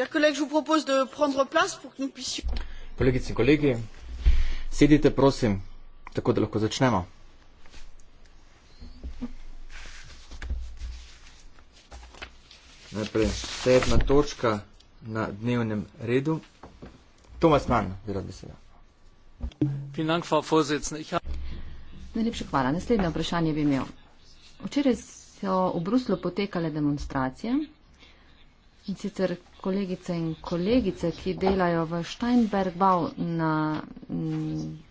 Chers collègues, je vous propose de prendre place pour que nous puissions. Kolegice in kolegi, sedite prosim, tako da lahko začnemo. Najprej sedma točka na dnevnem redu. Tomas Mann, zelo beseda. Najlepša hvala. Naslednje vprašanje bi imel. Včeraj so v Bruslu potekale demonstracije in sicer kolegice in kolegice, ki delajo v Steinbergbau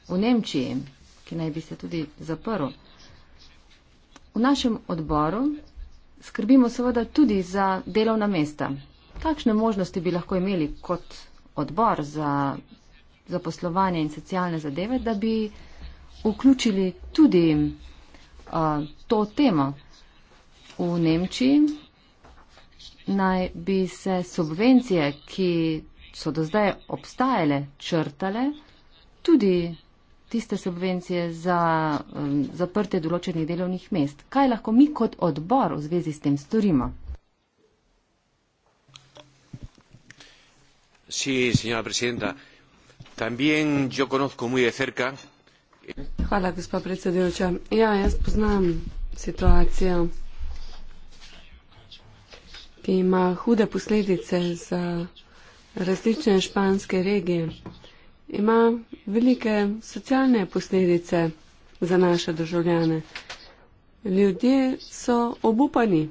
v Nemčiji, ki naj bi se tudi zaprl. V našem odboru skrbimo seveda tudi za delovna mesta. Kakšne možnosti bi lahko imeli kot odbor za zaposlovanje in socialne zadeve, da bi vključili tudi uh, to temo v Nemčiji, naj bi se subvencije, ki so do zdaj obstajale, črtale, tudi tiste subvencije za um, zaprte določenih delovnih mest. Kaj lahko mi kot odbor v zvezi s tem storimo? Hvala, gospa predsedujoča. Ja, jaz poznam situacijo ki ima hude posledice za različne španske regije, ima velike socialne posledice za naše državljane. Ljudje so obupani.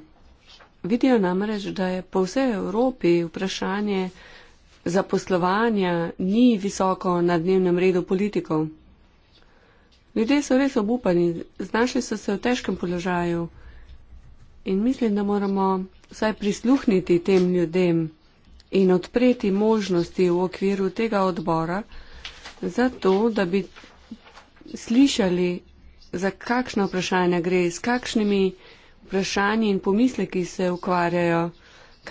Vidijo namreč, da je po vsej Evropi vprašanje zaposlovanja ni visoko na dnevnem redu politikov. Ljudje so res obupani, znašli so se v težkem položaju in mislim, da moramo vsaj prisluhniti tem ljudem in odpreti možnosti v okviru tega odbora, zato da bi slišali, za kakšno vprašanje gre, s kakšnimi vprašanji in pomisleki se ukvarjajo,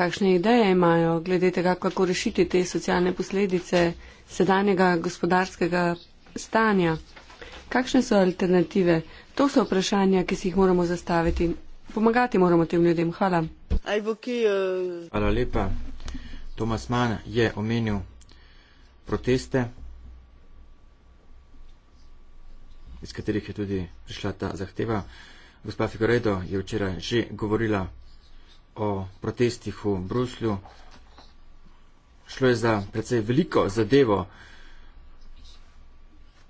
kakšne ideje imajo glede tega, kako rešiti te socialne posledice sedanjega gospodarskega stanja. Kakšne so alternative? To so vprašanja, ki si jih moramo zastaviti Pomagati moramo tem ljudem. Hvala. Hvala lepa. Tomas Mann je omenil proteste, iz katerih je tudi prišla ta zahteva. Gospa Figoredo je včeraj že govorila o protestih v Bruslju. Šlo je za precej veliko zadevo.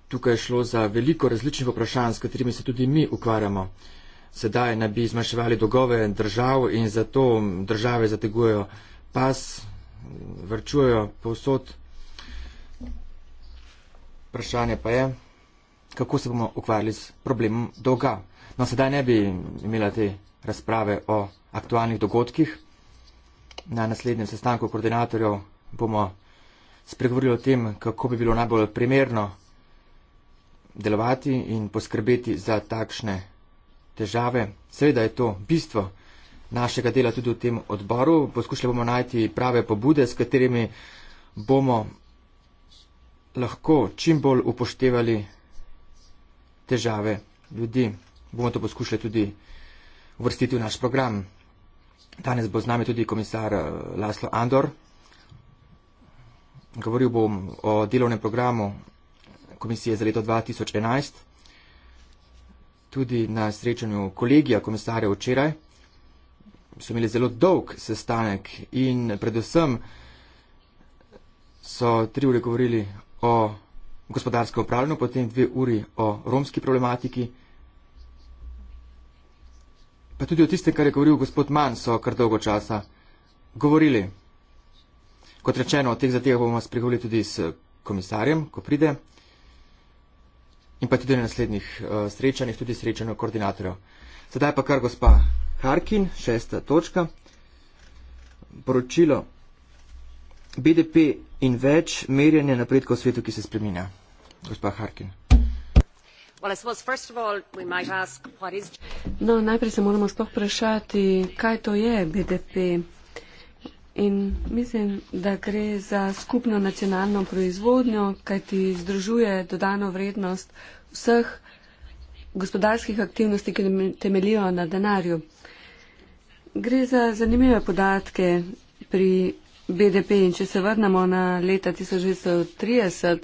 Tukaj je šlo za veliko različnih vprašanj, s katerimi se tudi mi ukvarjamo sedaj naj bi zmanjševali dolgove držav in zato države zategujejo pas, vrčujejo povsod. Vprašanje pa je, kako se bomo ukvarjali s problemom dolga. No, sedaj ne bi imela te razprave o aktualnih dogodkih. Na naslednjem sestanku koordinatorjev bomo spregovorili o tem, kako bi bilo najbolj primerno delovati in poskrbeti za takšne težave. Seveda je to bistvo našega dela tudi v tem odboru. Poskušali bomo najti prave pobude, s katerimi bomo lahko čim bolj upoštevali težave ljudi. Bomo to poskušali tudi uvrstiti v naš program. Danes bo z nami tudi komisar eh, Laslo Andor. Govoril bom o delovnem programu komisije za leto 2011 tudi na srečanju kolegija komisarja včeraj. So imeli zelo dolg sestanek in predvsem so tri ure govorili o gospodarskem upravljanju, potem dve uri o romski problematiki. Pa tudi o tistem, kar je govoril gospod Mann, so kar dolgo časa govorili. Kot rečeno, o teh zadevah bomo spregovorili tudi s komisarjem, ko pride in pa tudi na naslednjih uh, srečanjih, tudi srečanju koordinatorjev. Sedaj pa kar gospa Harkin, šesta točka, poročilo BDP in več merjanje napredka v svetu, ki se spreminja. Gospa Harkin. Well, all, ask, is... No, najprej se moramo sploh vprašati, kaj to je BDP. In mislim, da gre za skupno nacionalno proizvodnjo, kaj ti združuje dodano vrednost vseh gospodarskih aktivnosti, ki temelijo na denarju. Gre za zanimive podatke pri BDP in če se vrnemo na leta 1930,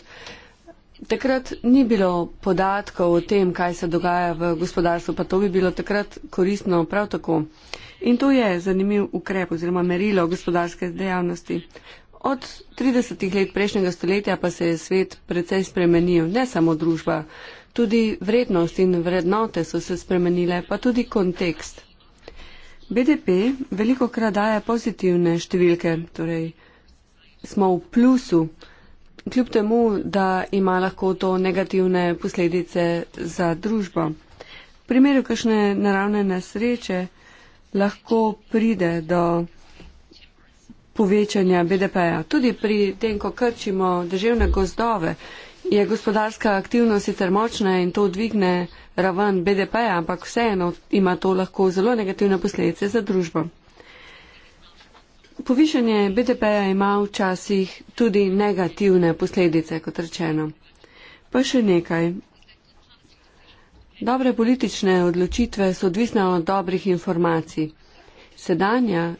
takrat ni bilo podatkov o tem, kaj se dogaja v gospodarstvu, pa to bi bilo takrat koristno prav tako. In to je zanimiv ukrep oziroma merilo gospodarske dejavnosti. Od 30 let prejšnjega stoletja pa se je svet precej spremenil, ne samo družba, tudi vrednost in vrednote so se spremenile, pa tudi kontekst. BDP veliko krat daje pozitivne številke, torej smo v plusu, kljub temu, da ima lahko to negativne posledice za družbo. V primeru kakšne naravne nesreče, lahko pride do povečanja BDP-ja. Tudi pri tem, ko krčimo državne gozdove, je gospodarska aktivnost sicer močna in to dvigne raven BDP-ja, ampak vseeno ima to lahko zelo negativne posledice za družbo. Povišanje BDP-ja ima včasih tudi negativne posledice, kot rečeno. Pa še nekaj. Dobre politične odločitve so odvisne od dobrih informacij. Sedanja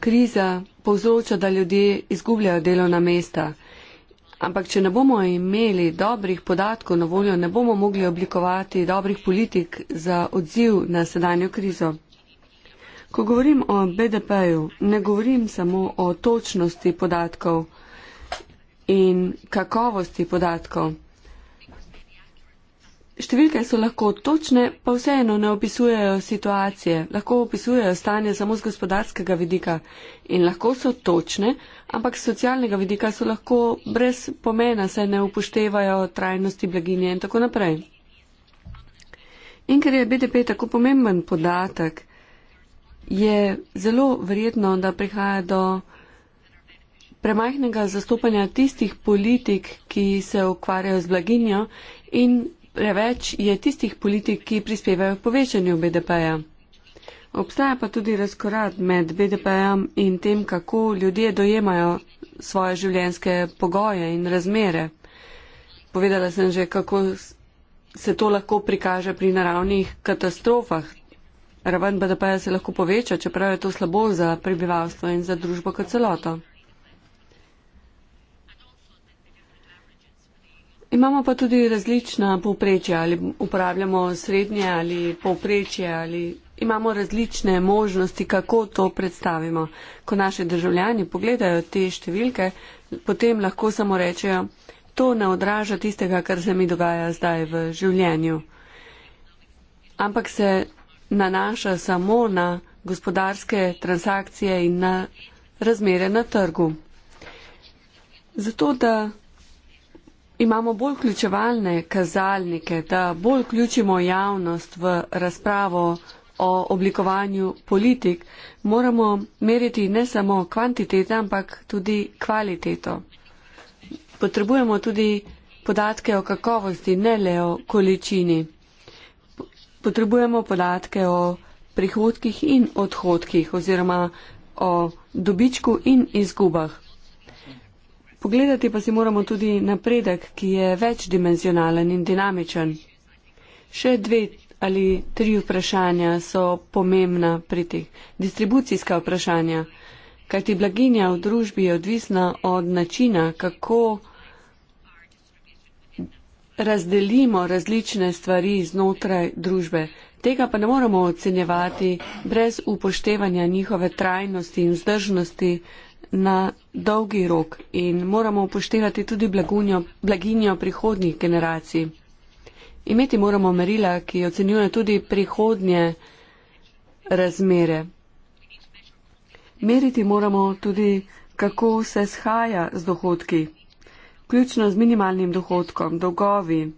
kriza povzroča, da ljudje izgubljajo delovna mesta. Ampak, če ne bomo imeli dobrih podatkov na voljo, ne bomo mogli oblikovati dobrih politik za odziv na sedanjo krizo. Ko govorim o BDP-ju, ne govorim samo o točnosti podatkov in kakovosti podatkov. Številke so lahko točne, pa vseeno ne opisujejo situacije, lahko opisujejo stanje samo z gospodarskega vidika in lahko so točne, ampak z socialnega vidika so lahko brez pomena, saj ne upoštevajo trajnosti blaginje in tako naprej. In ker je BDP tako pomemben podatek, je zelo verjetno, da prihaja do premajhnega zastopanja tistih politik, ki se ukvarjajo z blaginjo in preveč je tistih politik, ki prispevajo k povečanju BDP-ja. Obstaja pa tudi razkorad med BDP-jem in tem, kako ljudje dojemajo svoje življenjske pogoje in razmere. Povedala sem že, kako se to lahko prikaže pri naravnih katastrofah. Raven BDP-ja se lahko poveča, čeprav je to slabo za prebivalstvo in za družbo kot celoto. Imamo pa tudi različna povprečja, ali uporabljamo srednje ali povprečje, ali imamo različne možnosti, kako to predstavimo. Ko naši državljani pogledajo te številke, potem lahko samo rečejo, to ne odraža tistega, kar se mi dogaja zdaj v življenju. Ampak se nanaša samo na gospodarske transakcije in na razmere na trgu. Zato, da imamo bolj vključevalne kazalnike, da bolj vključimo javnost v razpravo o oblikovanju politik, moramo meriti ne samo kvantiteto, ampak tudi kvaliteto. Potrebujemo tudi podatke o kakovosti, ne le o količini. Potrebujemo podatke o prihodkih in odhodkih oziroma o dobičku in izgubah. Pogledati pa si moramo tudi napredek, ki je večdimenzionalen in dinamičen. Še dve ali tri vprašanja so pomembna pri teh. Distribucijska vprašanja. Kajti blaginja v družbi je odvisna od načina, kako razdelimo različne stvari znotraj družbe. Tega pa ne moremo ocenjevati brez upoštevanja njihove trajnosti in vzdržnosti na dolgi rok in moramo upoštevati tudi blagunjo, blaginjo prihodnjih generacij. Imeti moramo merila, ki ocenjuje tudi prihodnje razmere. Meriti moramo tudi, kako se shaja z dohodki, ključno z minimalnim dohodkom, dolgovi.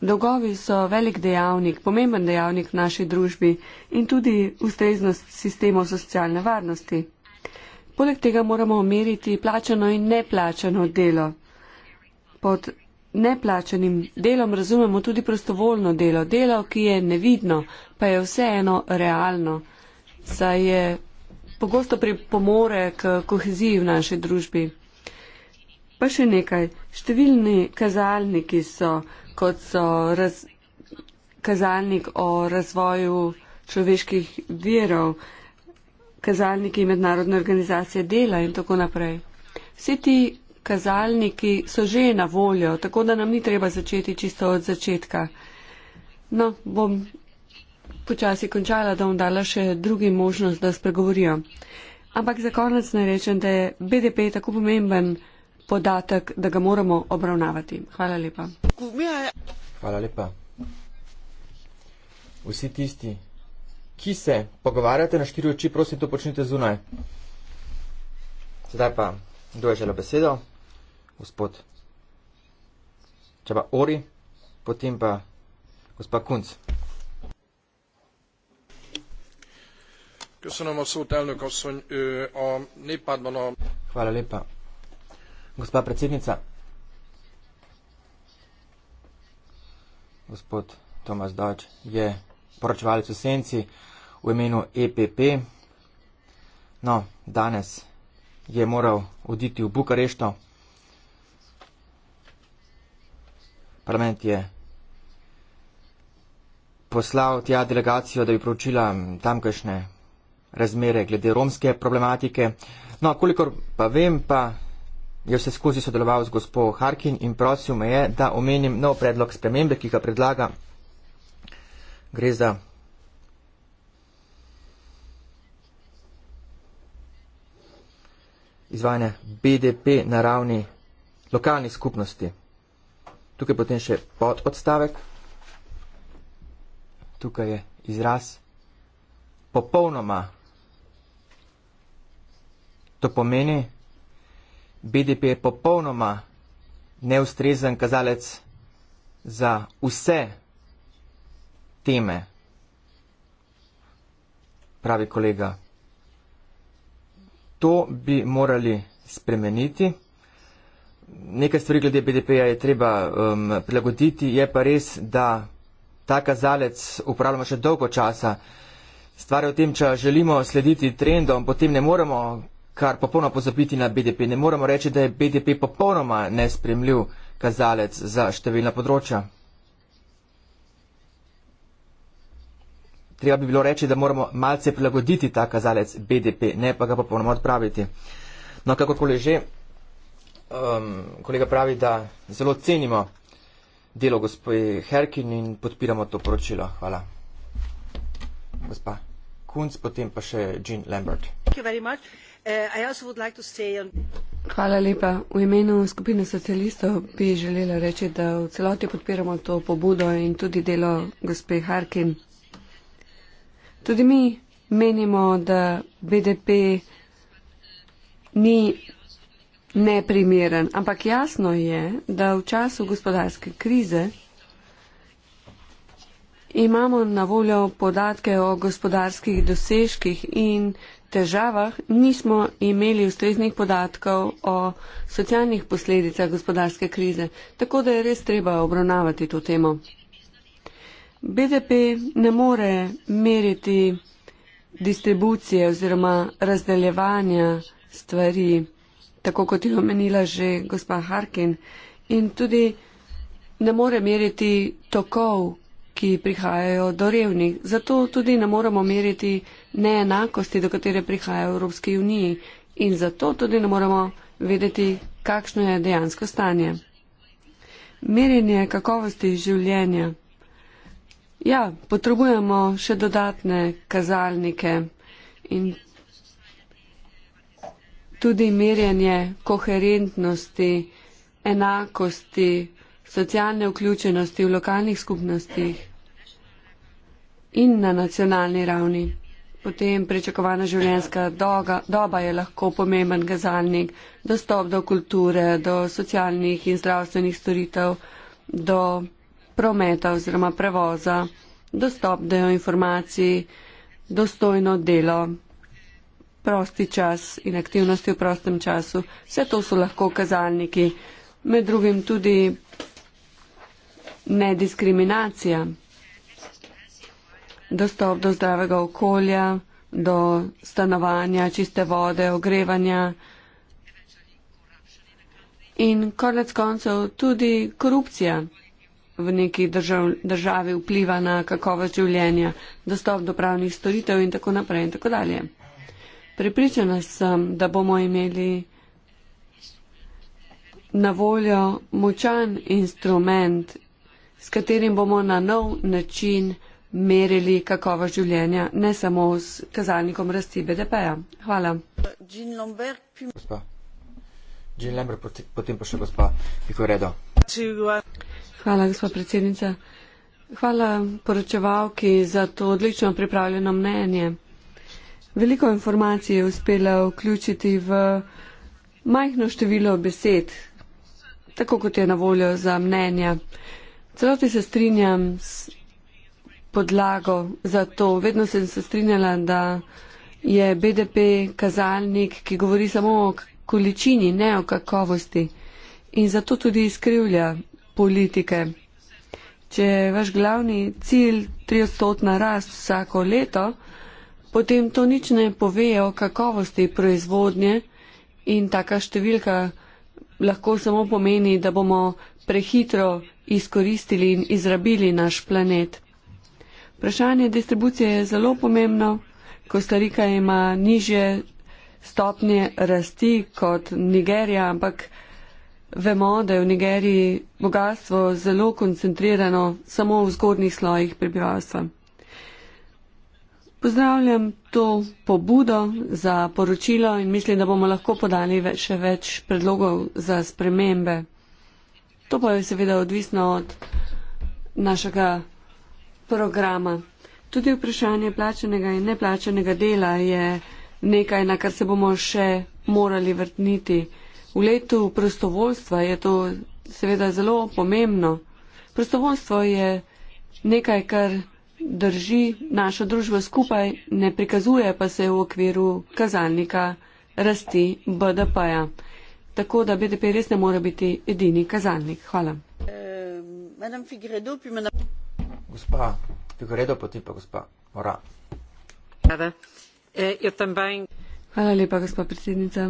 Dolgovi so velik dejavnik, pomemben dejavnik v naši družbi in tudi ustreznost sistemov socialne varnosti. Poleg tega moramo omeriti plačano in neplačano delo. Pod neplačanim delom razumemo tudi prostovoljno delo, delo, ki je nevidno, pa je vseeno realno, saj je pogosto pripomore k koheziji v naši družbi. Pa še nekaj. Številni kazalniki so, kot so raz, kazalnik o razvoju človeških verov kazalniki mednarodne organizacije dela in tako naprej. Vsi ti kazalniki so že na voljo, tako da nam ni treba začeti čisto od začetka. No, bom počasi končala, da bom dala še drugi možnost, da spregovorijo. Ampak za konec naj rečem, da je BDP tako pomemben podatek, da ga moramo obravnavati. Hvala lepa. Hvala lepa. Vsi tisti, ki se pogovarjate na štiri oči, prosim, to počnite zunaj. Zdaj pa, kdo je želel besedo? Gospod. Če pa Ori, potem pa gospod Kunc. Köszönöm a szót, elnök asszony, a néppártban a... Hvala lépa. Gospa predsednica. Gospod Tomas Dodge je poročevalec v senci v imenu EPP. No, danes je moral oditi v Bukarešto. Parlament je poslal tja delegacijo, da bi proučila tamkajšnje razmere glede romske problematike. No, kolikor pa vem, pa je vse skozi sodeloval z gospod Harkin in prosil me je, da omenim nov predlog spremembe, ki ga predlaga gre za izvajanje BDP na ravni lokalnih skupnosti. Tukaj potem še pod odstavek. Tukaj je izraz popolnoma. To pomeni, BDP je popolnoma neustrezen kazalec za vse teme, pravi kolega. To bi morali spremeniti. Nekaj stvari glede BDP-ja je treba um, prilagoditi, je pa res, da ta kazalec uporabljamo še dolgo časa. Stvar je v tem, če želimo slediti trendom, potem ne moremo kar popolnoma pozabiti na BDP. Ne moremo reči, da je BDP popolnoma nespremljiv kazalec za številna področja. treba bi bilo reči, da moramo malce prilagoditi ta kazalec BDP, ne pa ga popolnoma odpraviti. No, kakorkoli že, um, kolega pravi, da zelo cenimo delo gospoje Herkin in podpiramo to poročilo. Hvala. Gospa Kunc, potem pa še Jean Lambert. Uh, Hvala lepa. V imenu skupine socialistov bi želela reči, da v celoti podpiramo to pobudo in tudi delo gospe Harkin. Tudi mi menimo, da BDP ni neprimeren, ampak jasno je, da v času gospodarske krize imamo na voljo podatke o gospodarskih dosežkih in težavah, nismo imeli ustreznih podatkov o socialnih posledicah gospodarske krize, tako da je res treba obravnavati to temo. BDP ne more meriti distribucije oziroma razdeljevanja stvari, tako kot je omenila že gospa Harkin, in tudi ne more meriti tokov, ki prihajajo do revnih. Zato tudi ne moremo meriti neenakosti, do katere prihaja Evropske unije in zato tudi ne moremo vedeti, kakšno je dejansko stanje. Merjenje kakovosti življenja. Ja, potrebujemo še dodatne kazalnike in tudi merjenje koherentnosti, enakosti, socialne vključenosti v lokalnih skupnostih in na nacionalni ravni. Potem pričakovana življenjska doga, doba je lahko pomemben kazalnik, dostop do kulture, do socialnih in zdravstvenih storitev, do prometa oziroma prevoza, dostop do informacij, dostojno delo, prosti čas in aktivnosti v prostem času. Vse to so lahko kazalniki. Med drugim tudi nediskriminacija, dostop do zdravega okolja, do stanovanja, čiste vode, ogrevanja in konec koncev tudi korupcija v neki držav, državi vpliva na kakovost življenja, dostop do pravnih storitev in tako naprej in tako dalje. Pripričana sem, da bomo imeli na voljo močan instrument, s katerim bomo na nov način merili kakovost življenja, ne samo s kazalnikom rasti BDP-ja. Hvala. Jean Lomberg, Jean Lambert, potem pa še gospa Pikoredo. To, uh... Hvala, gospod predsednica. Hvala poročevalki za to odlično pripravljeno mnenje. Veliko informacij je uspela vključiti v majhno število besed, tako kot je na voljo za mnenja. Celoti se strinjam s podlago za to. Vedno sem se strinjala, da je BDP kazalnik, ki govori samo o količini, ne o kakovosti. In zato tudi izkrivlja politike. Če je vaš glavni cilj 300-odstotna rast vsako leto, potem to nič ne pove o kakovosti proizvodnje in taka številka lahko samo pomeni, da bomo prehitro izkoristili in izrabili naš planet. Vprašanje distribucije je zelo pomembno. Kostarika ima nižje stopnje rasti kot Nigerija, ampak Vemo, da je v Nigeriji bogatstvo zelo koncentrirano samo v zgodnih slojih prebivalstva. Pozdravljam to pobudo za poročilo in mislim, da bomo lahko podali še več predlogov za spremembe. To pa je seveda odvisno od našega programa. Tudi vprašanje plačenega in neplačenega dela je nekaj, na kar se bomo še morali vrtniti. V letu prostovoljstva je to seveda zelo pomembno. Prostovoljstvo je nekaj, kar drži našo družbo skupaj, ne prikazuje pa se v okviru kazalnika rasti BDP-ja. Tako da BDP res ne more biti edini kazalnik. Hvala. Gospa Figredo, potem pa gospa Mora. Ja, e, Hvala lepa, gospa predsednica.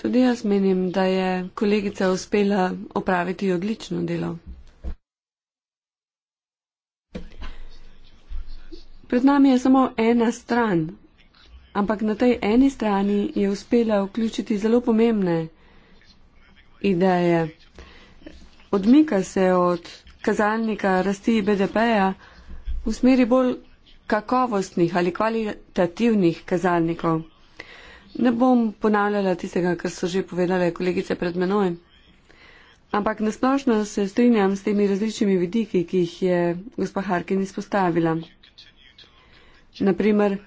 Tudi jaz menim, da je kolegica uspela opraviti odlično delo. Pred nami je samo ena stran, ampak na tej eni strani je uspela vključiti zelo pomembne ideje. Odmika se od kazalnika rasti BDP-ja v smeri bolj kakovostnih ali kvalitativnih kazalnikov. Ne bom ponavljala tistega, kar so že povedale kolegice pred menoj. Ampak nasplošno se strinjam s temi različnimi vidiki, ki jih je gospa Harkin izpostavila. Naprimer,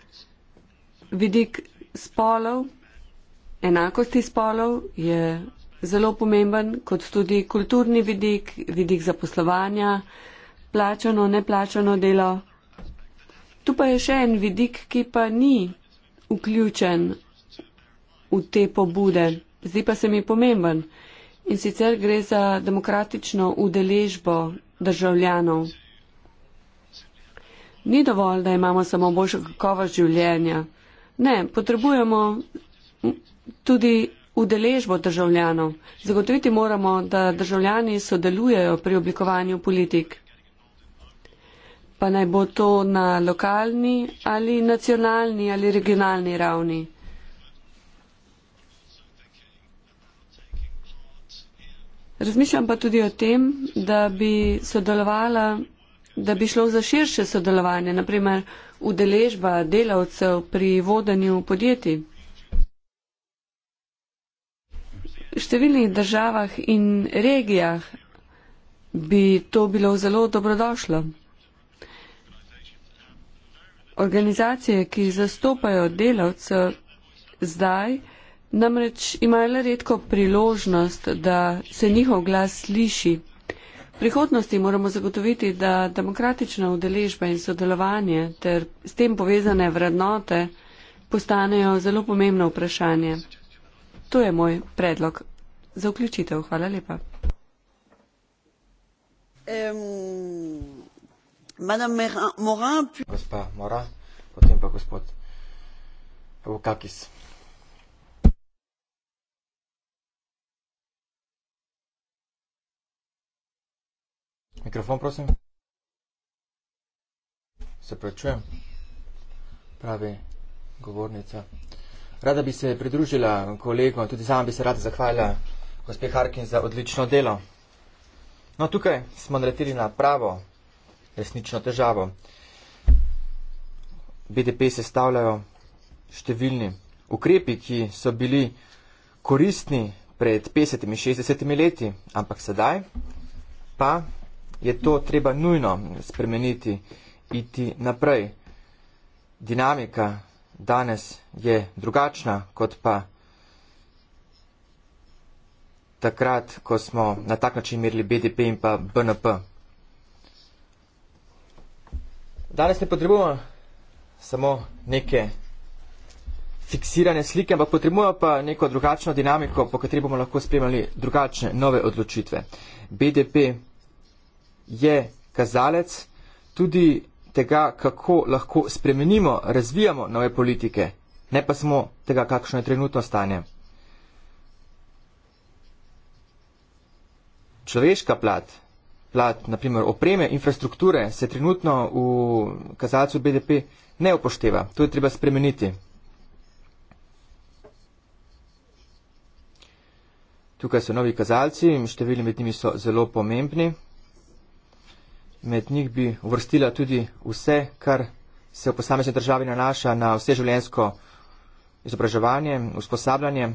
vidik spolov, enakosti spolov je zelo pomemben, kot tudi kulturni vidik, vidik zaposlovanja, plačano, neplačano delo. Tu pa je še en vidik, ki pa ni vključen v te pobude. Zdi pa se mi pomemben. In sicer gre za demokratično udeležbo državljanov. Ni dovolj, da imamo samo boljšo kakovost življenja. Ne, potrebujemo tudi udeležbo državljanov. Zagotoviti moramo, da državljani sodelujejo pri oblikovanju politik. Pa naj bo to na lokalni ali nacionalni ali regionalni ravni. Razmišljam pa tudi o tem, da bi sodelovala, da bi šlo za širše sodelovanje, naprimer udeležba delavcev pri vodenju podjetij. V številnih državah in regijah bi to bilo zelo dobrodošlo. Organizacije, ki zastopajo delavce zdaj, Namreč imajo le redko priložnost, da se njihov glas sliši. V prihodnosti moramo zagotoviti, da demokratična udeležba in sodelovanje ter s tem povezane vrednote postanejo zelo pomembno vprašanje. To je moj predlog za vključitev. Hvala lepa. Gospa Mora, potem pa gospod Vukakis. Mikrofon, prosim. Se prečujem. Pravi govornica. Rada bi se pridružila kolegom, tudi sama bi se rada zahvalila gospe Harkin za odlično delo. No, tukaj smo naleteli na pravo resnično težavo. BDP se stavljajo številni ukrepi, ki so bili koristni pred 50-60 leti, ampak sedaj pa je to treba nujno spremeniti, iti naprej. Dinamika danes je drugačna, kot pa takrat, ko smo na tak način merili BDP in pa BNP. Danes ne potrebujemo samo neke fiksirane slike, ampak potrebujemo pa neko drugačno dinamiko, po kateri bomo lahko spremljali drugačne nove odločitve. BDP je kazalec tudi tega, kako lahko spremenimo, razvijamo nove politike, ne pa samo tega, kakšno je trenutno stanje. Človeška plat, plat naprimer opreme, infrastrukture se trenutno v kazalcu BDP ne upošteva. To je treba spremeniti. Tukaj so novi kazalci in številni med njimi so zelo pomembni. Med njih bi uvrstila tudi vse, kar se v posamezni državi nanaša na vse življensko izobraževanje, usposabljanje.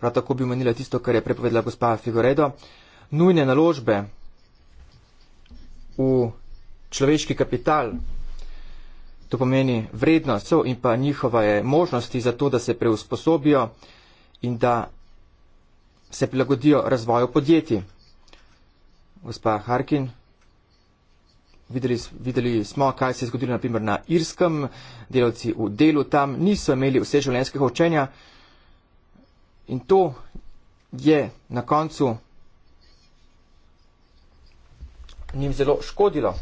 Prav tako bi omenila tisto, kar je prepovedala gospa Figoredo. Nujne naložbe v človeški kapital, to pomeni vrednost in pa njihova je možnosti za to, da se preusposobijo in da se prilagodijo razvoju podjetij. Gospa Harkin, Videli, videli smo, kaj se je zgodilo naprimer na Irskem, delavci v delu tam niso imeli vse življenjskega učenja in to je na koncu njim zelo škodilo.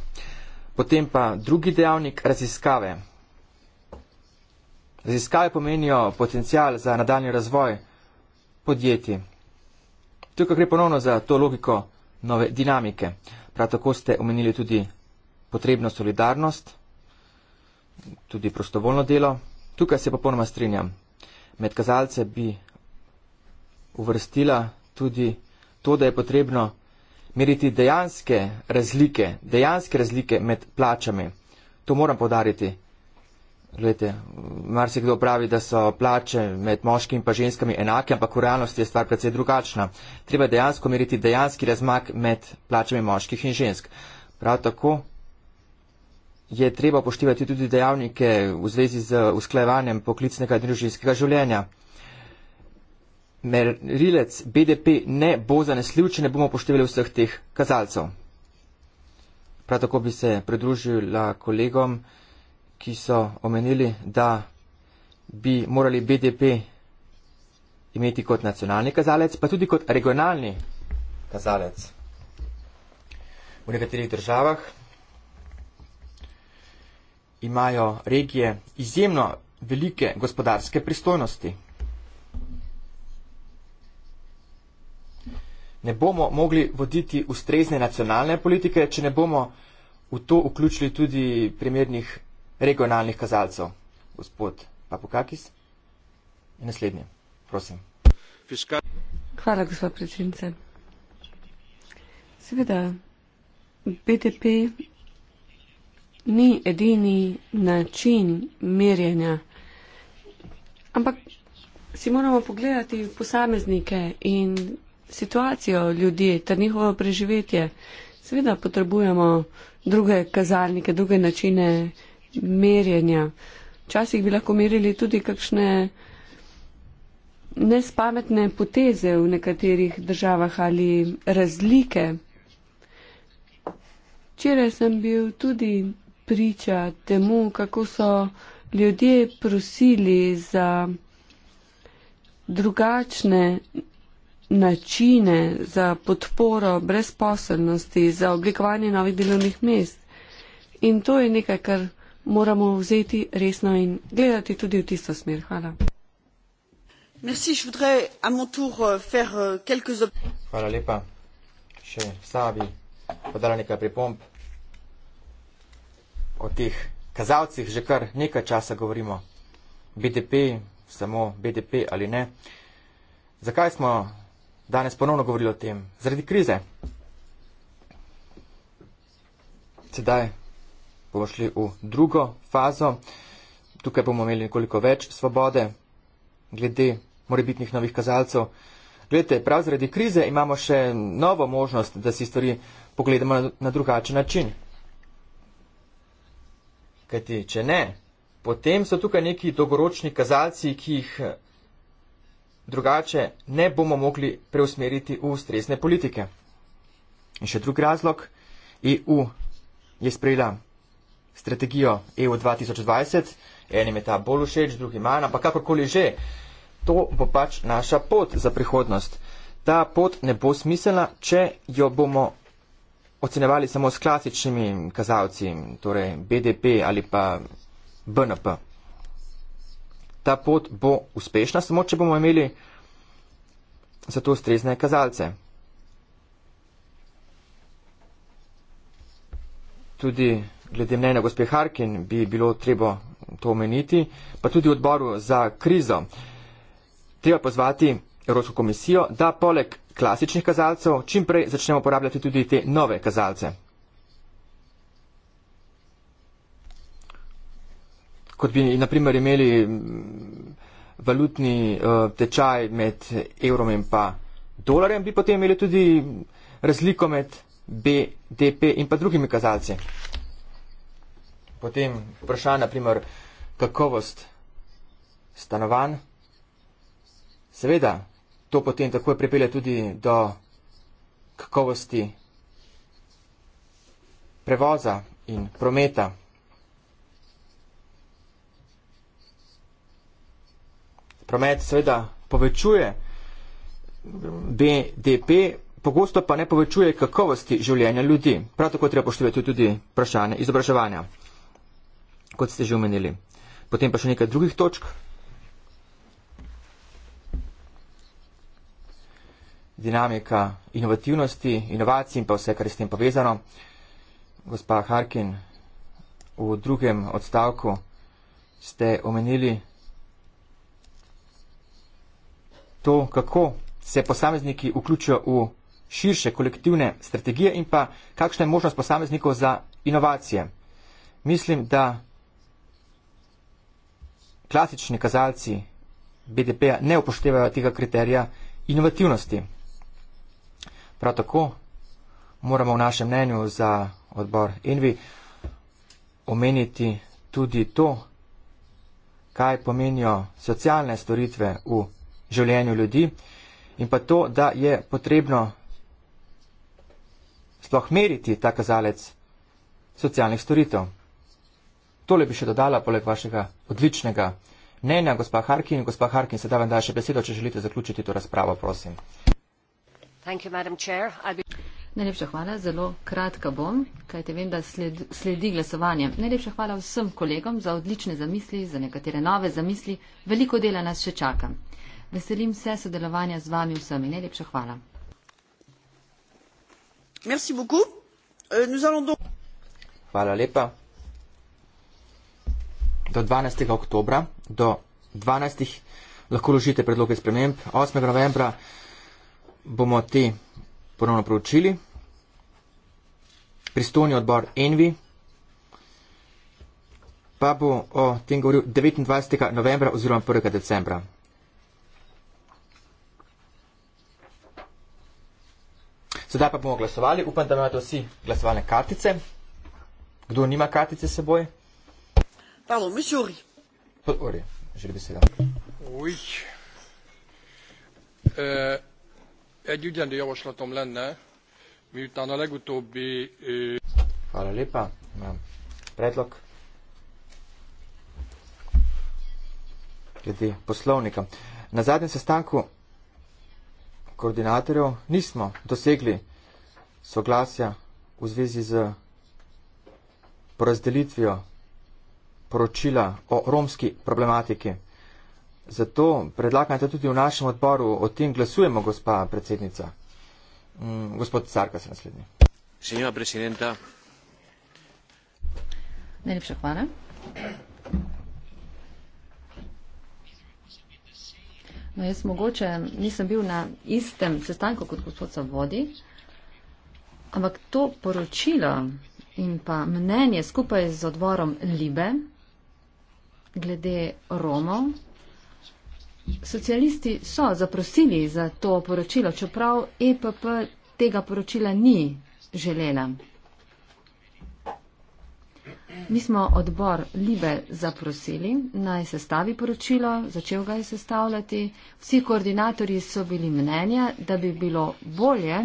Potem pa drugi dejavnik raziskave. Raziskave pomenijo potencial za nadaljni razvoj podjetij. Tukaj gre ponovno za to logiko nove dinamike. Prav tako ste omenili tudi potrebna solidarnost, tudi prostovoljno delo. Tukaj se popolnoma strinjam. Med kazalce bi uvrstila tudi to, da je potrebno meriti dejanske razlike, dejanske razlike med plačami. To moram povdariti. Glede, mar se kdo pravi, da so plače med moškimi in pa ženskami enake, ampak v realnosti je stvar precej drugačna. Treba dejansko meriti dejanski razmak med plačami moških in žensk. Prav tako je treba poštivati tudi dejavnike v zvezi z usklajevanjem poklicnega in družinskega življenja. Merilec BDP ne bo zanesljiv, če ne bomo poštevali vseh teh kazalcev. Prav tako bi se pridružila kolegom, ki so omenili, da bi morali BDP imeti kot nacionalni kazalec, pa tudi kot regionalni kazalec. V nekaterih državah imajo regije izjemno velike gospodarske pristojnosti. Ne bomo mogli voditi ustrezne nacionalne politike, če ne bomo v to vključili tudi primernih regionalnih kazalcev. Gospod Papukakis. In naslednje, prosim. Hvala, gospod predsednice. Seveda, BDP ni edini način merjenja. Ampak si moramo pogledati posameznike in situacijo ljudi ter njihovo preživetje. Seveda potrebujemo druge kazalnike, druge načine merjenja. Včasih bi lahko merili tudi kakšne nespametne poteze v nekaterih državah ali razlike. Včeraj sem bil tudi priča temu, kako so ljudje prosili za drugačne načine za podporo brezposobnosti, za oblikovanje novih delovnih mest. In to je nekaj, kar moramo vzeti resno in gledati tudi v tisto smer. Hvala. Merci, je voudrais à mon tour euh, faire euh, quelques Hvala lepa. Še Savi, podala nekaj pripomb o teh kazalcih že kar nekaj časa govorimo. BDP, samo BDP ali ne. Zakaj smo danes ponovno govorili o tem? Zaradi krize. Sedaj bomo šli v drugo fazo. Tukaj bomo imeli nekoliko več svobode glede morebitnih novih kazalcev. Glede, prav zaradi krize imamo še novo možnost, da si stvari pogledamo na, na drugačen način. Kajti, če ne, potem so tukaj neki dolgoročni kazalci, ki jih eh, drugače ne bomo mogli preusmeriti v ustrezne politike. In še drugi razlog. EU je sprejela strategijo EU 2020. Enim je ta bolj všeč, drugi manj, ampak kakorkoli že, to bo pač naša pot za prihodnost. Ta pot ne bo smiselna, če jo bomo ocenjevali samo s klasičnimi kazalci, torej BDP ali pa BNP. Ta pot bo uspešna, samo če bomo imeli za to ustrezne kazalce. Tudi glede mnenja gospe Harkin bi bilo treba to omeniti, pa tudi odboru za krizo. Treba pozvati Evropsko komisijo, da poleg klasičnih kazalcev, čim prej začnemo uporabljati tudi te nove kazalce. Kot bi naprimer imeli mm, valutni eh, tečaj med evrom in pa dolarjem, bi potem imeli tudi razliko med BDP in pa drugimi kazalci. Potem vprašanje, naprimer, kakovost stanovanj. Seveda, to potem takoj pripelje tudi do kakovosti prevoza in prometa. Promet seveda povečuje BDP, pogosto pa ne povečuje kakovosti življenja ljudi. Prav tako treba poštevati tudi vprašanje izobraževanja, kot ste že omenili. Potem pa še nekaj drugih točk, dinamika inovativnosti, inovacij in pa vse, kar je s tem povezano. Gospa Harkin, v drugem odstavku ste omenili to, kako se posamezniki vključijo v širše kolektivne strategije in pa kakšna je možnost posameznikov za inovacije. Mislim, da klasični kazalci BDP-a ne upoštevajo tega kriterija inovativnosti. Prav tako moramo v našem mnenju za odbor Envi omeniti tudi to, kaj pomenijo socialne storitve v življenju ljudi in pa to, da je potrebno sploh meriti ta kazalec socialnih storitev. Tole bi še dodala poleg vašega odličnega mnenja, gospa Harkin. Gospa Harkin, sedaj vam daj še besedo, če želite zaključiti to razpravo, prosim. Najlepša hvala, zelo kratka bom, kajte vem, da sled, sledi glasovanje. Najlepša hvala vsem kolegom za odlične zamisli, za nekatere nove zamisli. Veliko dela nas še čaka. Veselim se sodelovanja z vami vsemi. Najlepša hvala. Euh, hvala lepa. Do 12. oktobra, do 12. lahko ložite predloge sprememb. 8. novembra bomo te ponovno proučili. Pristojni odbor Envi pa bo o tem govoril 29. novembra oziroma 1. decembra. Sedaj pa bomo glasovali. Upam, da imate vsi glasovalne kartice. Kdo nima kartice s seboj? Pardon, monsieur Uri. Pardon, Uri. Želi bi se da. Uri. Uh egy ügyendő javaslatom lenne, miután a legutóbbi... Hvala lepa. Imam predlog. Glede poslovnika. Na zadnjem sestanku koordinatorjev nismo dosegli soglasja v zvezi z porazdelitvijo poročila o romski problematiki. Zato predlagam, da tudi v našem odboru o tem glasujemo, gospa predsednica. Mm, gospod Carka se naslednji. Senjora predsednica. Najlepša hvala. No, jaz mogoče nisem bil na istem sestanku kot gospod Savodi, ampak to poročilo in pa mnenje skupaj z odborom Libe glede Romov Socialisti so zaprosili za to poročilo, čeprav EPP tega poročila ni želela. Mi smo odbor Libe zaprosili, naj sestavi poročilo, začel ga je sestavljati. Vsi koordinatorji so bili mnenja, da bi bilo bolje,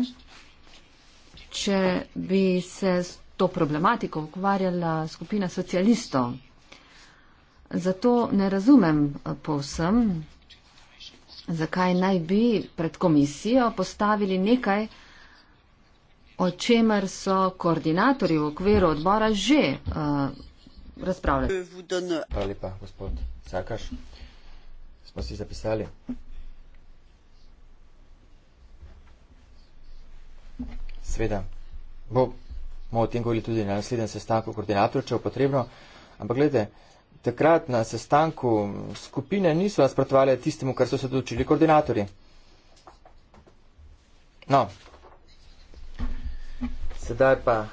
če bi se s to problematiko ukvarjala skupina socialistov. Zato ne razumem povsem zakaj naj bi pred komisijo postavili nekaj, o čemer so koordinatorji v okviru odbora že uh, razpravljali. Hvala lepa, gospod Sakaš. Smo si zapisali. Sveda, bomo o tem govorili tudi na naslednjem sestanku koordinatorja, če je potrebno. Ampak gledajte, takrat na sestanku skupine niso nasprotovali tistemu, kar so se odločili koordinatorji. No, sedaj pa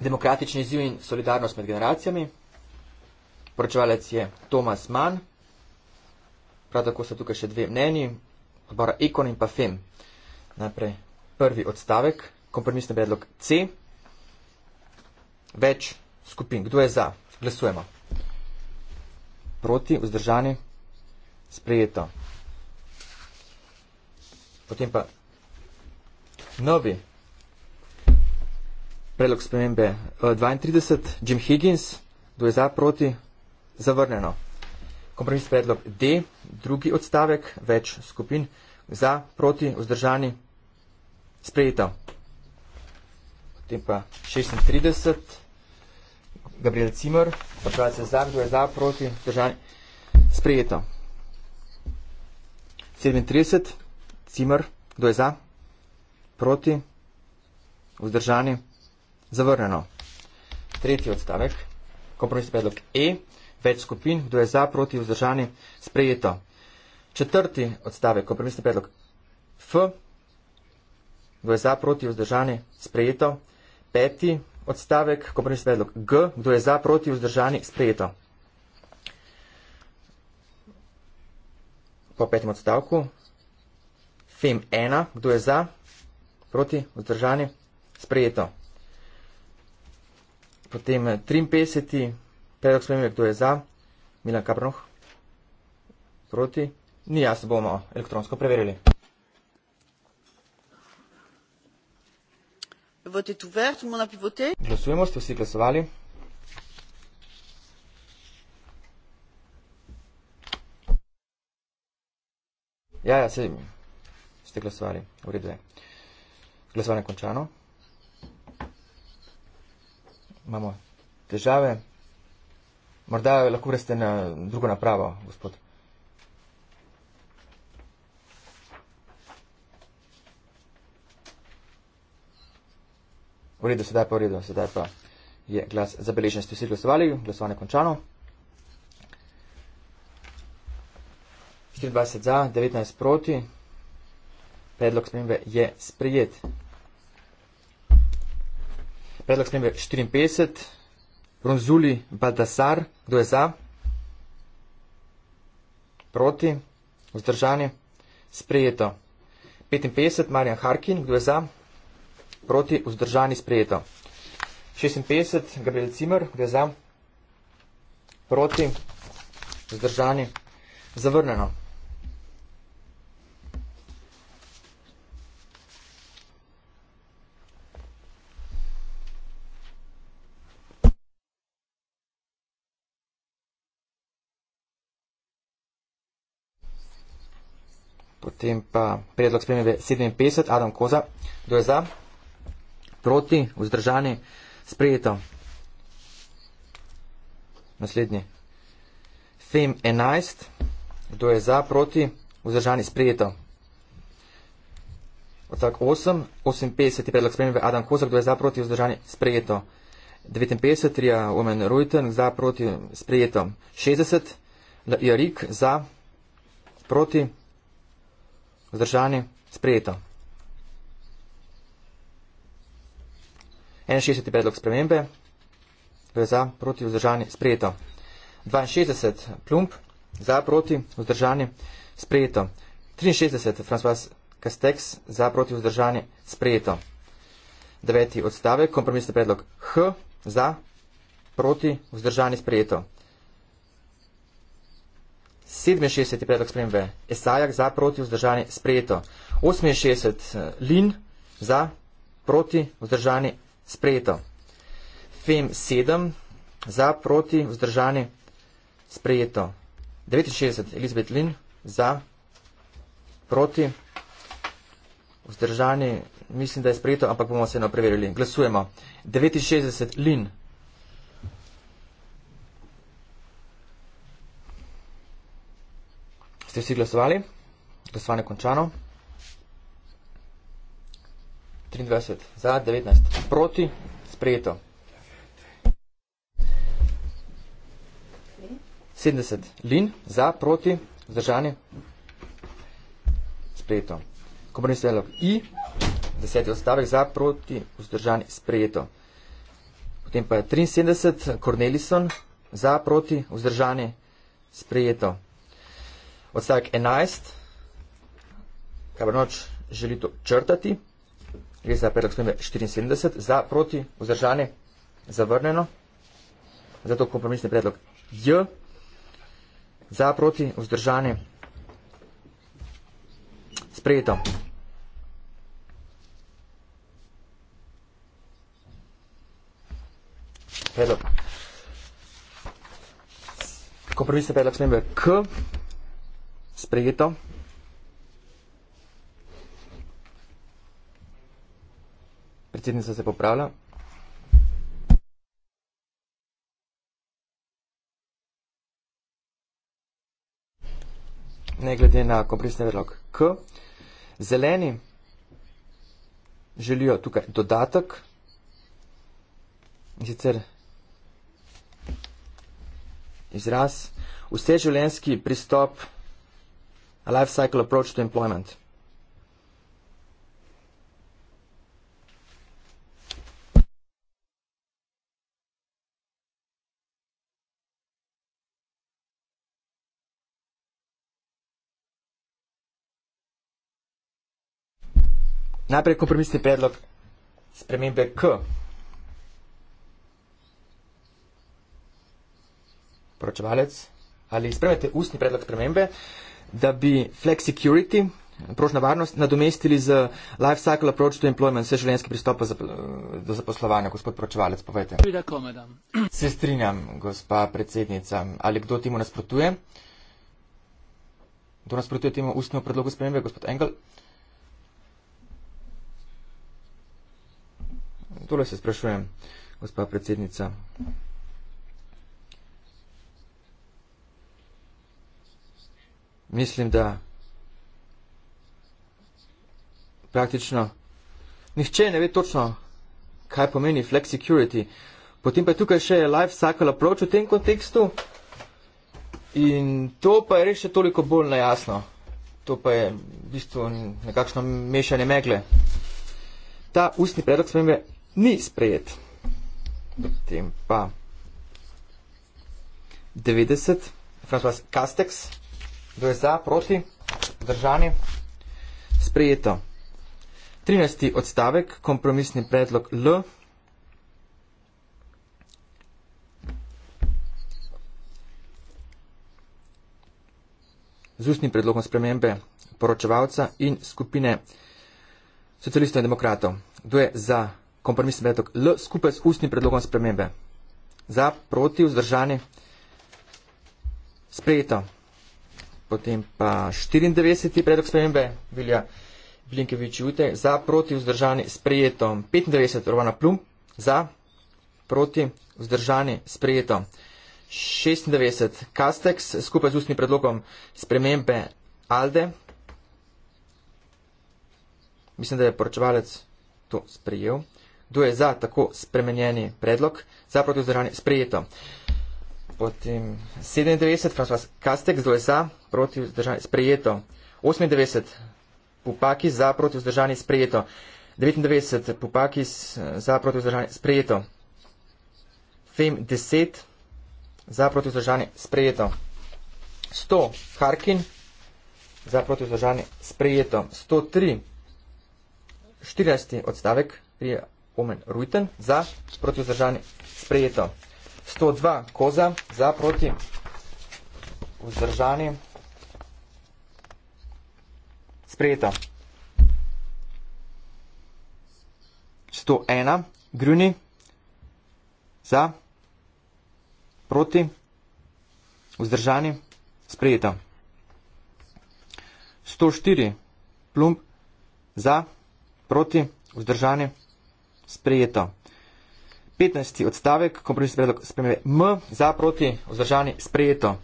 demokratični izziv in solidarnost med generacijami. Poročevalec je Tomas Mann, prav tako so tukaj še dve mneni, odbora Ekon in pa FEM. Najprej prvi odstavek, kompromisni predlog C, več skupin, kdo je za? Glasujemo. Proti, vzdržani, sprejeto. Potem pa novi predlog spremembe 32, eh, Jim Higgins, kdo je za, proti, zavrnjeno. Kompromis predlog D, drugi odstavek, več skupin, za, proti, vzdržani, sprejeto. Potem pa 36. Gabriel Cimer, pravi se za, kdo je za, proti, držanje, sprejeto. 37, Cimer, kdo je za, proti, vzdržani, zavrneno. Tretji odstavek, kompromis predlog E, več skupin, kdo je za, proti, vzdržani, sprejeto. Četrti odstavek, kompromisni predlog F, kdo je za, proti, vzdržani, sprejeto. Peti, odstavek, ko prvi predlog G, kdo je za, proti, vzdržani, sprejeto. Po petem odstavku. Fem 1, kdo je za, proti, vzdržani, sprejeto. Potem 53. Eh, predlog spremembe, kdo je za, Milan Kaprnoh, proti. Ni jasno, bomo elektronsko preverili. vote est ouvert. Tout le monde a pu voter. Glasujemo, ste vsi glasovali. Ja, ja, sedim. Ste glasovali. V redu je. Glasovanje je končano. Imamo težave. Morda lahko greste na drugo napravo, gospod. V redu, sedaj pa v redu, sedaj pa je glas zabeležen. Ste vsi glasovali, glasovanje končano. 24 za, 19 proti. Predlog spremembe je sprejet. Predlog spremembe 54. Ronzuli Baldasar, kdo je za? Proti, vzdržani, sprejeto. 55, Marjan Harkin, kdo je za? Proti proti vzdržani sprejeto. 56, Gabriel Cimer, gre za proti vzdržani zavrnjeno. Potem pa predlog spremembe 57, Adam Koza, kdo je za? proti, vzdržani, sprejeto. Naslednji. Fem 11, kdo je za, proti, vzdržani, sprejeto. Odstavek 8, 58 je predlog spremembe Adam Kozak, kdo je za, proti, vzdržani, sprejeto. 59, Rija Omen Rujten, za, proti, sprejeto. 60, Jarik, za, proti, vzdržani, sprejeto. 61. predlog spremembe, za, proti, vzdržani, sprejeto. 62. plump, za, proti, vzdržani, sprejeto. 63. François Castex, za, proti, vzdržani, sprejeto. 9. odstavek, kompromisni predlog H, za, proti, vzdržani, sprejeto. 67. predlog spremembe, Esajak, za, proti, vzdržani, sprejeto. 68. Lin, za, proti, vzdržani, sprejeto sprejeto. FEM 7 za proti vzdržanje sprejeto. 69 Elizabeth Lin za proti vzdržanje. Mislim, da je sprejeto, ampak bomo se eno preverili. Glasujemo. 69 Lin. Ste vsi glasovali? Glasovanje končano. 23, za 19, proti, sprejeto. 70, lin, za, proti, vzdržanje, sprejeto. Kompromis predlog I, 10. odstavek, za, proti, vzdržanje, sprejeto. Potem pa je 73, Cornelison, za, proti, vzdržanje, sprejeto. Odstavek 11, kabrnoč želi to črtati gre za predlog spremembe 74, za proti, vzdržane, zavrnjeno, zato kompromisni predlog J, za proti, vzdržane, sprejeto. Predlog. Kompromisni predlog spremembe K, sprejeto. Predsednica se popravlja. Ne glede na kompresni delok K. Zeleni želijo tukaj dodatek. In sicer izraz vseživljenjski pristop, a life cycle approach to employment. Najprej kompromisni predlog spremembe K. Poročevalec, ali spremete ustni predlog spremembe, da bi flex security, prožna varnost, nadomestili z life cycle approach to employment, vse življenjski pristop do zaposlovanja, gospod poročevalec, povedajte. Se strinjam, gospa predsednica, ali kdo temu nasprotuje? Kdo nasprotuje temu ustnemu predlogu spremembe, gospod Engel? Tole se sprašujem, gospa predsednica. Mislim, da praktično nihče ne ve točno, kaj pomeni flexicurity. Potem pa tukaj še life cycle approach v tem kontekstu in to pa je res še toliko bolj najasno. To pa je v bistvu nekakšno mešanje megle. Ta ustni predlog spremembe ni sprejet. Potem pa 90, François Castex, kdo je za, proti, držani, sprejeto. 13. odstavek, kompromisni predlog L. Z ustnim predlogom spremembe poročevalca in skupine socialistov in demokratov. Kdo je za kompromisni predlog L skupaj s ustnim predlogom spremembe. Za, proti, vzdržani, sprejeto. Potem pa 94. predlog spremembe, Vilja Blinkevič Jute, za, proti, vzdržani, sprejeto. 95. Rovana Plum, za, proti, vzdržani, sprejeto. 96. Kastex skupaj z ustnim predlogom spremembe Alde. Mislim, da je poročevalec to sprejel kdo je za tako spremenjeni predlog, za proti vzdržanje sprejeto. Potem 97, Francois Kastek, kdo je za proti vzdržanje sprejeto. 98, Pupakis, za proti vzdržanje sprejeto. 99, Pupakis, za proti vzdržanje sprejeto. Fem 10, za proti vzdržanje sprejeto. 100, Harkin, za proti vzdržanje sprejeto. 103, 14 odstavek, Umen Rujten za proti vzdržanje sprejeto. 102 koza za proti vzdržanje sprejeto. 101 grjuni za proti vzdržanje sprejeto. 104 plumb za proti vzdržanje sprejeto sprejeto. 15. odstavek, kompromisni predlog spremembe M za proti vzdržani sprejeto.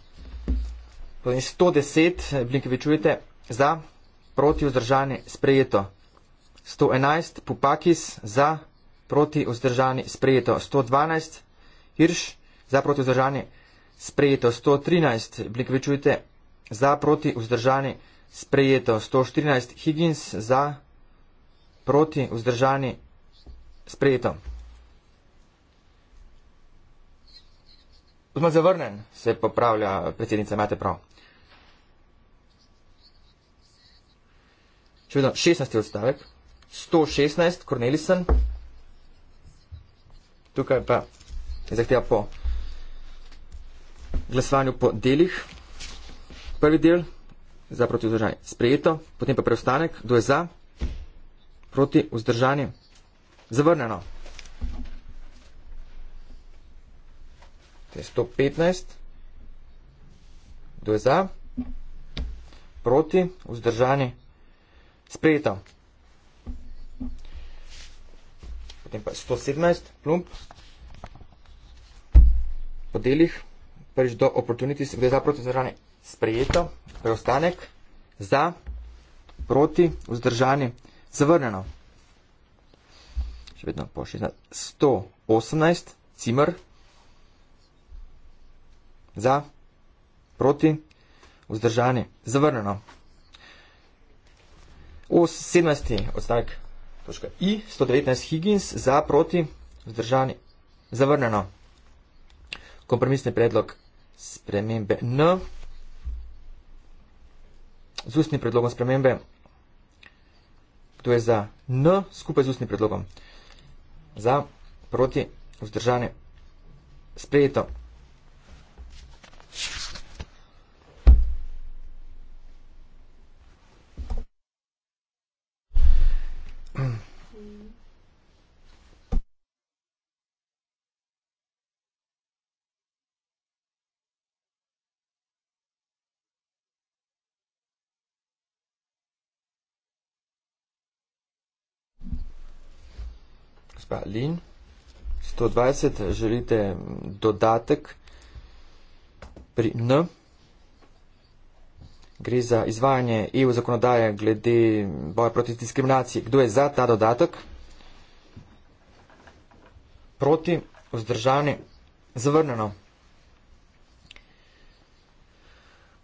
110, blinke vi čujete, za proti vzdržani sprejeto. 111, Pupakis za proti vzdržani sprejeto. 112, Hirš za proti vzdržani sprejeto. 113, blinke vi čujete, za proti vzdržani sprejeto. 114, Higgins za proti vzdržani sprejeto sprejeto. Odmah zavrnen, se popravlja predsednica, imate prav. Še vedno 16. odstavek, 116, Cornelison, tukaj pa je zahteva po glasovanju po delih. Prvi del za proti vzdržanje sprejeto, potem pa preostanek, kdo je za proti vzdržanje. Zavrnjeno. To je 115. Kdo je za? Proti, vzdržani, sprejeto. Potem pa 117, plump. Po delih, prvič do opportunities, kdo je za, proti, vzdržani, sprejeto. Preostanek, za, proti, vzdržani, zavrnjeno še vedno po 16, 118 cimer za, proti, vzdržanje, zavrneno. 17. odstavek točka I, 119 Higgins za, proti, vzdržanje, zavrneno. Kompromisni predlog spremembe N. Z ustnim predlogom spremembe. Kdo je za N skupaj z ustnim predlogom? za, proti, vzdržane, sprejeto. gospa Lin. 120, želite dodatek pri N. Gre za izvajanje EU zakonodaje glede boja proti diskriminaciji. Kdo je za ta dodatek? Proti, vzdržani, zavrnjeno.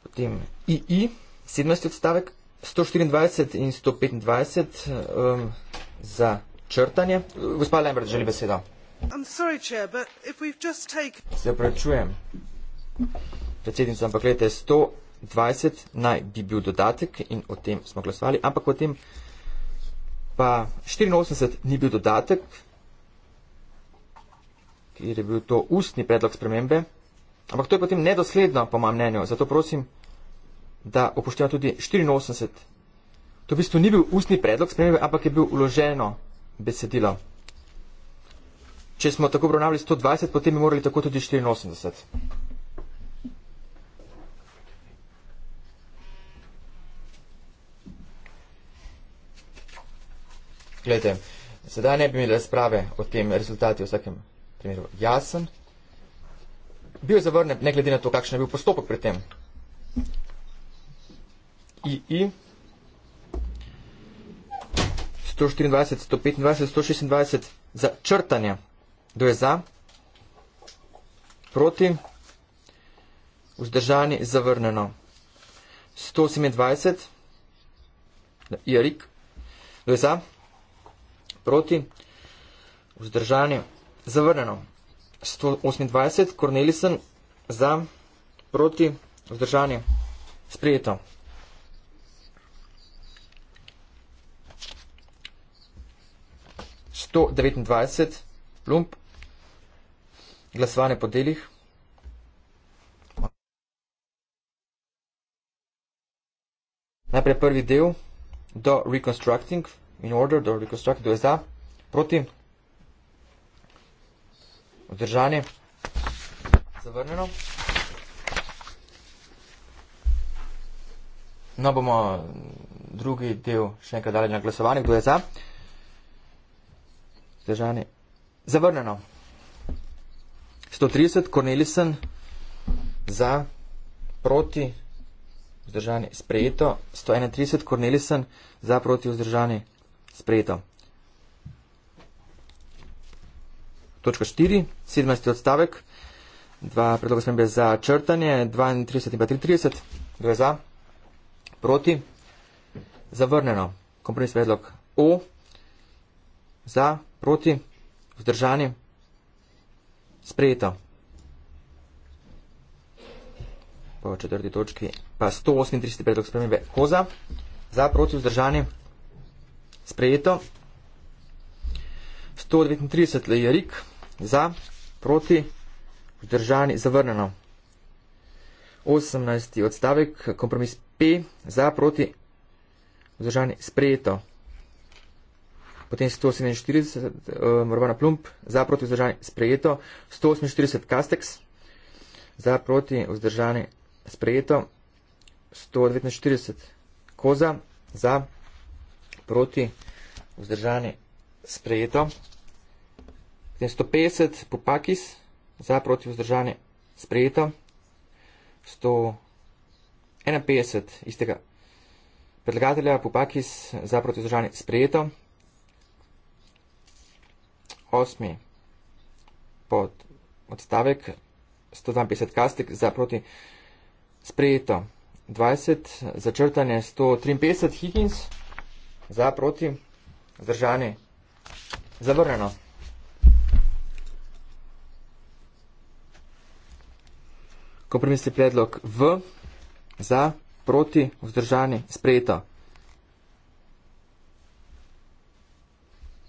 Potem II, 17. odstavek, 124 in 125 um, za črtanje. Gospa Lambert želi besedo. Sorry, chair, take... Se prečujem, predsednica, ampak gledajte, 120 naj bi bil dodatek in o tem smo glasovali, ampak o tem pa 84 ni bil dodatek, ker je bil to ustni predlog spremembe, ampak to je potem nedosledno, po mojem mnenju, zato prosim, da upoštevam tudi 84. To v bistvu ni bil ustni predlog spremembe, ampak je bil uloženo besedilo. Če smo tako obravnavali 120, potem bi morali tako tudi 84. Glede, sedaj ne bi imeli razprave o tem rezultati v vsakem primeru. Jasen, bil je zavrnjen, ne glede na to, kakšen je bil postopek pri tem. I, i, 124, 125, 126 za črtanje. Kdo je za? Proti? Vzdržani, zavrnjeno. 127, Jarik. Kdo je za? Proti? Vzdržani, zavrnjeno. 128, Kornelisen. Za? Proti? Vzdržani, sprijeto. 129 lump, glasovanje po delih. Najprej prvi del do reconstructing, in order, do reconstructing, do za, proti, vzdržanje, zavrneno. No, bomo drugi del še enkrat dali na glasovanje, kdo je za. Težane. Zavrnjeno. 130, Cornelisen za, proti, vzdržani, sprejeto. 131, Cornelisen za, proti, vzdržani, sprejeto. Točka 4, 17 odstavek, 2 predloga smembe za črtanje, 32 in pa 33, 2 za, proti, zavrnjeno. Kompromis predlog O, za, proti. Proti? Vzdržani? Sprejeto. Po četrti točki pa 138 predlog spremembe koza. Za proti vzdržani? Sprejeto. 139 je rik. Za proti vzdržani? Zavrneno. 18 odstavek kompromis P. Za proti vzdržani? Sprejeto potem 147 uh, Morvana Plump, za proti vzdržani sprejeto, 148 Castex, za proti vzdržani sprejeto, 149 Koza, za proti vzdržani sprejeto, potem 150 Pupakis, za proti vzdržani sprejeto, 151 istega predlagatelja Pupakis, za proti vzdržani sprejeto, 8. pod odstavek 152 kastik za proti sprejeto 20, začrtanje 153 higins za proti zdržanje zavrneno. Ko primisli predlog V za proti vzdržanje sprejeto,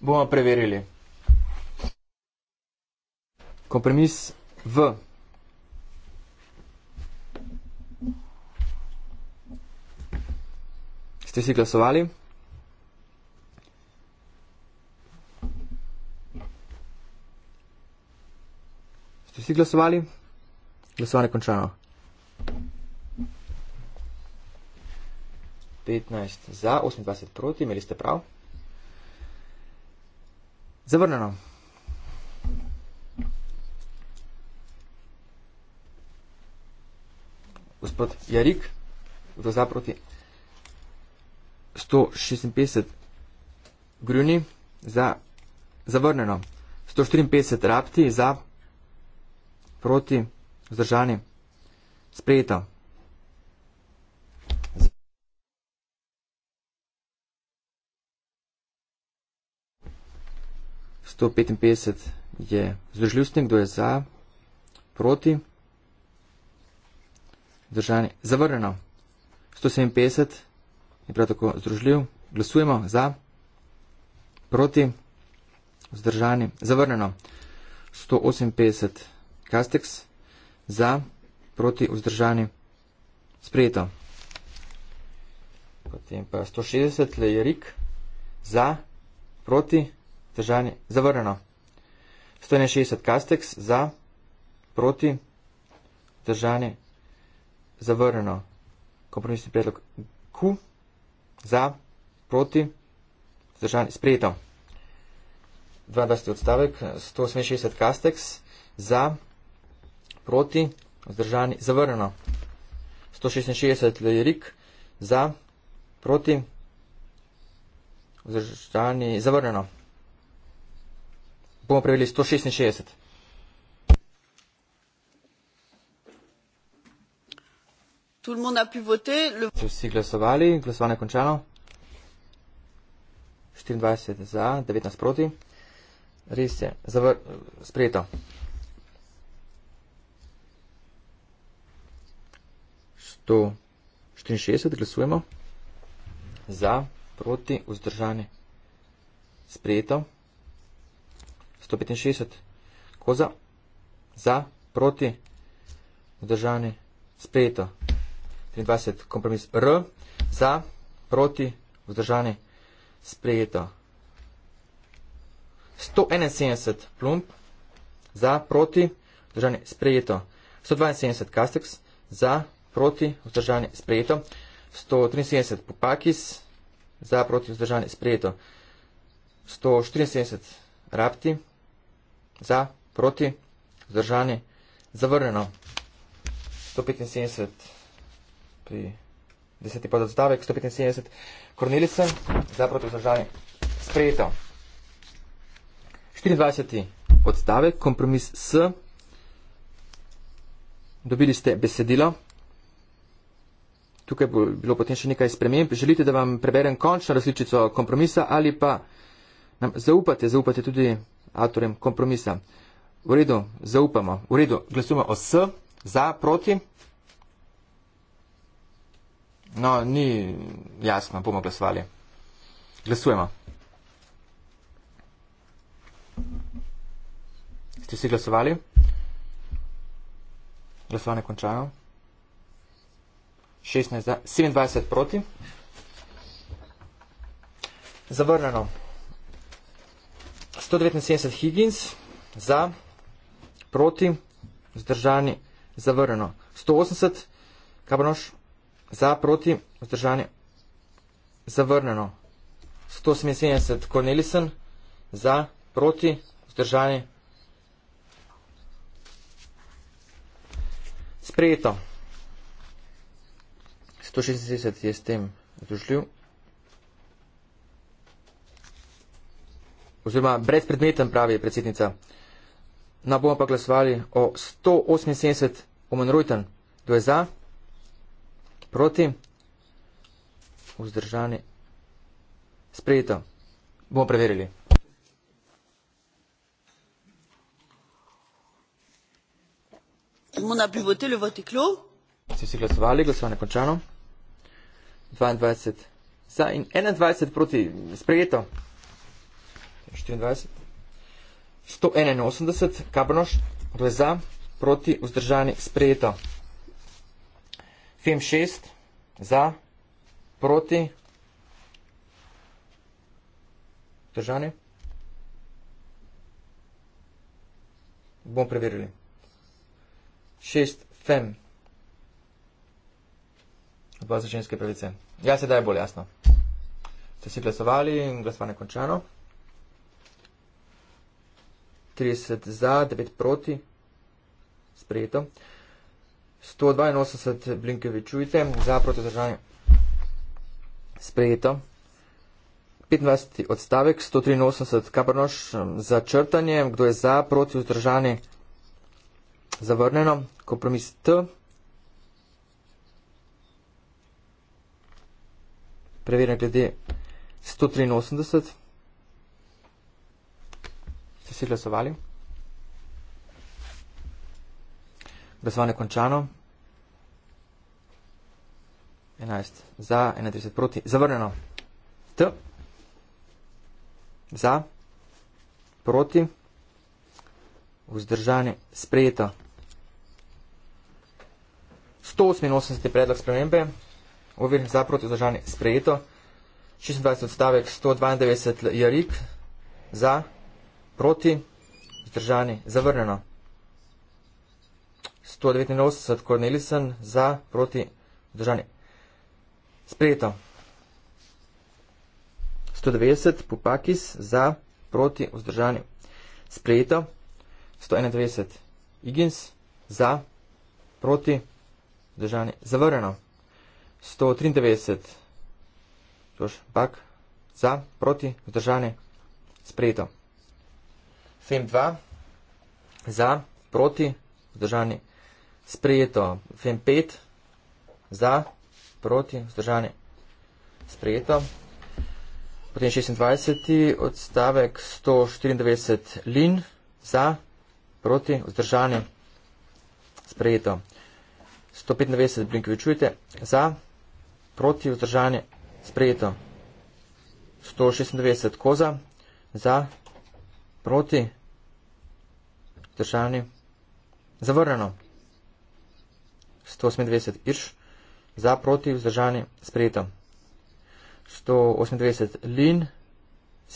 bomo preverili. Компромисс в Ste si glasovali? Ste si glasovali? Glasovanje je končano. 15 za, 28 proti, imeli ste prav. Zavrnjeno. gospod Jarik v zaproti 156 grjuni za zavrneno, 153 rapti za proti vzdržani sprejeta. Sto petinpetdeset je zdržljivstvo, kdo je za, proti vzdržani. Zavrljeno. 157 je prav tako združljiv. Glasujemo za, proti, vzdržani. Zavrljeno. 158 Kastex za, proti, vzdržani. Sprejeto. Potem pa 160 Lejerik za, proti, vzdržani. Zavrljeno. 161 Kastex za, proti, vzdržani zavrnjeno. Kompromisni predlog Q za, proti, zdržan, sprejeto. 22. odstavek 168 Castex za, proti, zdržan, zavrnjeno. 166 Lerik za, proti, zdržan, zavrnjeno. Bomo preverili 166. Tout le monde a pu voter. Le... Vsi ste glasovali, glasovanje je končano. 24 za, 19 proti. Res je, zavr... sprejeto. Sto. 64 glasujemo za, proti, vzdržani. Sprejeto. 165 koza za, proti, vzdržani. Sprejeto. 23, kompromis R, za, proti, vzdržani, sprejeto. 171 plump, za, proti, vzdržani, sprejeto. 172 kasteks, za, proti, vzdržani, sprejeto. 173 popakis, za, proti, vzdržani, sprejeto. 174 rapti, za, proti, vzdržani, zavrneno. 175 kasteks pri deseti podazdavek, 175, Kornelice, za proti vzdržanje, sprejeto. 24. odstavek, kompromis S, dobili ste besedilo, tukaj bo bilo potem še nekaj sprememb, želite, da vam preberem končno različico kompromisa ali pa nam zaupate, zaupate tudi avtorem kompromisa. V redu, zaupamo, v redu, glasujemo o S, za, proti, No, ni jasno, bomo glasovali. Glasujemo. Ste vsi glasovali? Glasovanje končajo. 16, 27 proti. Zavrnjeno. 179 Higgins za, proti, zdržani, zavrnjeno. 180 Kabanoš za proti vzdržanje zavrnjeno. 178 Cornelison za proti vzdržanje sprejeto. 176 je s tem združljiv. Oziroma brezpredmeten pravi je predsednica. Na no, bomo pa glasovali o 178 omenrojten. Kdo je za? proti, vzdržani, sprejeto. Bomo preverili. Mona bi votili v tiklu. Vsi si glasovali, glasovanje končano. 22 za in 21 proti, sprejeto. 24. 181, Kabrnoš, odle za, proti, vzdržani, sprejeto. Fim 6 za proti držanje. Bom preverili. 6 fem. Odbor za ženske pravice. Ja, sedaj je bolj jasno. Ste si glasovali in glasovanje končano. 30 za, 9 proti. Sprejeto. 182 blinkevi čujte, za protizdržanje sprejeto. 25. odstavek, 183 kabrnoš, za črtanje, kdo je za protizdržanje zavrneno, kompromis T. Preverjam glede 183. Ste si glasovali? Glasovanje končano. 11 za, 31 proti. Zavrnjeno. T. Za. Proti. Vzdržanje. Sprejeto. 188. predlog spremembe. Ovir za proti vzdržanje. Sprejeto. 26 odstavek 192 jarik. Za. Proti. Vzdržanje. Zavrnjeno. 189, Kornelisen za proti držanje. Sprejeto. 190, Pupakis za proti vzdržanje. Sprejeto. 191, Igins za proti držanje. Zavrjeno. 193, Još Bak za proti vzdržanje. Sprejeto. Fem 2 za proti vzdržanje. Sprejeto. FEM 5. Za. Proti. Vzdržanje. Sprejeto. Potem 26. odstavek 194 lin. Za. Proti. Vzdržanje. Sprejeto. 195 blinkovi čujete. Za. Proti. Vzdržanje. Sprejeto. 196 koza. Za. Proti. Vzdržanje. Zavrnjeno. 128 irš, za proti vzdržanje sprejeta. 128 lin,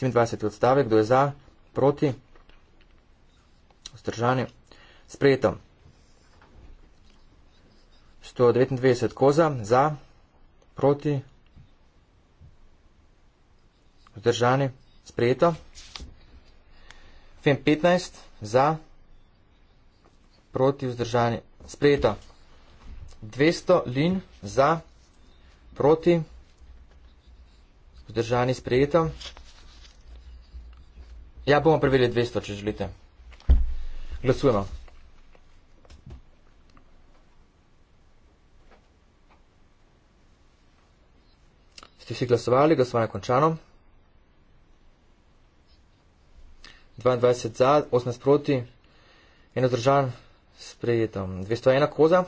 27 odstavek, kdo je za, proti vzdržanje sprejeta. 129 koza, za, proti vzdržanje sprejeta. 15 za, proti vzdržanje sprejeta. 200 lin za, proti, vzdržani sprejeto. Ja, bomo preverili 200, če želite. Glasujemo. Ste vsi glasovali, glasovanje končano. 22 za, 18 proti, eno zdržan sprejeto. 201 koza.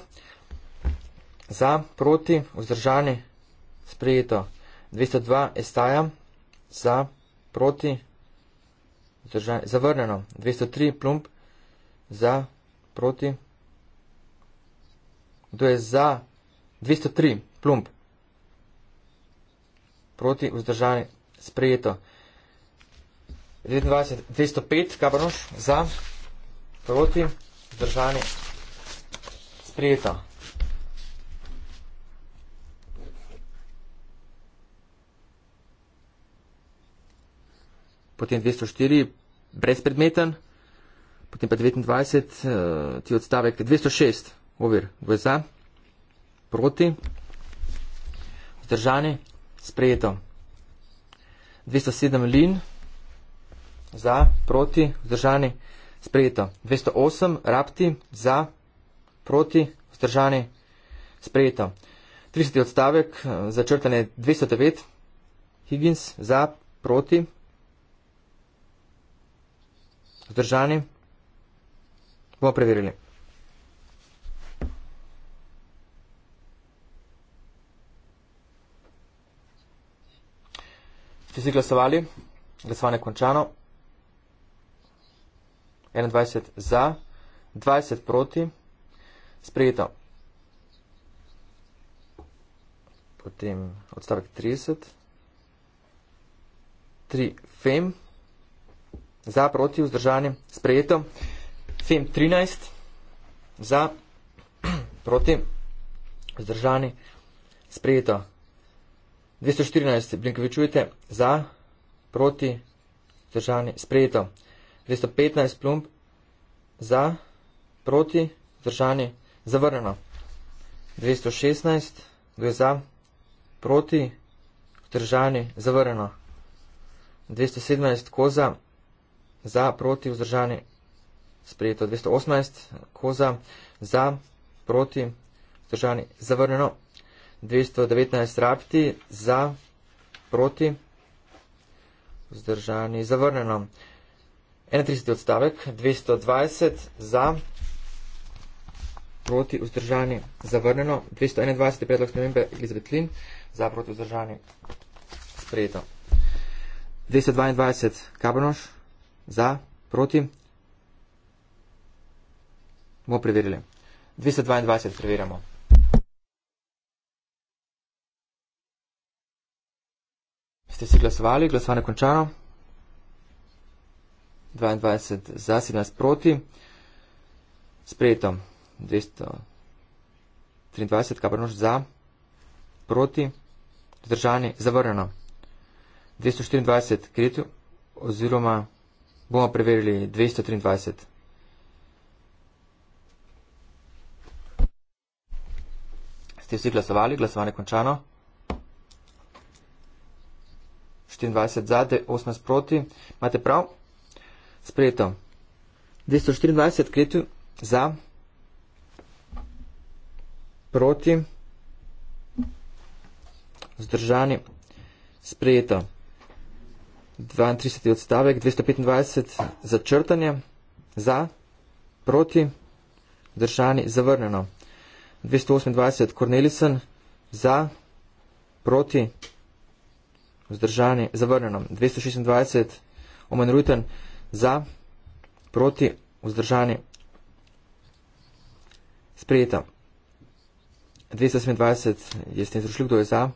Za, proti, vzdržani, sprejeto. 202, estaja, za, proti, vzdržani, zavrneno. 203, plump, za, proti. Kdo je za? 203, plump. Proti, vzdržani, sprejeto. 29, 205, kabanoš, za, proti, vzdržani, sprejeto. potem 204 brezpredmeten, potem pa 29, eh, ti odstavek 206, ovir, vza, proti, vzdržani, sprejeto. 207 lin, za, proti, vzdržani, sprejeto. 208 rapti, za, proti, vzdržani, sprejeto. 30 odstavek, eh, začrtane 209, Higgins, za, proti, vzdržani, sprejeto. Zdržani. Bomo preverili. Ste si glasovali? Glasovanje je končano. 21 za, 20 proti, sprejeto. Potem odstavek 30, 3 fem za proti vzdržanje sprejeto. FEM 13 za proti vzdržanje sprejeto. 214 Blinkovičujete za proti vzdržanje sprejeto. 215 Plumb za proti vzdržanje zavrnjeno. 216 gre za proti vzdržanje zavrnjeno. 217 koza za za, proti, vzdržani, sprejeto 218, koza, za, proti, vzdržani, zavrneno, 219, rapti, za, proti, vzdržani, zavrneno, 31 odstavek, 220, za, proti, vzdržani, zavrneno, 221 predlog spremembe Elizabeth Lin, za, proti, vzdržani, sprejeto. 222 Kabanoš, za, proti. Bomo preverili. 222 preverjamo. Ste si glasovali, glasovanje končano. 22 za, 17 proti. Sprejeto. 223, kabrnož za, proti, zdržani, zavrnjeno. 224, kredit oziroma bomo preverili 223. Ste vsi glasovali, glasovanje končano. 24 za, 18 proti. Imate prav? Sprejeto. 224 kretju za, proti, zdržani. Sprejeto. 32. odstavek, 225 za črtanje, za, proti, držani, zavrnjeno. 228 Cornelison, za, proti, vzdržani, zavrnjeno. 226 Omen Ruiten, za, proti, vzdržani, sprejeta. 228 je s tem zrušil, kdo je za,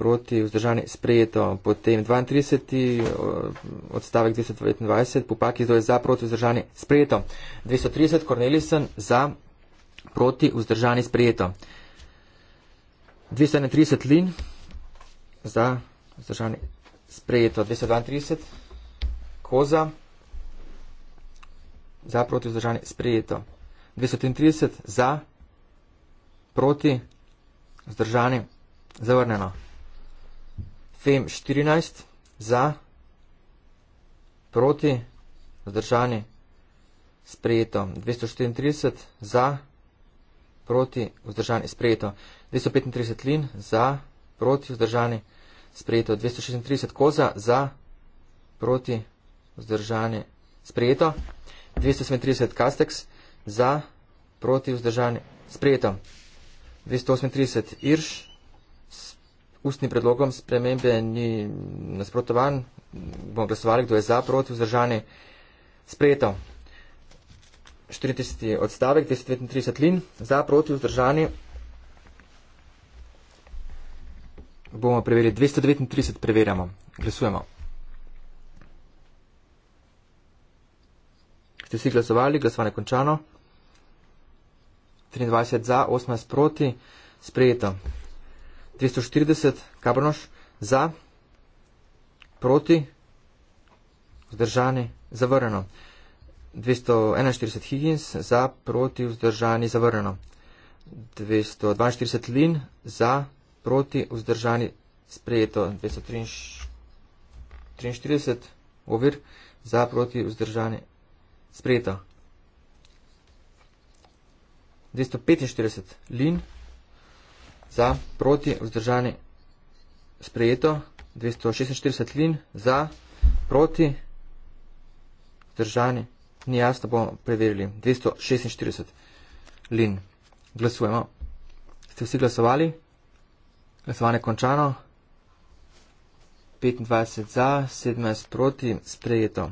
proti vzdržanje sprejeto. Potem 32. odstavek 229, popak izdoje za proti vzdržanje sprejeto. 230, Cornelison za proti vzdržanje sprejeto. 231, Lin za vzdržanje sprejeto. 232, Koza za proti vzdržanje sprejeto. 233 za proti vzdržanje zavrneno. Fem 14, za, proti, zdržani, sprejeto. 234, za, proti, vzdržani, sprejeto. 235 lin, za, proti, vzdržani, sprejeto. 236 koza, za, proti, vzdržani, sprejeto. 237 kasteks, za, proti, vzdržani, sprejeto. 238 irš, ustnim predlogom spremembe ni nasprotovan, bomo glasovali, kdo je za, proti, vzdržani, sprejeto. 40. odstavek, 239 lin, za, proti, vzdržani. Bomo preverili, 239 preverjamo, glasujemo. Ste vsi glasovali, glasovanje končano. 23 za, 18 proti, sprejeto. 340, Kabrnoš, za, proti, vzdržani, zavrnjeno. 241 Higgins, za, proti, vzdržani, zavrnjeno. 242 Lin, za, proti, vzdržani, sprejeto. 243 Ovir, za, proti, vzdržani, sprejeto. 245 Lin, za, proti, vzdržani, sprejeto, 246 lin, za, proti, vzdržani, ni jasno, bomo preverili, 246 lin. Glasujemo. Ste vsi glasovali? Glasovanje končano. 25 za, 17 proti, sprejeto.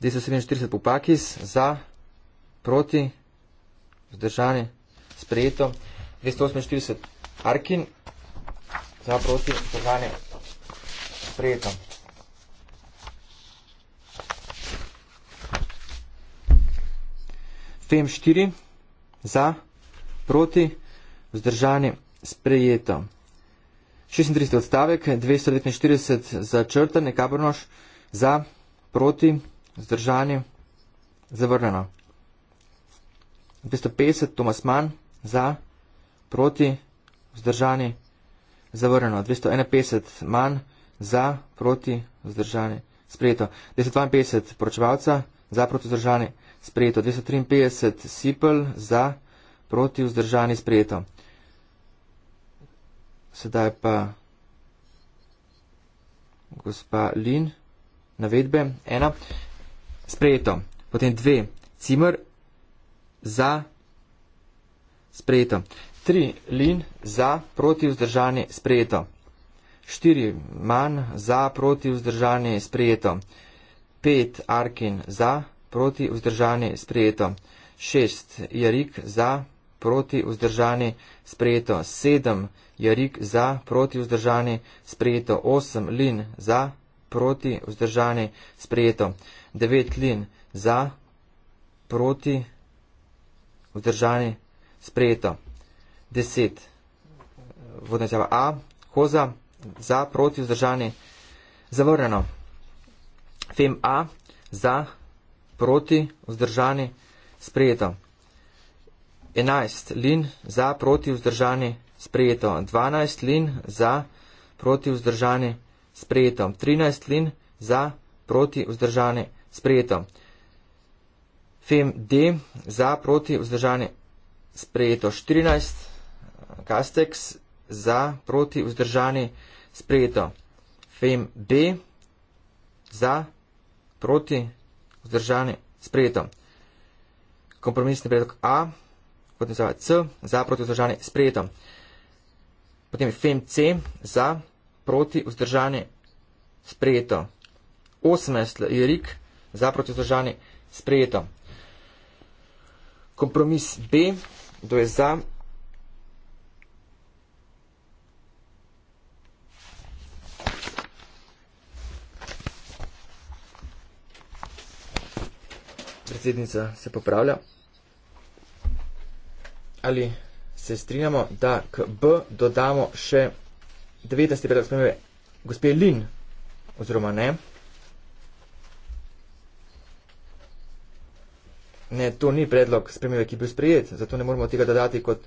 247 popakis, za, proti, vzdržani, sprejeto. 248 Arkin, zaprosi, požane, prijetno. FEM 4, za, proti, vzdržani, sprejeto. 36 odstavek, 249 za črtanje, kabrnoš, za, proti, vzdržani, zavrneno. 250, Tomas Mann, za, proti, vzdržani vzdržani, zavrnjeno 251 manj za, proti, vzdržani, sprejeto 252 poročevalca, za, proti, vzdržani, sprejeto 253 sipl za, proti, vzdržani, sprejeto. Sedaj pa gospa Lin, navedbe, ena, sprejeto, potem dve, cimer, za, sprejeto, 3 lin za proti vzdržanje sprejeto. 4 manj za proti vzdržanje sprejeto. 5 arkin za proti vzdržanje sprejeto. 6 jarik za proti vzdržanje sprejeto. 7 jarik za proti vzdržanje sprejeto. 8 lin za proti vzdržanje sprejeto. 9 lin za proti vzdržanje sprejeto. 10. Vodna izjava A, hoza, za, proti, vzdržani, zavrnjeno. Fem A, za, proti, vzdržani, sprejeto. 11. Lin, za, proti, vzdržani, sprejeto. 12. Lin, za, proti, vzdržani, sprejeto. 13. Lin, za, proti, vzdržani, sprejeto. Fem D, za, proti, vzdržani, sprejeto. 14. Castex za proti vzdržani sprejeto. FEM B za proti vzdržani sprejeto. Kompromisni predlog A, kot je zava C, za proti vzdržani sprejeto. Potem FEM C za proti vzdržani sprejeto. 18 je RIK za proti vzdržani sprejeto. Kompromis B, kdo je za predsednica se popravlja. Ali se strinjamo, da k B dodamo še 19. predlog spremembe gospe Lin, oziroma ne? Ne, to ni predlog spremembe, ki je bil sprejet, zato ne moramo tega dodati kot.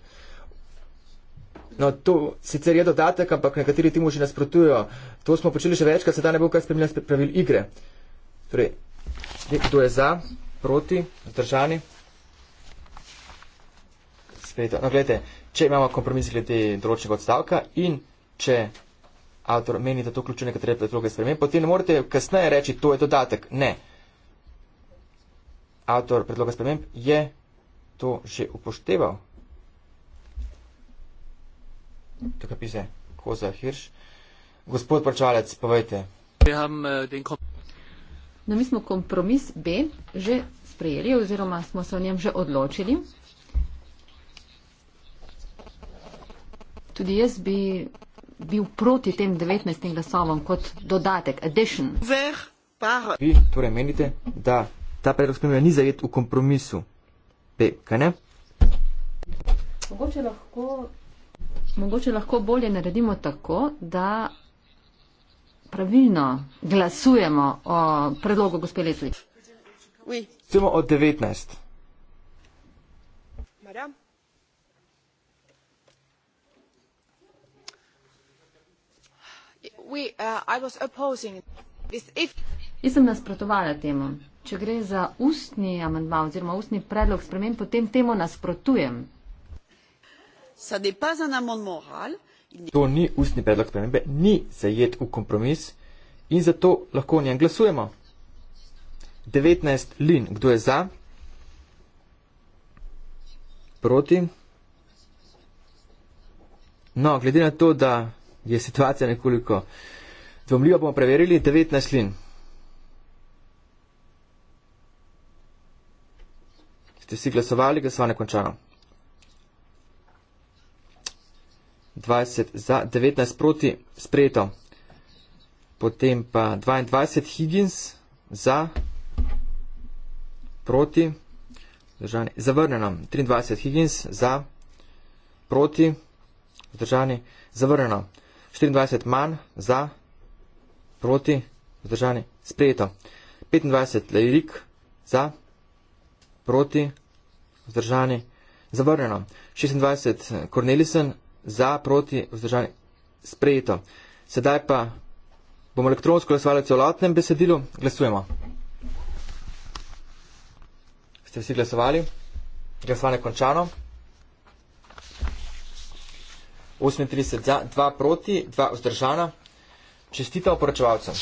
No, to sicer je dodatek, ampak nekateri temu že nasprotujo. To smo počeli že večkrat, sedaj ne bo kaj spremljati pravil igre. Torej, kdo je za? proti, zdržani. Spet, no, gledajte, če imamo kompromis glede določnega odstavka in če avtor meni, da to vključuje nekatere predloge spremembe, potem ne morete kasneje reči, to je dodatek. Ne. Avtor predloga sprememb je to že upošteval. Tukaj piše Koza Hirš. Gospod pračalec, povejte. Ja, um, den kom No, mi smo kompromis B že sprejeli oziroma smo se o njem že odločili. Tudi jaz bi bil proti tem 19 glasovom kot dodatek, addition. Vi torej menite, da ta predlog spremlja ni zajet v kompromisu B, kaj ne? Mogoče lahko, mogoče lahko bolje naredimo tako, da pravilno glasujemo o predlogu gospe Letvič? Recimo oui. od 19. Marja? Jaz sem nasprotovala temu. Če gre za ustni amandma oziroma ustni predlog spremen, potem temu nasprotujem. Sadi pa za namon moral. To ni ustni predlog spremembe, ni zajet v kompromis in zato lahko o njem glasujemo. 19 lin, kdo je za? Proti? No, glede na to, da je situacija nekoliko dvomljiva, bomo preverili 19 lin. Ste si glasovali, glasovanje končano. 20 za, 19 proti, sprejeto. Potem pa 22 Higgins za, proti, zdržani, zavrneno. 23 Higgins za, proti, zdržani, zavrneno. 24 manj za, proti, zdržani, sprejeto. 25 Lejrik za, proti, zdržani, zavrneno. 26 Cornelison za, proti, vzdržanje, sprejeto. Sedaj pa bomo elektronsko glasovali o celotnem besedilu. Glasujemo. Ste vsi glasovali? Glasovanje je končano. 38 za, 2 proti, 2 vzdržana. Čestitam poročevalcem.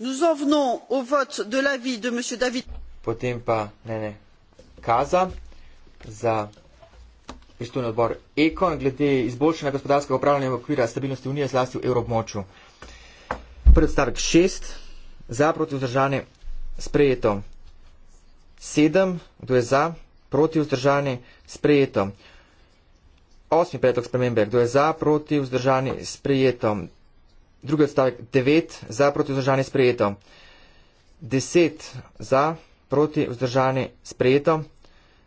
nous en venons au vote de l'avis de monsieur David Potem pa ne, ne, kaza za pristojni odbor ECO in glede izboljšanja gospodarskega upravljanja v okvira stabilnosti unije zlasti v evroobmočju. Predstavek šest za proti vzdržane sprejeto sedem, kdo je za proti vzdržane sprejeto osmi predlog spremembe, kdo je za proti vzdržane sprejeto drugi odstavek, devet za proti vzdržani sprejeto. Deset za proti vzdržani sprejeto.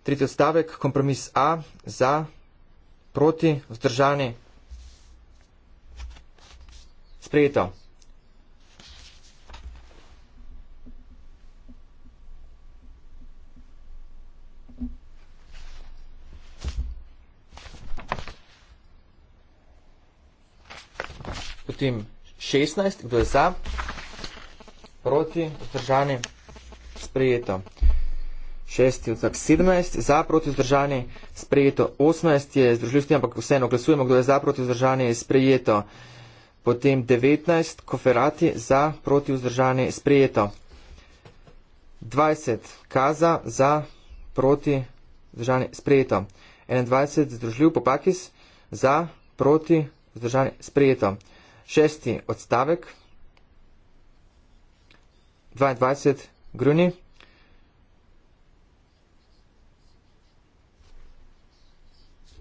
Tretji odstavek, kompromis A za proti vzdržani sprejeto. Potem 16, kdo je za, proti, vzdržani, sprejeto. 6 je odstavek 17, za, proti, vzdržani, sprejeto. 18 je združljiv s tem, ampak vseeno glasujemo, kdo je za, proti, vzdržani, sprejeto. Potem 19, koferati, za, proti, vzdržani, sprejeto. 20, kaza, za, proti, vzdržani, sprejeto. 21, združljiv, popakis, za, proti, vzdržani, sprejeto šesti odstavek, 22 gruni.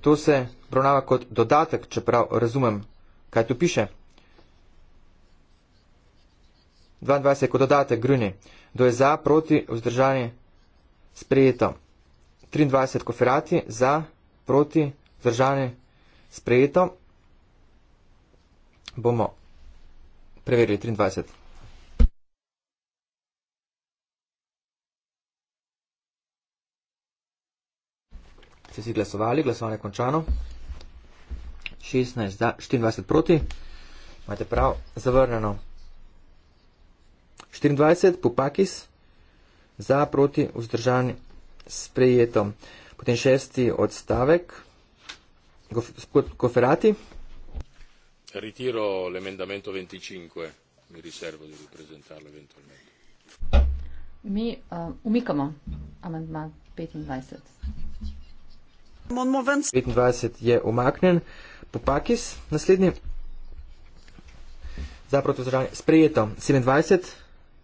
To se obravnava kot dodatek, čeprav razumem, kaj tu piše. 22 je kot dodatek gruni. Do je za, proti, vzdržanje, sprejeto. 23 koferati, za, proti, vzdržanje, sprejeto bomo preverili 23. Ste si glasovali, glasovanje je končano. 16 za, 24 proti, imate prav, zavrnjeno. 24, popakis, za, proti, vzdržan, sprejeto. Potem šesti odstavek, gof, gof, goferati ritiro l'emendamento 25, mi riservo di ripresentarlo eventualmente. Mi uh, umikamo amandma 25. Ven... 25 je omaknen, popakis, naslednji. Za proti državni sprejeto. 27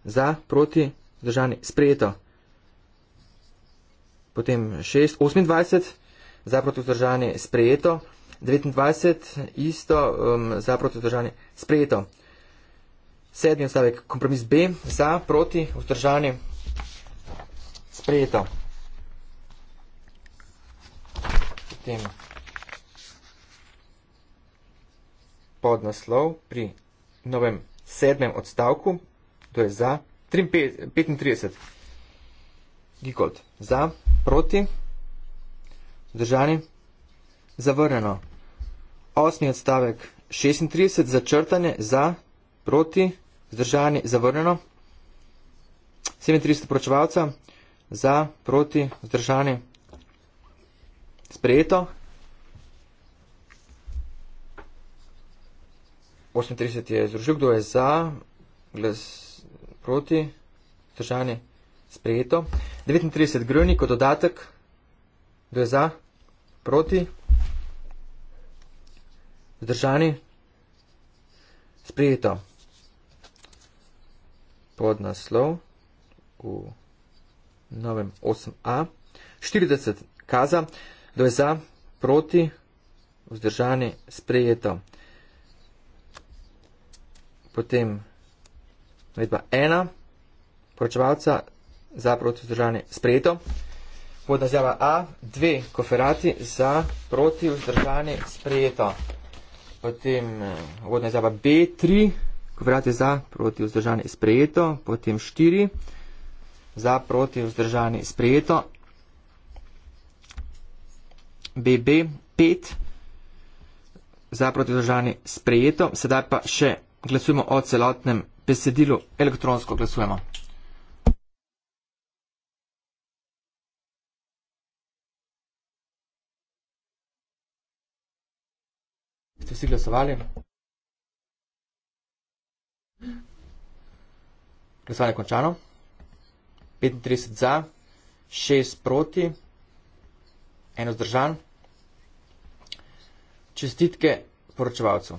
za proti državni sprejeto. Potem 6, 28 za proti državni sprejeto. 29, isto um, za proti vzdržanje sprejeto. Sedmi odstavek, kompromis B, za proti vzdržanje sprejeto. Potem podnaslov pri novem sedmem odstavku, to je za 35 gigot, za proti vzdržanje zavrneno. Osmi odstavek 36 začrtane za, proti, vzdržanje zavrnjeno. 37 poročevalca za, proti, vzdržanje sprejeto. 38 je združil, kdo je za, glas proti, vzdržanje sprejeto. 39 grni kot dodatek, kdo je za, proti, vzdržanje sprejeto. Zdržani. Sprejeto. Pod naslov v novem 8a. 40 kaza, kdo je za, proti, vzdržani, sprejeto. Potem vedba 1, poročevalca, za, proti, vzdržani, sprejeto. Podnazjava A, dve koferati, za, proti, vzdržani, sprejeto potem eh, vodna izjava B3, kvadrat je za, proti vzdržani sprejeto, potem 4, za, proti vzdržani sprejeto, BB 5, za, proti vzdržani sprejeto, sedaj pa še glasujemo o celotnem besedilu, elektronsko glasujemo. vsi glasovali? Glasovanje je končano. 35 za, 6 proti, 1 zdržan. Čestitke poročevalcu.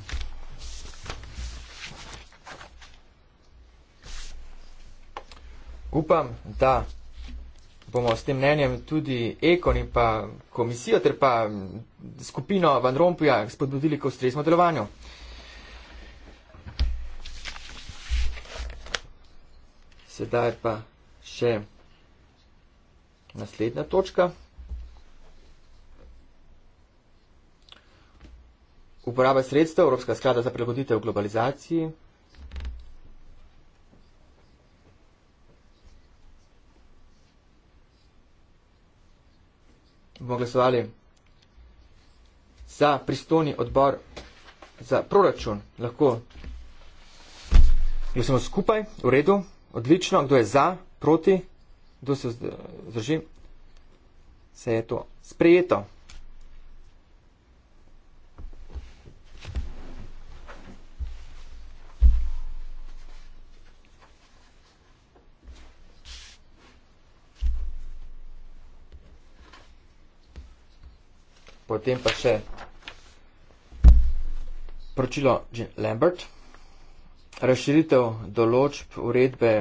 Upam, da bomo s tem mnenjem tudi Ekon in pa komisijo ter pa skupino Van Rompuja spodbudili k ustreznemu delovanju. Sedaj pa še naslednja točka. Uporaba sredstev Evropska sklada za prilagoditev globalizaciji bomo glasovali za pristojni odbor za proračun. Lahko glasimo skupaj, v redu, odlično, kdo je za, proti, kdo se zdrži, se je to sprejeto. potem pa še poročilo Lambert, razširitev določb uredbe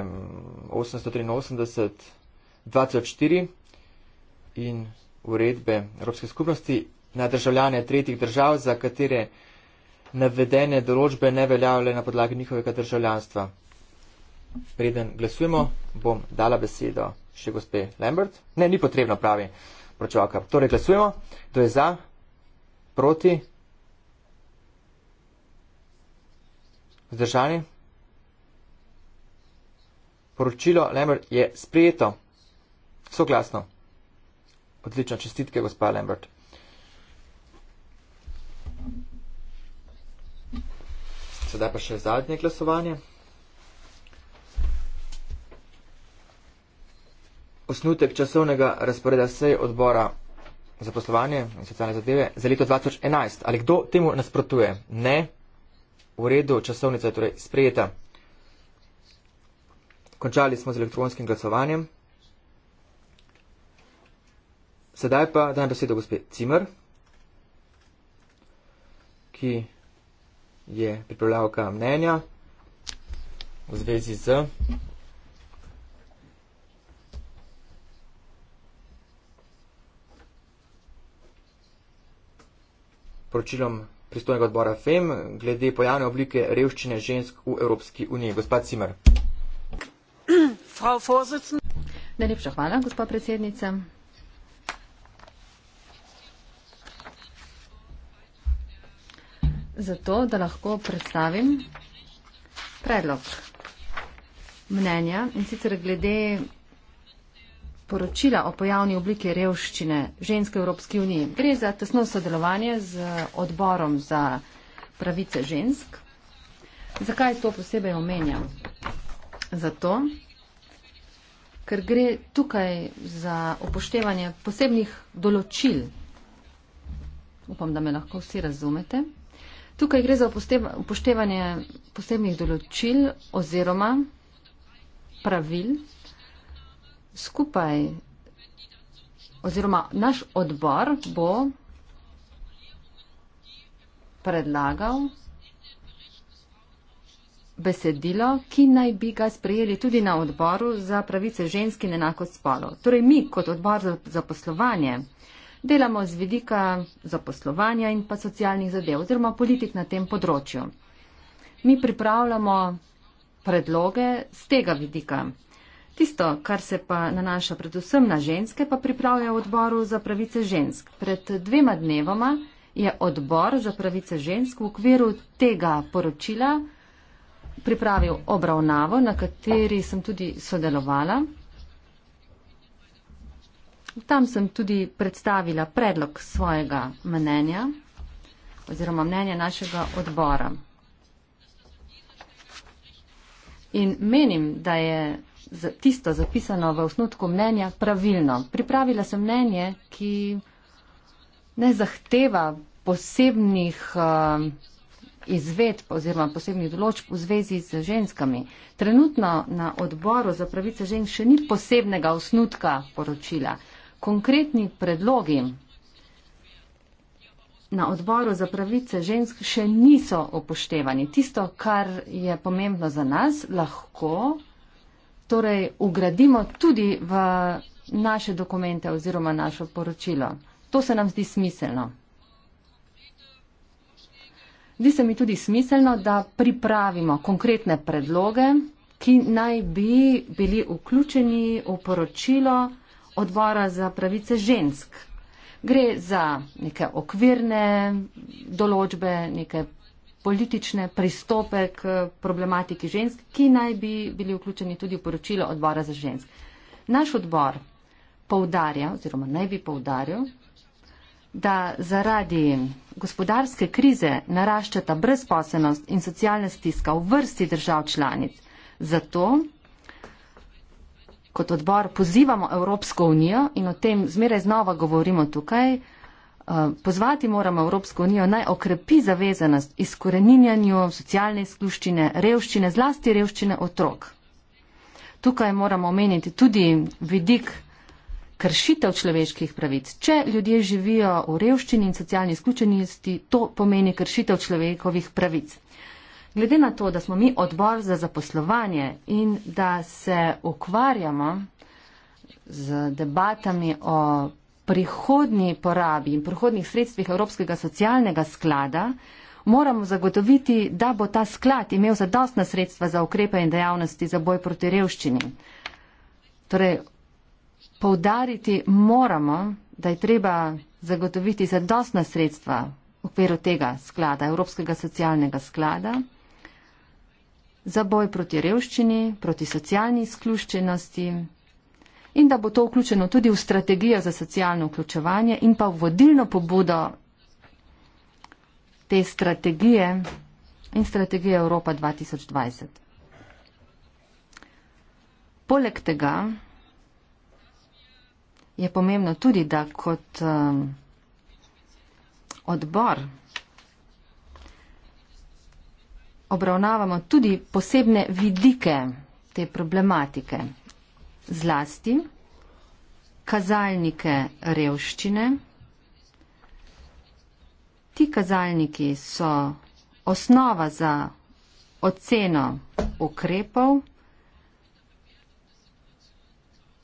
883-2004 in uredbe Evropske skupnosti na državljane tretjih držav, za katere navedene določbe ne veljajo le na podlagi njihovega državljanstva. Preden glasujemo, bom dala besedo še gospe Lambert. Ne, ni potrebno, pravi. Uh, vročevalka. Torej, glasujemo, kdo je za, proti, vzdržani. Poročilo Lambert je sprejeto, soglasno. Odlično, čestitke, gospa Lambert. Sedaj pa še zadnje glasovanje. osnutek časovnega razporeda sej odbora za poslovanje in socialne zadeve za leto 2011. Ali kdo temu nasprotuje? Ne. V redu, časovnica je torej sprejeta. Končali smo z elektronskim glasovanjem. Sedaj pa dajem besedo gospe Cimer, ki je pripravljavka mnenja v zvezi z poročilom pristojnega odbora FEM glede pojavne oblike revščine žensk v Evropski uniji. Gospod Cimer. Najlepša hvala, gospa predsednica. Zato, da lahko predstavim predlog mnenja in sicer glede poročila o pojavni obliki revščine ženske v Evropski uniji. Gre za tesno sodelovanje z odborom za pravice žensk. Zakaj to posebej omenjam? Zato, ker gre tukaj za upoštevanje posebnih določil. Upam, da me lahko vsi razumete. Tukaj gre za upoštevanje posebnih določil oziroma pravil skupaj oziroma naš odbor bo predlagal besedilo, ki naj bi ga sprejeli tudi na odboru za pravice žensk in enakost spolov. Torej mi kot odbor za, za poslovanje delamo z vidika zaposlovanja in pa socialnih zadev oziroma politik na tem področju. Mi pripravljamo predloge z tega vidika. Tisto, kar se pa nanaša predvsem na ženske, pa pripravlja odboru za pravice žensk. Pred dvema dnevoma je odbor za pravice žensk v okviru tega poročila pripravil obravnavo, na kateri sem tudi sodelovala. Tam sem tudi predstavila predlog svojega mnenja oziroma mnenja našega odbora. In menim, da je tisto zapisano v osnutku mnenja pravilno. Pripravila sem mnenje, ki ne zahteva posebnih um, izvedb oziroma posebnih določb v zvezi z ženskami. Trenutno na odboru za pravice žensk še ni posebnega osnutka poročila. Konkretni predlogi na odboru za pravice žensk še niso upoštevani. Tisto, kar je pomembno za nas, lahko torej ugradimo tudi v naše dokumente oziroma našo poročilo. To se nam zdi smiselno. Zdi se mi tudi smiselno, da pripravimo konkretne predloge, ki naj bi bili vključeni v poročilo odbora za pravice žensk. Gre za neke okvirne določbe, neke politične pristope k problematiki žensk, ki naj bi bili vključeni tudi v poročilo odbora za žensk. Naš odbor poudarja oziroma naj bi poudarjal, da zaradi gospodarske krize naraščata brezposelnost in socialna stiska v vrsti držav članic. Zato kot odbor pozivamo Evropsko unijo in o tem zmeraj znova govorimo tukaj, Eh, pozvati moramo Evropsko unijo naj okrepi zavezanost izkoreninjanju socialne izkluščine, revščine, zlasti revščine otrok. Tukaj moramo omeniti tudi vidik kršitev človeških pravic. Če ljudje živijo v revščini in socialni izključenosti, to pomeni kršitev človekovih pravic. Glede na to, da smo mi odbor za zaposlovanje in da se ukvarjamo z debatami o prihodnji porabi in prihodnih sredstvih Evropskega socialnega sklada moramo zagotoviti, da bo ta sklad imel zadostna sredstva za ukrepe in dejavnosti za boj proti revščini. Torej, povdariti moramo, da je treba zagotoviti zadostna sredstva v okviru tega sklada, Evropskega socialnega sklada, za boj proti revščini, proti socialni izkluščenosti in da bo to vključeno tudi v strategijo za socialno vključevanje in pa v vodilno pobudo te strategije in strategije Evropa 2020. Poleg tega je pomembno tudi, da kot um, odbor obravnavamo tudi posebne vidike te problematike zlasti kazalnike revščine. Ti kazalniki so osnova za oceno ukrepov,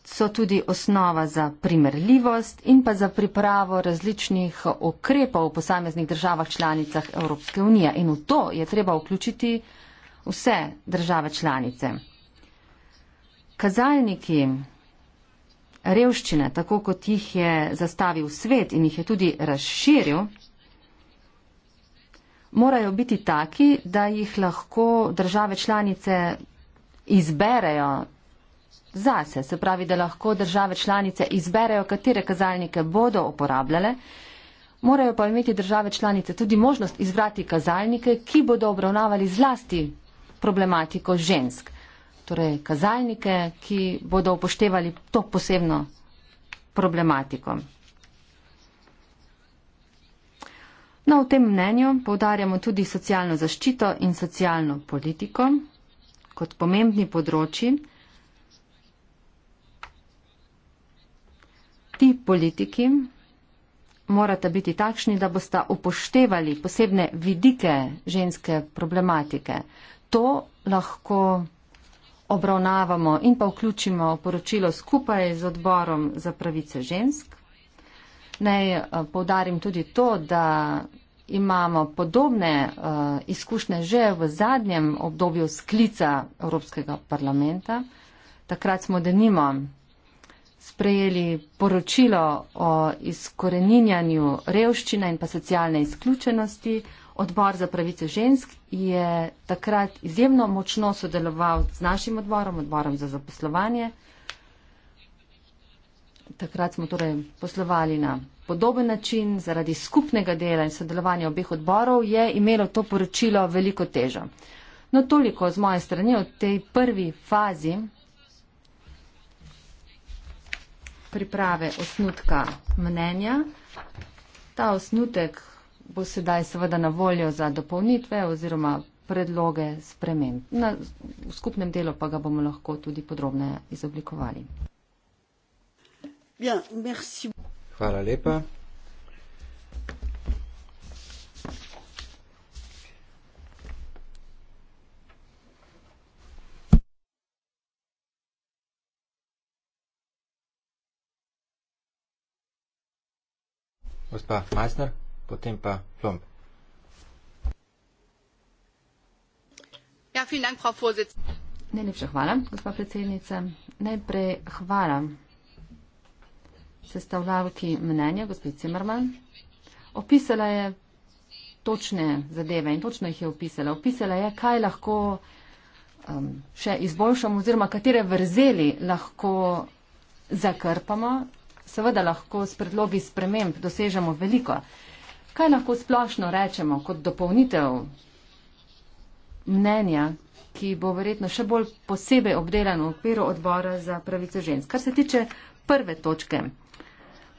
so tudi osnova za primerljivost in pa za pripravo različnih ukrepov v posameznih državah članicah Evropske unije. In v to je treba vključiti vse države članice kazalniki revščine, tako kot jih je zastavil svet in jih je tudi razširil, morajo biti taki, da jih lahko države članice izberejo zase. Se pravi, da lahko države članice izberejo, katere kazalnike bodo uporabljale. Morajo pa imeti države članice tudi možnost izbrati kazalnike, ki bodo obravnavali zlasti problematiko žensk torej kazalnike, ki bodo upoštevali to posebno problematiko. No, v tem mnenju povdarjamo tudi socialno zaščito in socialno politiko kot pomembni področji. Ti politiki morata biti takšni, da bosta upoštevali posebne vidike ženske problematike. To lahko obravnavamo in pa vključimo v poročilo skupaj z odborom za pravice žensk. Naj eh, povdarim tudi to, da imamo podobne eh, izkušnje že v zadnjem obdobju sklica Evropskega parlamenta. Takrat smo denimo sprejeli poročilo o izkoreninjanju revščine in pa socialne izključenosti, Odbor za pravice žensk je takrat izjemno močno sodeloval z našim odborom, odborom za zaposlovanje. Takrat smo torej poslovali na podoben način, zaradi skupnega dela in sodelovanja obeh odborov je imelo to poročilo veliko težo. No toliko z moje strani od tej prvi fazi priprave osnutka mnenja. Ta osnutek bo sedaj seveda na voljo za dopolnitve oziroma predloge sprememb. Na, v skupnem delu pa ga bomo lahko tudi podrobne izoblikovali. Ja, merci. Hvala lepa. Gospa Meister potem pa plomb. Ja, Najlepša hvala, gospa predsednica. Najprej hvala sestavljavki mnenja, gospod Cimerman. Opisala je točne zadeve in točno jih je opisala. Opisala je, kaj lahko um, še izboljšamo oziroma katere vrzeli lahko zakrpamo. Seveda lahko s predlogi sprememb dosežemo veliko. Kaj lahko splošno rečemo kot dopolnitev mnenja, ki bo verjetno še bolj posebej obdelano v okviru odbora za pravice žensk? Kar se tiče prve točke.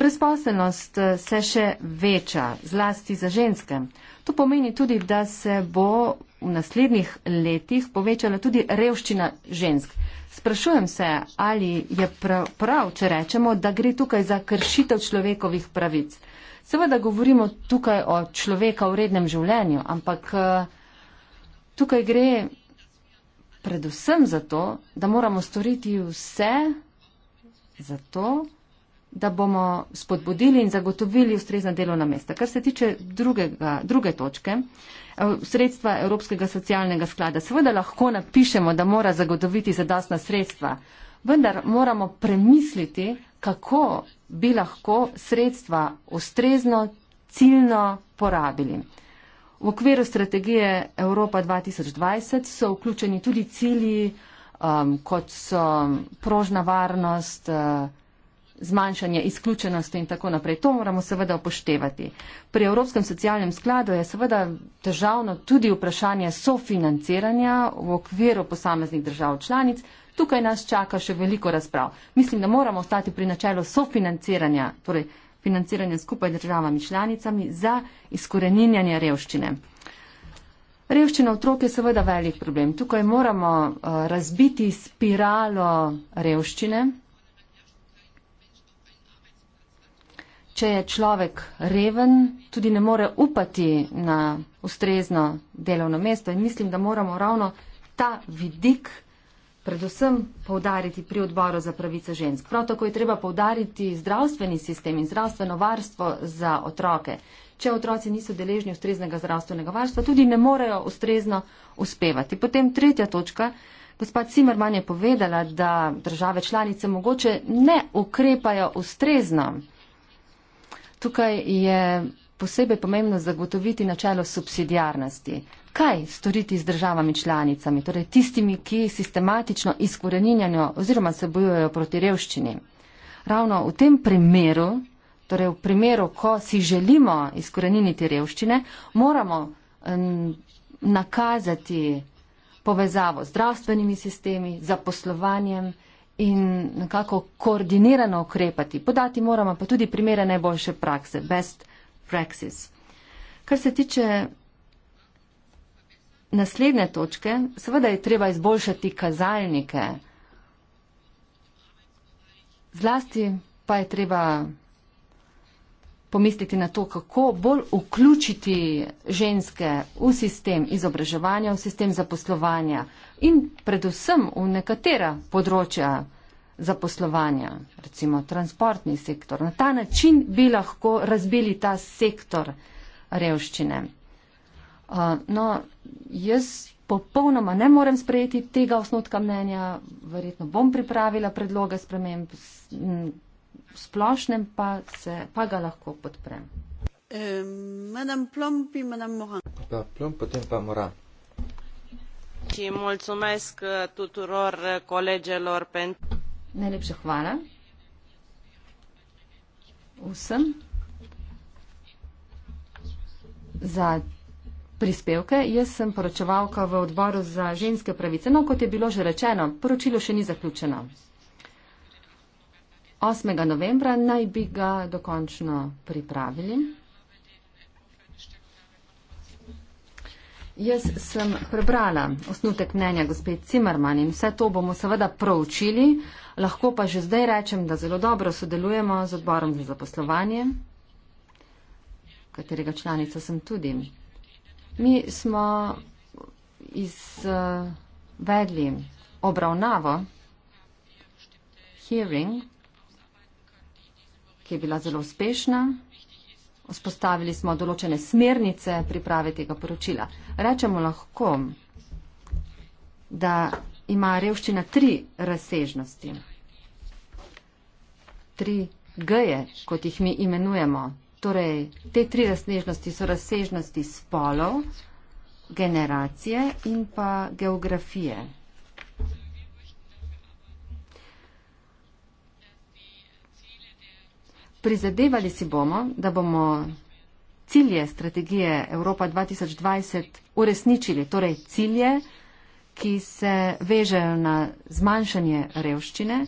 Brezposelnost eh, se še veča, zlasti za ženske. To pomeni tudi, da se bo v naslednjih letih povečala tudi revščina žensk. Sprašujem se, ali je prav, prav, če rečemo, da gre tukaj za kršitev človekovih pravic. Seveda govorimo tukaj o človeka v rednem življenju, ampak eh, tukaj gre predvsem za to, da moramo storiti vse za to, da bomo spodbudili in zagotovili ustrezna delovna mesta. Kar se tiče drugega, druge točke, eh, sredstva Evropskega socialnega sklada. Seveda lahko napišemo, da mora zagotoviti zadostna sredstva, vendar moramo premisliti, kako bi lahko sredstva ustrezno, ciljno porabili. V okviru strategije Evropa 2020 so vključeni tudi cilji, um, kot so prožna varnost, uh, zmanjšanje izključenosti in tako naprej. To moramo seveda upoštevati. Pri Evropskem socialnem skladu je seveda težavno tudi vprašanje sofinanciranja v okviru posameznih držav članic, Tukaj nas čaka še veliko razprav. Mislim, da moramo ostati pri načelu sofinanciranja, torej financiranja skupaj državami članicami za izkoreninjanje revščine. Revščina otrok je seveda velik problem. Tukaj moramo eh, razbiti spiralo revščine. Če je človek reven, tudi ne more upati na ustrezno delovno mesto in mislim, da moramo ravno ta vidik uh, predvsem povdariti pri odboru za pravice žensk. Prav tako je treba povdariti zdravstveni sistem in zdravstveno varstvo za otroke. Če otroci niso deležni ustreznega zdravstvenega varstva, tudi ne morejo ustrezno uspevati. Potem tretja točka. Gospod Simerman je povedala, da države članice mogoče ne ukrepajo ustrezno. Tukaj je posebej pomembno zagotoviti načelo subsidiarnosti kaj storiti z državami članicami, torej tistimi, ki sistematično izkoreninjajo oziroma se bojujejo proti revščini. Ravno v tem primeru, torej v primeru, ko si želimo izkoreniniti revščine, moramo nakazati povezavo z zdravstvenimi sistemi, zaposlovanjem in nekako koordinirano ukrepati. Podati moramo pa tudi primere najboljše prakse, best practices. Kar se tiče naslednje točke, seveda je treba izboljšati kazalnike. Zlasti pa je treba pomisliti na to, kako bolj vključiti ženske v sistem izobraževanja, v sistem zaposlovanja in predvsem v nekatera področja zaposlovanja, recimo transportni sektor. Na ta način bi lahko razbili ta sektor revščine. Uh, no, jaz popolnoma ne morem sprejeti tega osnotka mnenja, verjetno bom pripravila predloge sprememb, v splošnem pa, se, pa ga lahko podprem. Eh, Madam Plomp in Madam Mohan. Pa Plomp, potem pa Moran. Ci mulțumesc eh, tuturor eh, colegelor pentru. Najlepša hvala. Vsem. Za prispevke. Jaz sem poročevalka v odboru za ženske pravice. No, kot je bilo že rečeno, poročilo še ni zaključeno. 8. novembra naj bi ga dokončno pripravili. Jaz sem prebrala osnutek mnenja gospe Cimerman in vse to bomo seveda proučili, lahko pa že zdaj rečem, da zelo dobro sodelujemo z odborom za zaposlovanje, katerega članica sem tudi. Mi smo izvedli obravnavo hearing, ki je bila zelo uspešna. Vzpostavili smo določene smernice priprave tega poročila. Rečemo lahko, da ima revščina tri razsežnosti. Tri G-je, kot jih mi imenujemo, Torej, te tri razsežnosti so razsežnosti spolov, generacije in pa geografije. Prizadevali si bomo, da bomo cilje strategije Evropa 2020 uresničili, torej cilje, ki se vežejo na zmanjšanje revščine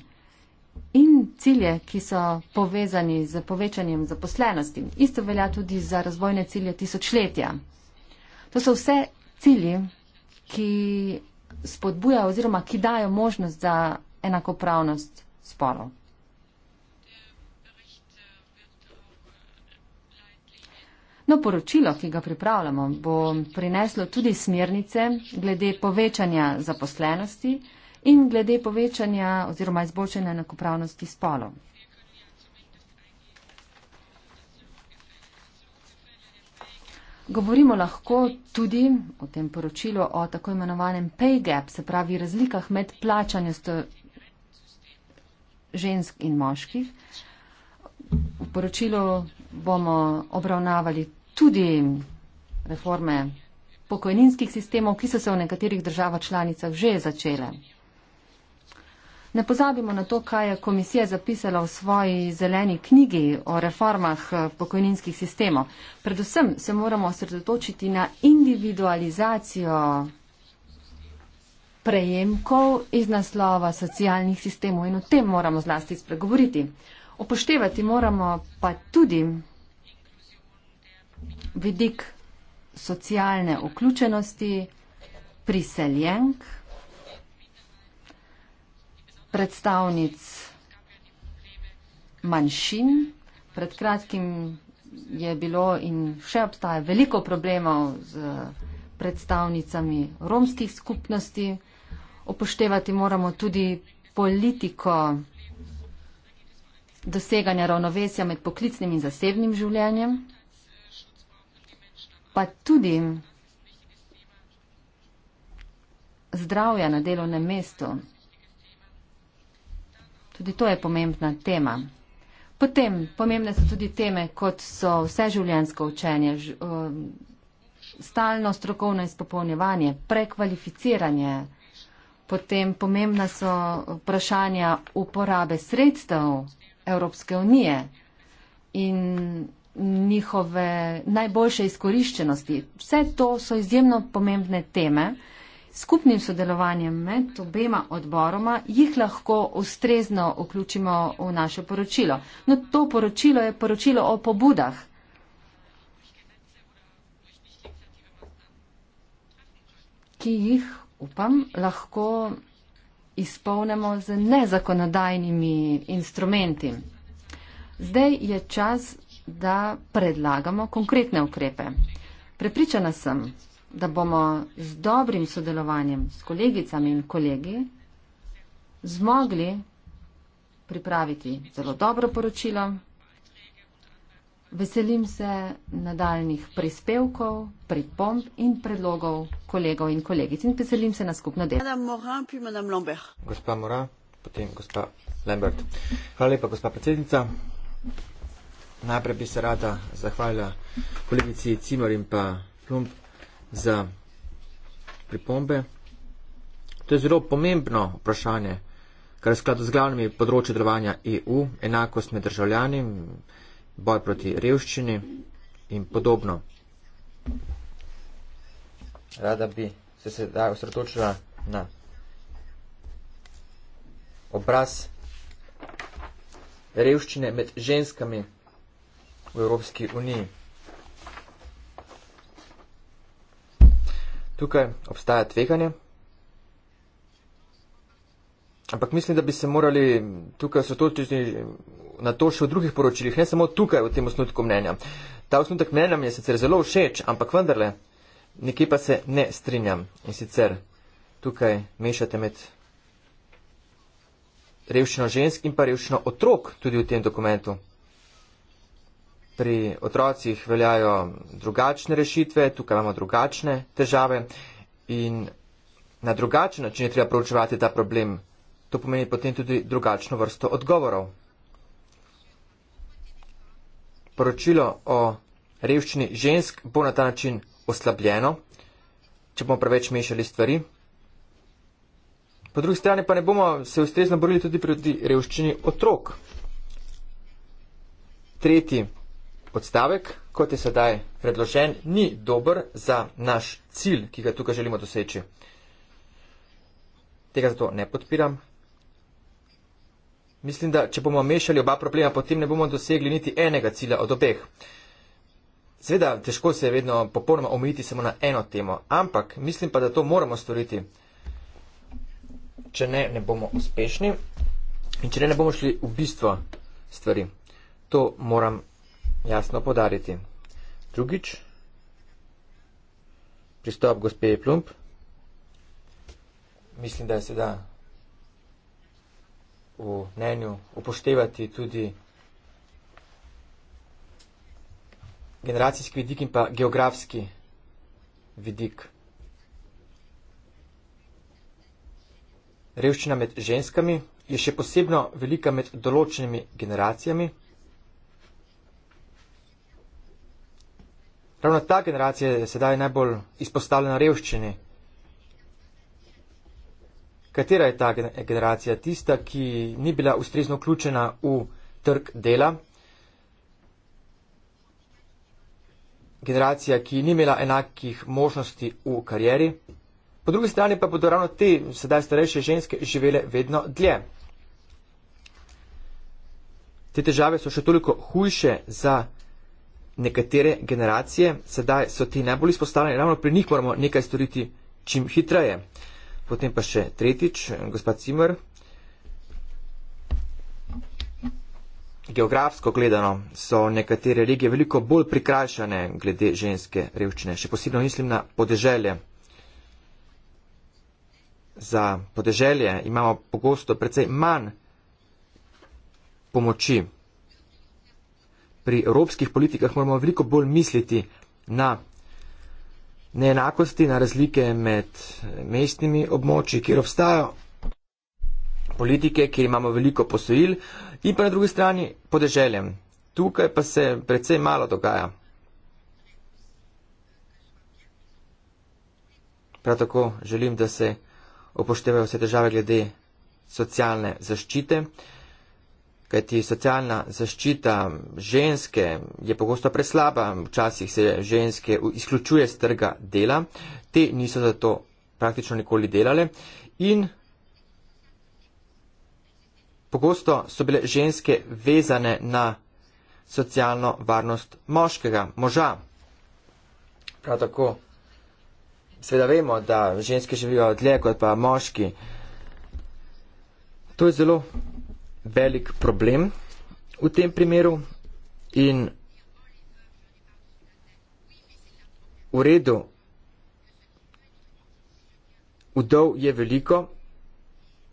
in cilje, ki so povezani z povečanjem zaposlenosti. Isto velja tudi za razvojne cilje tisočletja. To so vse cilji, ki spodbujajo oziroma ki dajo možnost za enakopravnost spolov. No, poročilo, ki ga pripravljamo, bo prineslo tudi smernice glede povečanja zaposlenosti, in glede povečanja oziroma izboljšanja enakopravnosti spolov. Govorimo lahko tudi v tem poročilu o tako imenovanem pay gap, se pravi razlikah med plačanjem žensk in moških. V poročilu bomo obravnavali tudi reforme pokojninskih sistemov, ki so se v nekaterih državah članicah že začele. Ne pozabimo na to, kaj je komisija zapisala v svoji zeleni knjigi o reformah eh, pokojninskih sistemov. Predvsem se moramo osredotočiti na individualizacijo prejemkov iz naslova socialnih sistemov in o tem moramo zlasti spregovoriti. Upoštevati moramo pa tudi vidik socialne vključenosti priseljenk predstavnic manjšin. Pred kratkim je bilo in še obstaja veliko problemov z predstavnicami romskih skupnosti. Upoštevati moramo tudi politiko doseganja ravnovesja med poklicnim in zasebnim življenjem, pa tudi zdravja na delovnem mestu. Tudi to je pomembna tema. Potem pomembne so tudi teme, kot so vseživljenjsko učenje, stalno strokovno izpopolnjevanje, prekvalificiranje. Potem pomembna so vprašanja uporabe sredstev Evropske unije in njihove najboljše izkoriščenosti. Vse to so izjemno pomembne teme skupnim sodelovanjem med obema odboroma jih lahko ustrezno vključimo v naše poročilo. No, to poročilo je poročilo o pobudah. ki jih, upam, lahko izpolnemo z nezakonodajnimi instrumenti. Zdaj je čas, da predlagamo konkretne ukrepe. Prepričana sem, da bomo z dobrim sodelovanjem s kolegicami in kolegi zmogli pripraviti zelo dobro poročilo. Veselim se nadaljnih prispevkov, pripomb in predlogov kolegov in kolegic in veselim se na skupno delo. Gospa Mora, potem gospa Lambert. Hvala lepa, gospa predsednica. Najprej bi se rada zahvalila kolegici Cimor in pa Plump za pripombe. To je zelo pomembno vprašanje, kar je skladno z glavnimi področji delovanja EU, enakost med državljani, boj proti revščini in podobno. Rada bi se sedaj osredotočila na obraz revščine med ženskami v Evropski uniji. tukaj obstaja tveganje. Ampak mislim, da bi se morali tukaj sotočiti na to še v drugih poročilih, ne samo tukaj v tem osnutku mnenja. Ta osnutek mnenja mi je sicer zelo všeč, ampak vendarle, nekje pa se ne strinjam. In sicer tukaj mešate med revščino žensk in pa revščino otrok tudi v tem dokumentu pri otrocih veljajo drugačne rešitve, tukaj imamo drugačne težave in na drugačen način je treba proučevati ta problem. To pomeni potem tudi drugačno vrsto odgovorov. Poročilo o revščini žensk bo na ta način oslabljeno, če bomo preveč mešali stvari. Po drugi strani pa ne bomo se ustrezno borili tudi proti revščini otrok. Tretji odstavek, kot je sedaj predložen, ni dober za naš cilj, ki ga tukaj želimo doseči. Tega zato ne podpiram. Mislim, da če bomo mešali oba problema, potem ne bomo dosegli niti enega cilja od obeh. Sveda, težko se je vedno popolnoma omejiti samo na eno temo, ampak mislim pa, da to moramo storiti. Če ne, ne bomo uspešni in če ne, ne bomo šli v bistvo stvari. To moram jasno podariti. Drugič, pristop gospe Plump. Mislim, da se da v mnenju upoštevati tudi generacijski vidik in pa geografski vidik. Revščina med ženskami je še posebno velika med določenimi generacijami. Ravno ta generacija je sedaj najbolj izpostavljena revščini. Katera je ta generacija? Tista, ki ni bila ustrezno vključena v trg dela, generacija, ki ni imela enakih možnosti v karieri. Po drugi strani pa bodo ravno te sedaj starejše ženske živele vedno dlje. Te težave so še toliko hujše za nekatere generacije, sedaj so ti najbolj izpostavljeni, ravno pri njih moramo nekaj storiti čim hitreje. Potem pa še tretjič, gospod Cimer. Geografsko gledano so nekatere regije veliko bolj prikrajšane glede ženske revščine, še posebej mislim na podeželje. Za podeželje imamo pogosto precej manj pomoči pri evropskih politikah moramo veliko bolj misliti na neenakosti, na razlike med mestnimi območji, kjer obstajajo politike, kjer imamo veliko posojil in pa na drugi strani podeželjem. Tukaj pa se predvsej malo dogaja. Prav tako želim, da se upoštevajo vse države glede socialne zaščite kajti socialna zaščita ženske je pogosto preslaba, včasih se ženske izključuje z trga dela, te niso zato praktično nikoli delale in pogosto so bile ženske vezane na socialno varnost moškega, moža. Prav tako, seveda vemo, da ženske živijo dlje kot pa moški. To je zelo velik problem v tem primeru in v redu vdov je veliko,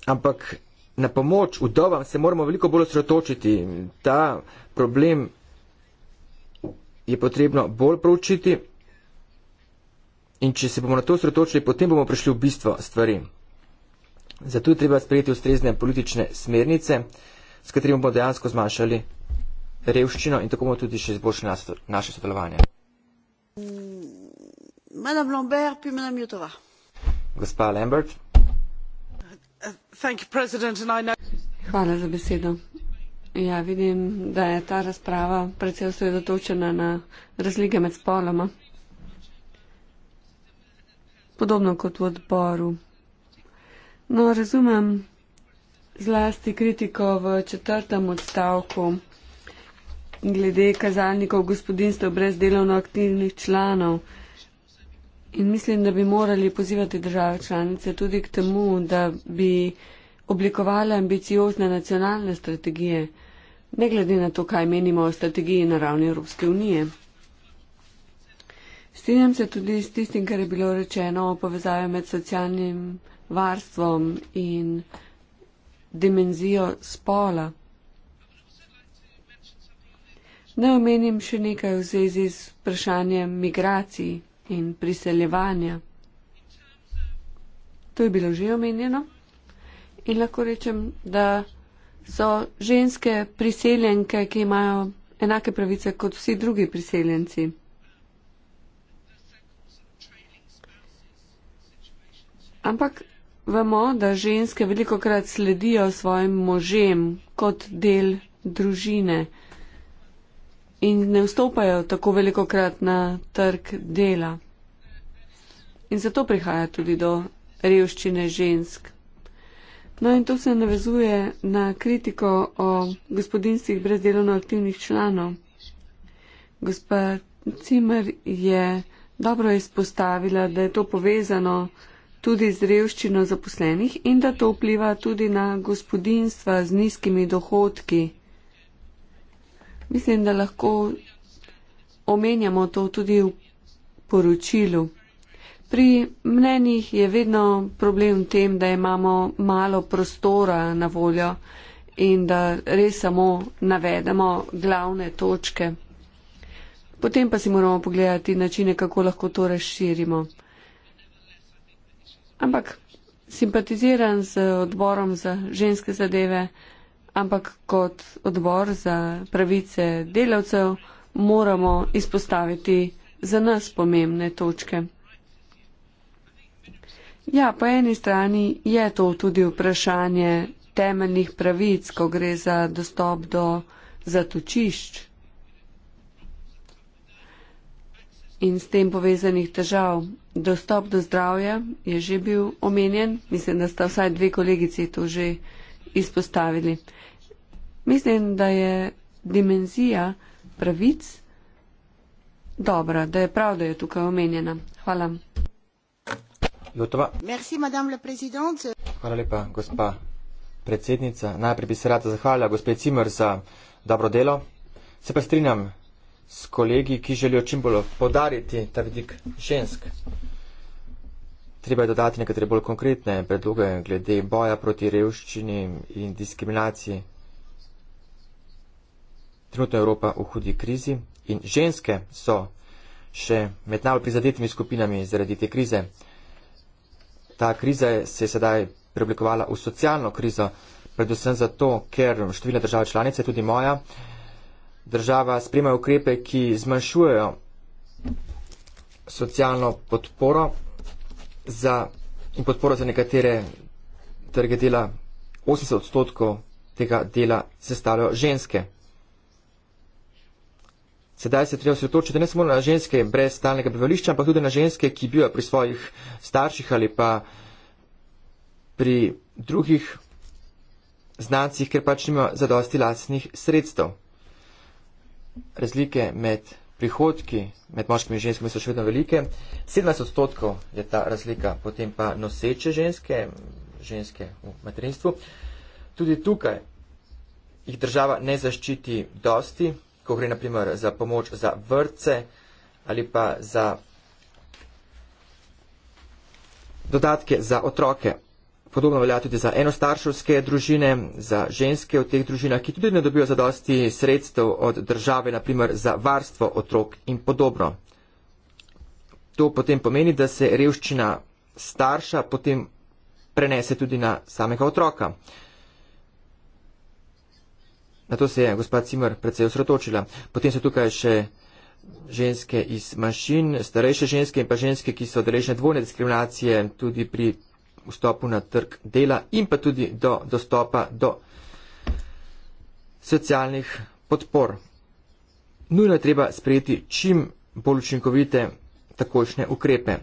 ampak na pomoč vdovam se moramo veliko bolj osredotočiti. Ta problem je potrebno bolj proučiti in če se bomo na to osredotočili, potem bomo prišli v bistvo stvari. Zato je treba sprejeti ustrezne politične smernice, s katerimi bomo dejansko zmanjšali revščino in tako bomo tudi še izboljšali naše sodelovanje. Madame Lambert, puis Madame Jutova. Gospa Lambert. Thank you, President, and I know... Hvala za besedo. Ja, vidim, da je ta razprava predvsej osredotočena na razlike med spoloma. Podobno kot v odboru No, razumem zlasti kritiko v četrtem odstavku glede kazalnikov gospodinstv brez delovno aktivnih članov. In mislim, da bi morali pozivati države članice tudi k temu, da bi oblikovali ambiciozne nacionalne strategije, ne glede na to, kaj menimo o strategiji na ravni Evropske unije. Strinjam se tudi s tistim, kar je bilo rečeno o povezavi med socialnim varstvom in dimenzijo spola. Ne omenim še nekaj v zvezi z vprašanjem migracij in priseljevanja. To je bilo že omenjeno in lahko rečem, da so ženske priseljenke, ki imajo enake pravice kot vsi drugi priseljenci. Ampak vemo, da ženske veliko krat sledijo svojim možem kot del družine in ne vstopajo tako veliko krat na trg dela. In zato prihaja tudi do revščine žensk. No in to se navezuje na kritiko o gospodinstvih brez delovno aktivnih članov. Gospa Cimer je dobro izpostavila, da je to povezano tudi z revščino zaposlenih in da to vpliva tudi na gospodinstva z nizkimi dohodki. Mislim, da lahko omenjamo to tudi v poročilu. Pri mnenjih je vedno problem v tem, da imamo malo prostora na voljo in da res samo navedemo glavne točke. Potem pa si moramo pogledati načine, kako lahko to razširimo ampak simpatiziram z odborom za ženske zadeve, ampak kot odbor za pravice delavcev moramo izpostaviti za nas pomembne točke. Ja, po eni strani je to tudi vprašanje temeljnih pravic, ko gre za dostop do zatočišč. in s tem povezanih težav. Dostop do zdravja je že bil omenjen, mislim, da sta vsaj dve kolegici to že izpostavili. Mislim, da je dimenzija pravic dobra, da je prav, da je tukaj omenjena. Hvala. Merci, Hvala lepa, gospa predsednica. Najprej bi se rada zahvalila gospe Cimer za dobro delo. Se pa strinjam s kolegi, ki želijo čim bolj podariti ta vidik žensk. Treba je dodati nekatere bolj konkretne predloge glede boja proti revščini in diskriminaciji. Trenutno je Evropa v hudi krizi in ženske so še med najbolj prizadetimi skupinami zaradi te krize. Ta kriza se je sedaj preoblikovala v socialno krizo, predvsem zato, ker številne države članice, tudi moja, država sprema ukrepe, ki zmanjšujejo socialno podporo za, in podporo za nekatere trge dela. 80 odstotkov tega dela sestavljajo ženske. Sedaj se treba osredotočiti ne samo na ženske brez stalnega bivališča, ampak tudi na ženske, ki bivajo pri svojih starših ali pa pri drugih znancih, ker pač nima zadosti lastnih sredstev razlike med prihodki med moškimi in ženskami so še vedno velike. 17 odstotkov je ta razlika, potem pa noseče ženske, ženske v materinstvu. Tudi tukaj jih država ne zaščiti dosti, ko gre naprimer za pomoč za vrce ali pa za dodatke za otroke. Podobno velja tudi za enostarševske družine, za ženske v teh družinah, ki tudi ne dobijo zadosti sredstev od države, naprimer za varstvo otrok in podobno. To potem pomeni, da se revščina starša potem prenese tudi na samega otroka. Na to se je gospod Cimer predvsej osredotočila. Potem so tukaj še ženske iz manjšin, starejše ženske in pa ženske, ki so deležne dvojne diskriminacije tudi pri vstopu na trg dela in pa tudi do dostopa do socialnih podpor. Nujno je treba sprejeti čim bolj učinkovite takošne ukrepe.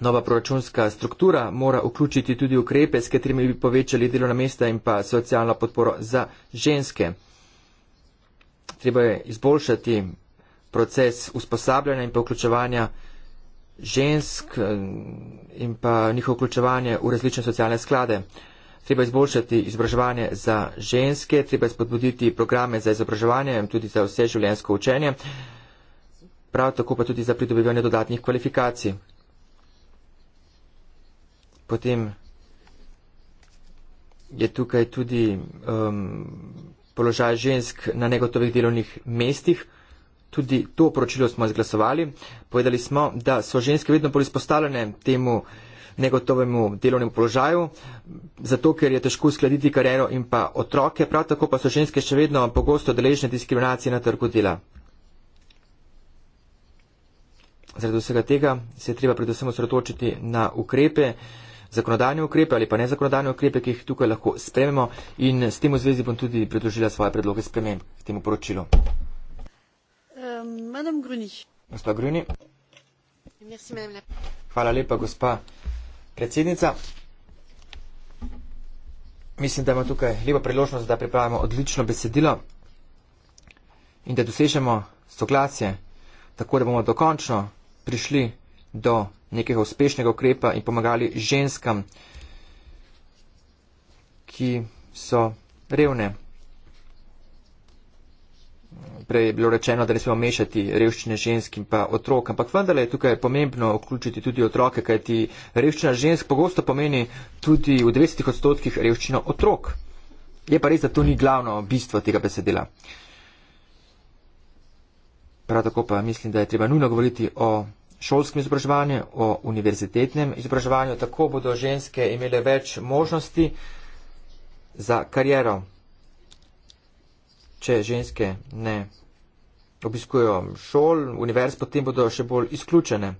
Nova proračunska struktura mora vključiti tudi ukrepe, s katerimi bi povečali delovna mesta in pa socialno podporo za ženske. Treba je izboljšati proces usposabljanja in pa vključevanja žensk eh, in pa njihovo vključevanje v različne socialne sklade. Treba izboljšati izobraževanje za ženske, treba spodbuditi programe za izobraževanje, tudi za vse življensko učenje, prav tako pa tudi za pridobivanje dodatnih kvalifikacij. Potem je tukaj tudi um, položaj žensk na negotovih delovnih mestih tudi to poročilo smo izglasovali. Povedali smo, da so ženske vedno bolj izpostavljene temu negotovemu delovnemu položaju, zato ker je težko uskladiti kariero in pa otroke, prav tako pa so ženske še vedno pogosto deležne diskriminacije na trgu dela. Zaradi vsega tega se je treba predvsem osredotočiti na ukrepe, zakonodajne ukrepe ali pa nezakonodajne ukrepe, ki jih tukaj lahko sprememo in s tem v zvezi bom tudi predložila svoje predloge sprememb k temu poročilu madame Gruny. Gospa Gruny. Merci, madame la... Hvala lepa, gospa predsednica. Mislim, da imamo tukaj lepo priložnost, da pripravimo odlično besedilo in da dosežemo soglasje, tako da bomo dokončno prišli do nekega uspešnega ukrepa in pomagali ženskam, ki so revne, prej je bilo rečeno, da ne smemo mešati revščine žensk in pa otrok, ampak vendarle je tukaj pomembno vključiti tudi otroke, kajti revščina žensk pogosto pomeni tudi v 90 odstotkih revščino otrok. Je pa res, da to ni glavno bistvo tega besedila. Prav tako pa mislim, da je treba nujno govoriti o šolskem izobraževanju, o univerzitetnem izobraževanju, tako bodo ženske imele več možnosti za kariero če ženske ne obiskujejo šol, univerz, potem bodo še bolj izključene.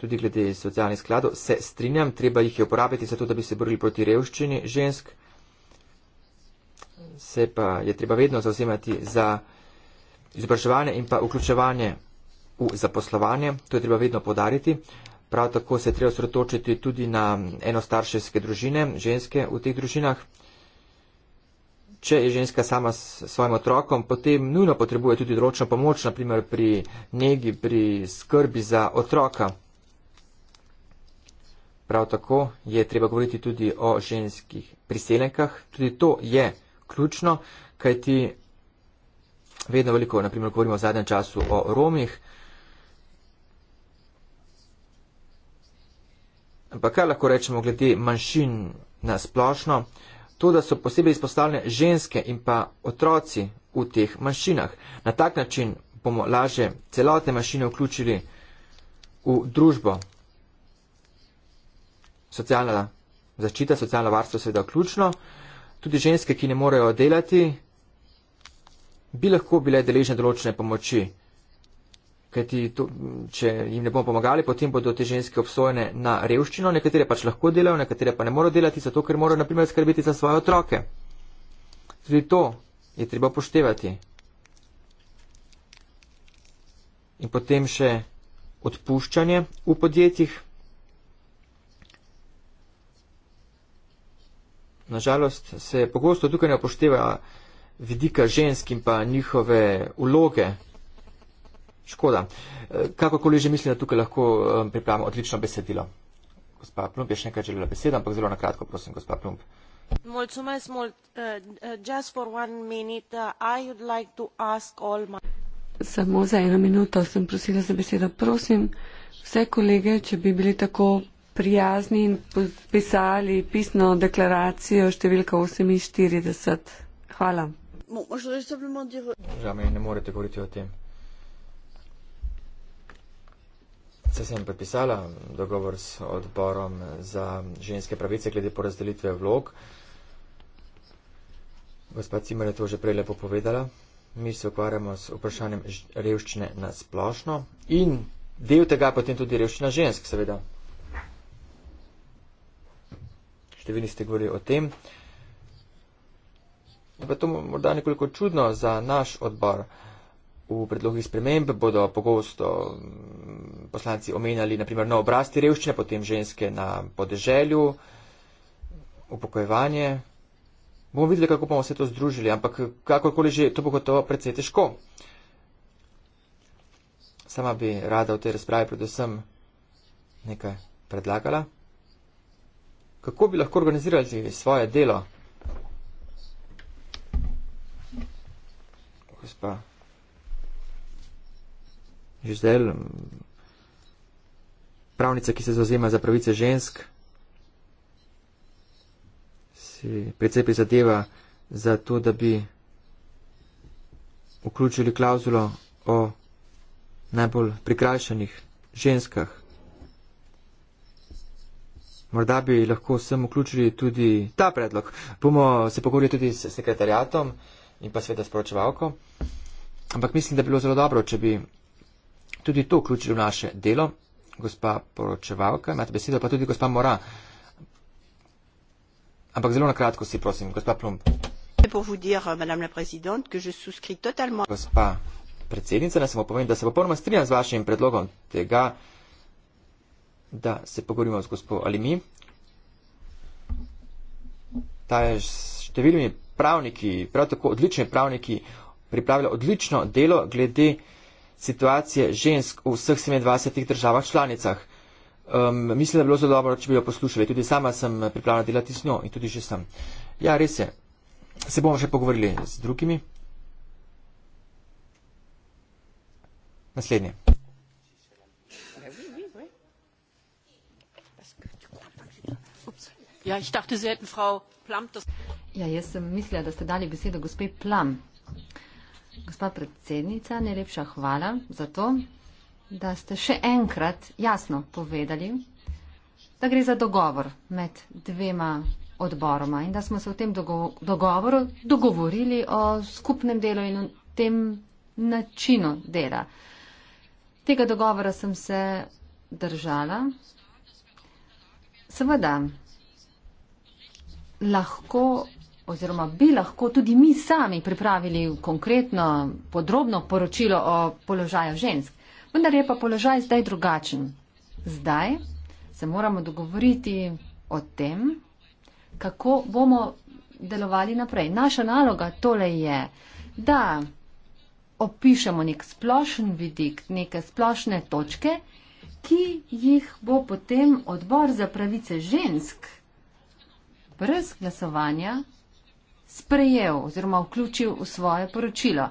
Tudi glede socialnih skladov se strinjam, treba jih je uporabiti zato, da bi se borili proti revščini žensk. Se pa je treba vedno zauzemati za izobraževanje in pa vključevanje v zaposlovanje, to je treba vedno podariti. Prav tako se treba osredotočiti tudi na enostarševske družine, ženske v teh družinah če je ženska sama s svojim otrokom, potem nujno potrebuje tudi ročno pomoč, naprimer pri negi, pri skrbi za otroka. Prav tako je treba govoriti tudi o ženskih priseljenkah. Tudi to je ključno, kajti vedno veliko, naprimer, govorimo v zadnjem času o romih. Ampak kaj lahko rečemo glede manjšin na splošno? to, da so posebej izpostavljene ženske in pa otroci v teh manjšinah. Na tak način bomo laže celotne manjšine vključili v družbo. Socialna zaščita, socialno varstvo je seveda ključno. Tudi ženske, ki ne morejo delati, bi lahko bile deležne določene pomoči kajti to, če jim ne bomo pomagali, potem bodo te ženske obsojene na revščino, nekatere pač lahko delajo, nekatere pa ne morejo delati, zato ker morajo naprimer skrbeti za svoje otroke. Tudi to je treba poštevati. In potem še odpuščanje v podjetjih. Nažalost se pogosto tukaj ne upošteva vidika žensk in pa njihove uloge Škoda. E, kakorkoli že mislim, da tukaj lahko e, pripravimo odlično besedilo. Gospa Plump je še nekaj želela besedo, ampak zelo nakratko, prosim, gospa Plump. Mulțumesc mult. Uh, just for one minute, uh, I would like to ask all my... Samo za eno minuto sem prosila za besedo. Prosim, vse kolege, če bi bili tako prijazni in pisali pisno deklaracijo številka 48. Hvala. Žal mi ne morete govoriti o tem. se sem prepisala dogovor s odborom za ženske pravice glede porazdelitve vlog. Gospa Cimer je to že prej lepo povedala. Mi se ukvarjamo s vprašanjem revščine na splošno in del tega potem tudi revščina žensk, seveda. Številni ste govorili o tem. Je pa to morda nekoliko čudno za naš odbor. V predlogih sprememb bodo pogosto poslanci omenjali, naprimer, na obrasti revščine, potem ženske na podeželju, upokojevanje. Bomo videli, kako bomo vse to združili, ampak kakorkoli že, to bo gotovo precej težko. Sama bi rada v tej razpravi predvsem nekaj predlagala. Kako bi lahko organizirali svoje delo? Gospa Žizel, pravnica, ki se zauzema za pravice žensk, si predvsej prizadeva za to, da bi vključili klauzulo o najbolj prikrajšanih ženskah. Morda bi lahko sem vključili tudi ta predlog. Bomo se pogovorili tudi s sekretarjatom in pa sveda sporočevalko. Ampak mislim, da bi bilo zelo dobro, če bi tudi to vključili v naše delo gospa poročevalka, imate besedo pa tudi gospa Mora. Ampak zelo na kratko si prosim, gospa Plum. Euh, gospa predsednica, naj samo povem, da se popolnoma strinjam z vašim predlogom tega, da se pogovorimo z gospo Alimi. Ta je s številnimi pravniki, prav tako odlični pravniki, pripravila odlično delo glede situacije žensk v vseh 27 državah članicah. Um, mislim, da bi bilo zelo dobro, če bi jo poslušali. Tudi sama sem pripravljena delati z njo in tudi že sem. Ja, res je. Se bomo še pogovorili z drugimi. Naslednji. Ja, dachte, Frau Plam, das... ja, jaz sem mislila, da ste dali besedo gospe Plam. Uh, Gospa predsednica, najlepša hvala za to, da ste še enkrat jasno povedali, da gre za dogovor med dvema odboroma in da smo se v tem dogo dogovoru dogovorili o skupnem delu in o tem načinu dela. Tega dogovora sem se držala. Seveda, lahko oziroma bi lahko tudi mi sami pripravili konkretno, podrobno poročilo o položaju žensk. Vendar je pa položaj zdaj drugačen. Zdaj se moramo dogovoriti o tem, kako bomo delovali naprej. Naša naloga tole je, da opišemo nek splošen vidik, neke splošne točke, ki jih bo potem odbor za pravice žensk brez glasovanja sprejel oziroma vključil v svoje poročilo.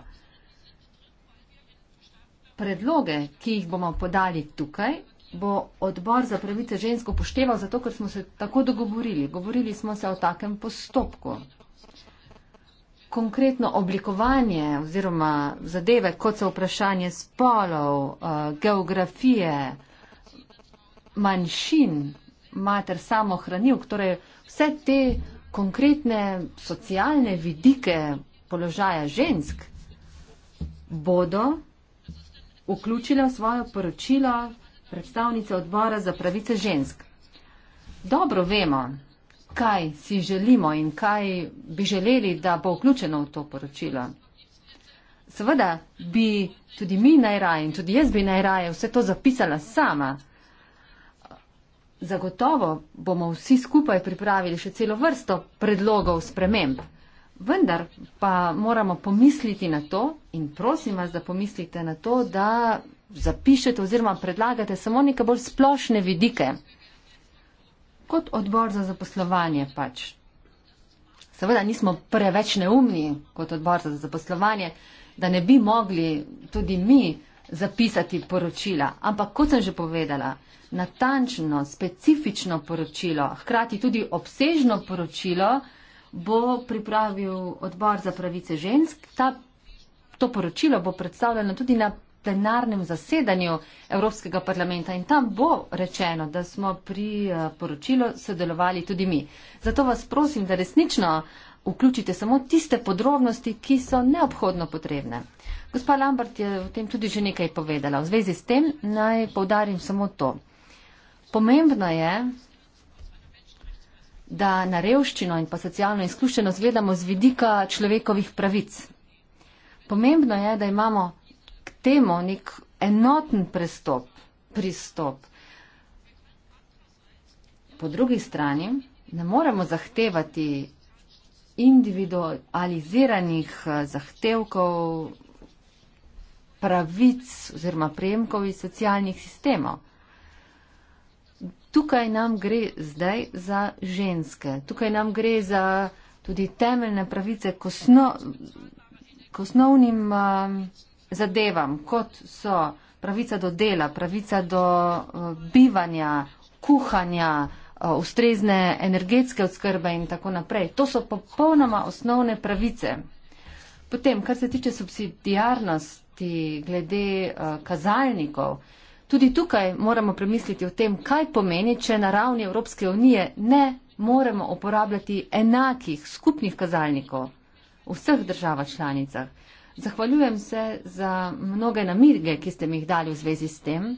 Predloge, ki jih bomo podali tukaj, bo odbor za pravice žensk upošteval, zato ker smo se tako dogovorili. Govorili smo se o takem postopku. Konkretno oblikovanje oziroma zadeve, kot so vprašanje spolov, eh, geografije, manjšin, mater samohranil, torej vse te konkretne socialne vidike položaja žensk, bodo vključile v svojo poročilo predstavnice odbora za pravice žensk. Dobro vemo, kaj si želimo in kaj bi želeli, da bo vključeno v to poročilo. Seveda bi tudi mi najraje in tudi jaz bi najraje vse to zapisala sama. Zagotovo bomo vsi skupaj pripravili še celo vrsto predlogov sprememb, vendar pa moramo pomisliti na to in prosim vas, da pomislite na to, da zapišete oziroma predlagate samo neke bolj splošne vidike. Kot odbor za zaposlovanje pač. Seveda nismo preveč neumni kot odbor za zaposlovanje, da ne bi mogli tudi mi zapisati poročila, ampak kot sem že povedala, natančno, specifično poročilo, hkrati tudi obsežno poročilo, bo pripravil odbor za pravice žensk. Ta, to poročilo bo predstavljeno tudi na plenarnem zasedanju Evropskega parlamenta in tam bo rečeno, da smo pri eh, poročilu sodelovali tudi mi. Zato vas prosim, da resnično vključite samo tiste podrobnosti, ki so neobhodno potrebne. Gospa Lambert je o tem tudi že nekaj povedala. V zvezi s tem naj povdarim samo to. Pomembno je, da na revščino in pa socialno izkušenost gledamo z vidika človekovih pravic. Pomembno je, da imamo k temu nek enoten prestop, pristop. Po drugi strani ne moremo zahtevati individualiziranih eh, zahtevkov pravic oziroma prejemkov iz socialnih sistemov. Tukaj nam gre zdaj za ženske, tukaj nam gre za tudi temeljne pravice k, osno, k osnovnim um, zadevam, kot so pravica do dela, pravica do uh, bivanja, kuhanja, uh, ustrezne energetske odskrbe in tako naprej. To so popolnoma osnovne pravice. Potem, kar se tiče subsidijarnosti glede uh, kazalnikov, Tudi tukaj moramo premisliti o tem, kaj pomeni, če na ravni Evropske unije ne moremo uporabljati enakih skupnih kazalnikov v vseh državah članicah. Zahvaljujem se za mnoge namirge, ki ste mi jih dali v zvezi s tem.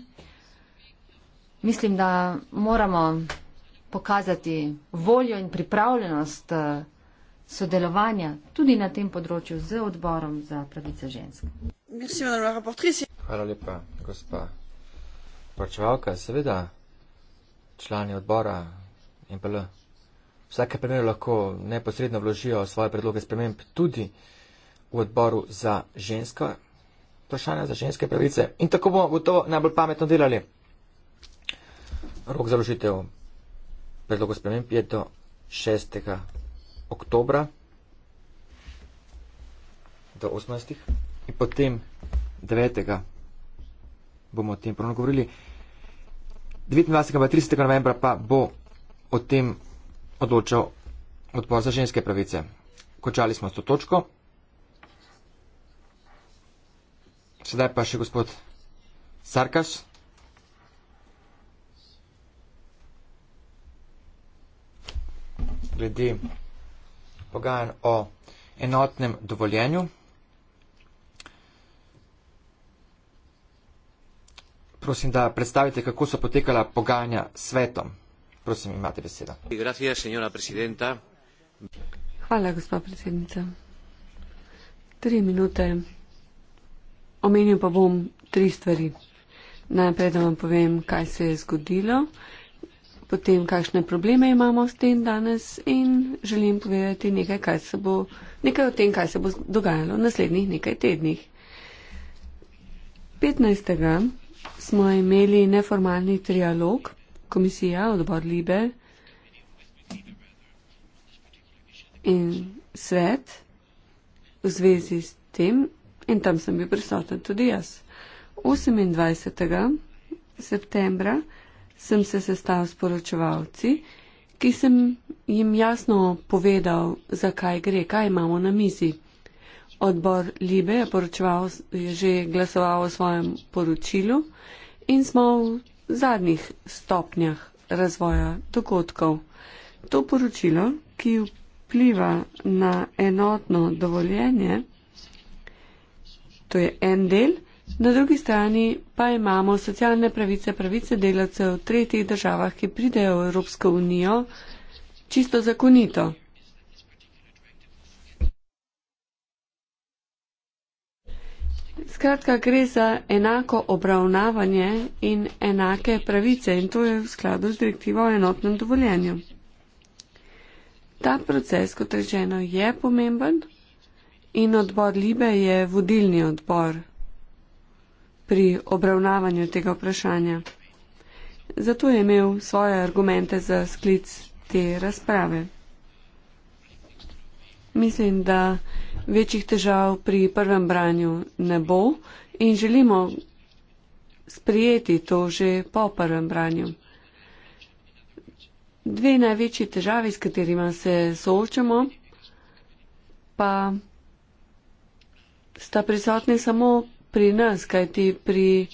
Mislim, da moramo pokazati voljo in pripravljenost eh, sodelovanja tudi na tem področju z odborom za pravice žensk. Hvala lepa, gospa Poročevalka, seveda, člani odbora MPL. Vsake primere lahko neposredno vložijo svoje predloge sprememb tudi v odboru za ženska, vprašanja za ženske pravice in tako bomo gotovo najbolj pametno delali. Rok za vložitev predloga sprememb je do 6. oktobra do 18. in potem 9. oktobra bomo o tem ponovno govorili. 29. pa 30. novembra pa bo o tem odločal odpor za ženske pravice. Končali smo s to točko. Sedaj pa še gospod Sarkaš. Glede pogajanj o enotnem dovoljenju. prosim, da predstavite, kako so potekala pogajanja s svetom. Prosim, imate besedo. Hvala, gospod predsednica. Tri minute. Omenil pa bom tri stvari. Najprej, da vam povem, kaj se je zgodilo, potem, kakšne probleme imamo s tem danes in želim povedati nekaj, kaj se bo, nekaj o tem, kaj se bo dogajalo v naslednjih nekaj tednih. 15 smo imeli neformalni trialog, komisija, odbor Libe in svet v zvezi s tem in tam sem bil prisoten tudi jaz. 28. septembra sem se sestal s poročevalci, ki sem jim jasno povedal, zakaj gre, kaj imamo na mizi. Odbor Libe je, je že glasoval o svojem poročilu in smo v zadnjih stopnjah razvoja dogodkov. To poročilo, ki vpliva na enotno dovoljenje, to je en del, na drugi strani pa imamo socialne pravice, pravice delavcev v tretjih državah, ki pridejo v Evropsko unijo čisto zakonito. Skratka, gre za enako obravnavanje in enake pravice in to je v skladu z direktivo o enotnem dovoljenju. Ta proces, kot rečeno, je pomemben in odbor Libe je vodilni odbor pri obravnavanju tega vprašanja. Zato je imel svoje argumente za sklic te razprave. Mislim, da večjih težav pri prvem branju ne bo in želimo sprijeti to že po prvem branju. Dve največji težavi, s katerima se soočamo, pa sta prisotni samo pri nas, kajti pri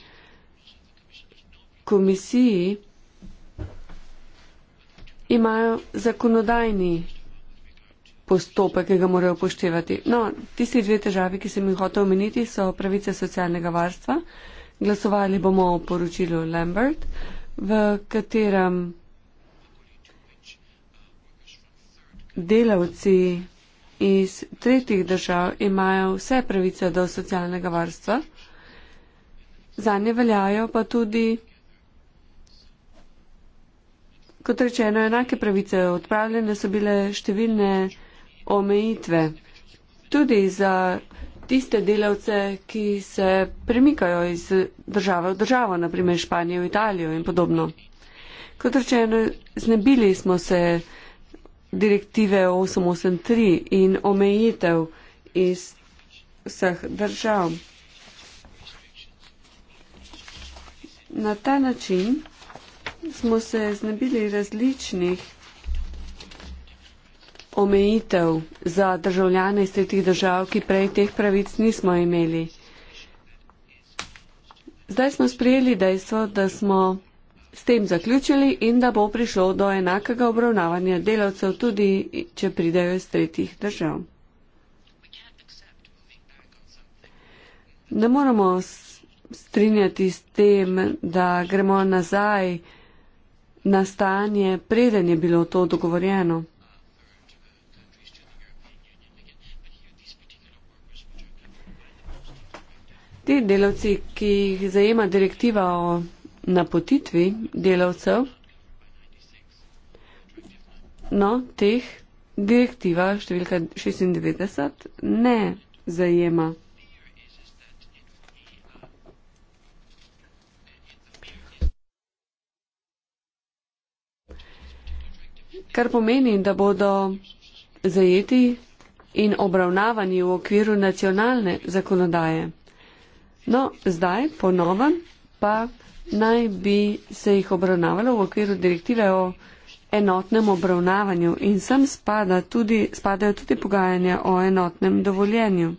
komisiji imajo zakonodajni postopek, ki ga morajo upoštevati. No, tisti dve težavi, ki sem jih hotel omeniti, so pravice socialnega varstva. Glasovali bomo o poročilu Lambert, v katerem delavci iz tretjih držav imajo vse pravice do socialnega varstva. Za nje veljajo pa tudi, kot rečeno, enake pravice. Odpravljene so bile številne omejitve. Tudi za tiste delavce, ki se premikajo iz države v državo, naprimer Španijo, Italijo in podobno. Kot rečeno, znebili smo se direktive 883 in omejitev iz vseh držav. Na ta način smo se znebili različnih omejitev za državljane iz tretjih držav, ki prej teh pravic nismo imeli. Zdaj smo sprejeli dejstvo, da smo s tem zaključili in da bo prišlo do enakega obravnavanja delavcev, tudi če pridejo iz tretjih držav. Ne moramo strinjati s tem, da gremo nazaj na stanje, preden je bilo to dogovorjeno. Ti delavci, ki jih zajema direktiva o napotitvi delavcev, no, teh direktiva številka 96 ne zajema. Kar pomeni, da bodo zajeti in obravnavani v okviru nacionalne zakonodaje. No, zdaj po novem pa naj bi se jih obravnavalo v okviru direktive o enotnem obravnavanju in sem spada tudi, spadajo tudi pogajanja o enotnem dovoljenju.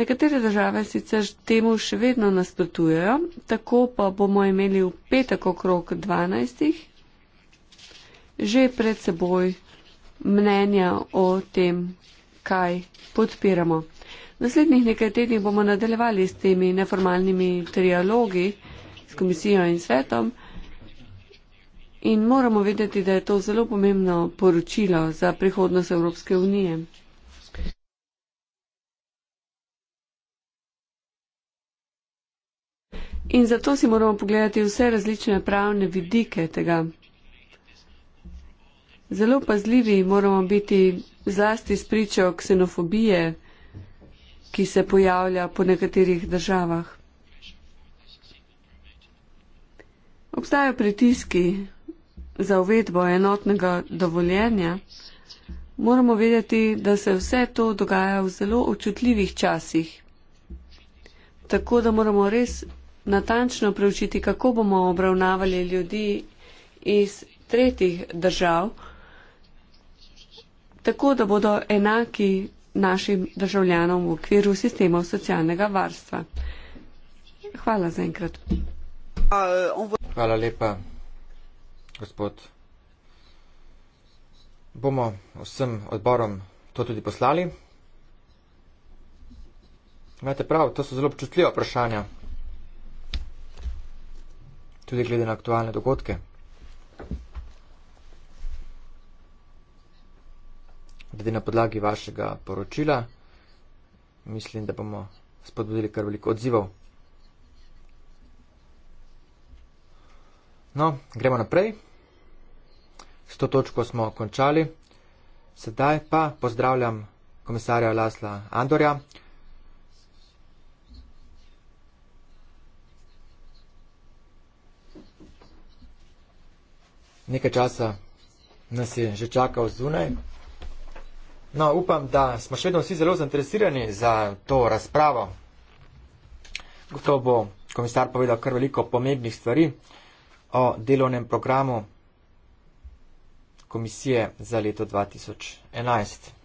Nekatere države sicer temu še vedno nasprotujejo, tako pa bomo imeli v petek okrog 12. že pred seboj mnenja o tem, kaj podpiramo. Naslednjih nekaj tednih bomo nadaljevali s temi neformalnimi trialogi s komisijo in svetom in moramo vedeti, da je to zelo pomembno poročilo za prihodnost Evropske unije. In zato si moramo pogledati vse različne pravne vidike tega. Zelo pazljivi moramo biti zlasti spričo ksenofobije ki se pojavlja po nekaterih državah. Obstajajo pritiski za uvedbo enotnega dovoljenja. Moramo vedeti, da se vse to dogaja v zelo očutljivih časih. Tako da moramo res natančno preučiti, kako bomo obravnavali ljudi iz tretjih držav, tako da bodo enaki našim državljanom v okviru sistemov socialnega varstva. Hvala za enkrat. Hvala lepa, gospod. Bomo vsem odborom to tudi poslali. Imate prav, to so zelo občutljiva vprašanja, tudi glede na aktualne dogodke. glede na podlagi vašega poročila, mislim, da bomo spodbudili kar veliko odzivov. No, gremo naprej. S to točko smo končali. Sedaj pa pozdravljam komisarja Lasla Andorja. Nekaj časa nas je že čakal zunaj. No, upam, da smo še vedno vsi zelo zainteresirani za to razpravo. Gotovo bo komisar povedal kar veliko pomembnih stvari o delovnem programu komisije za leto 2011.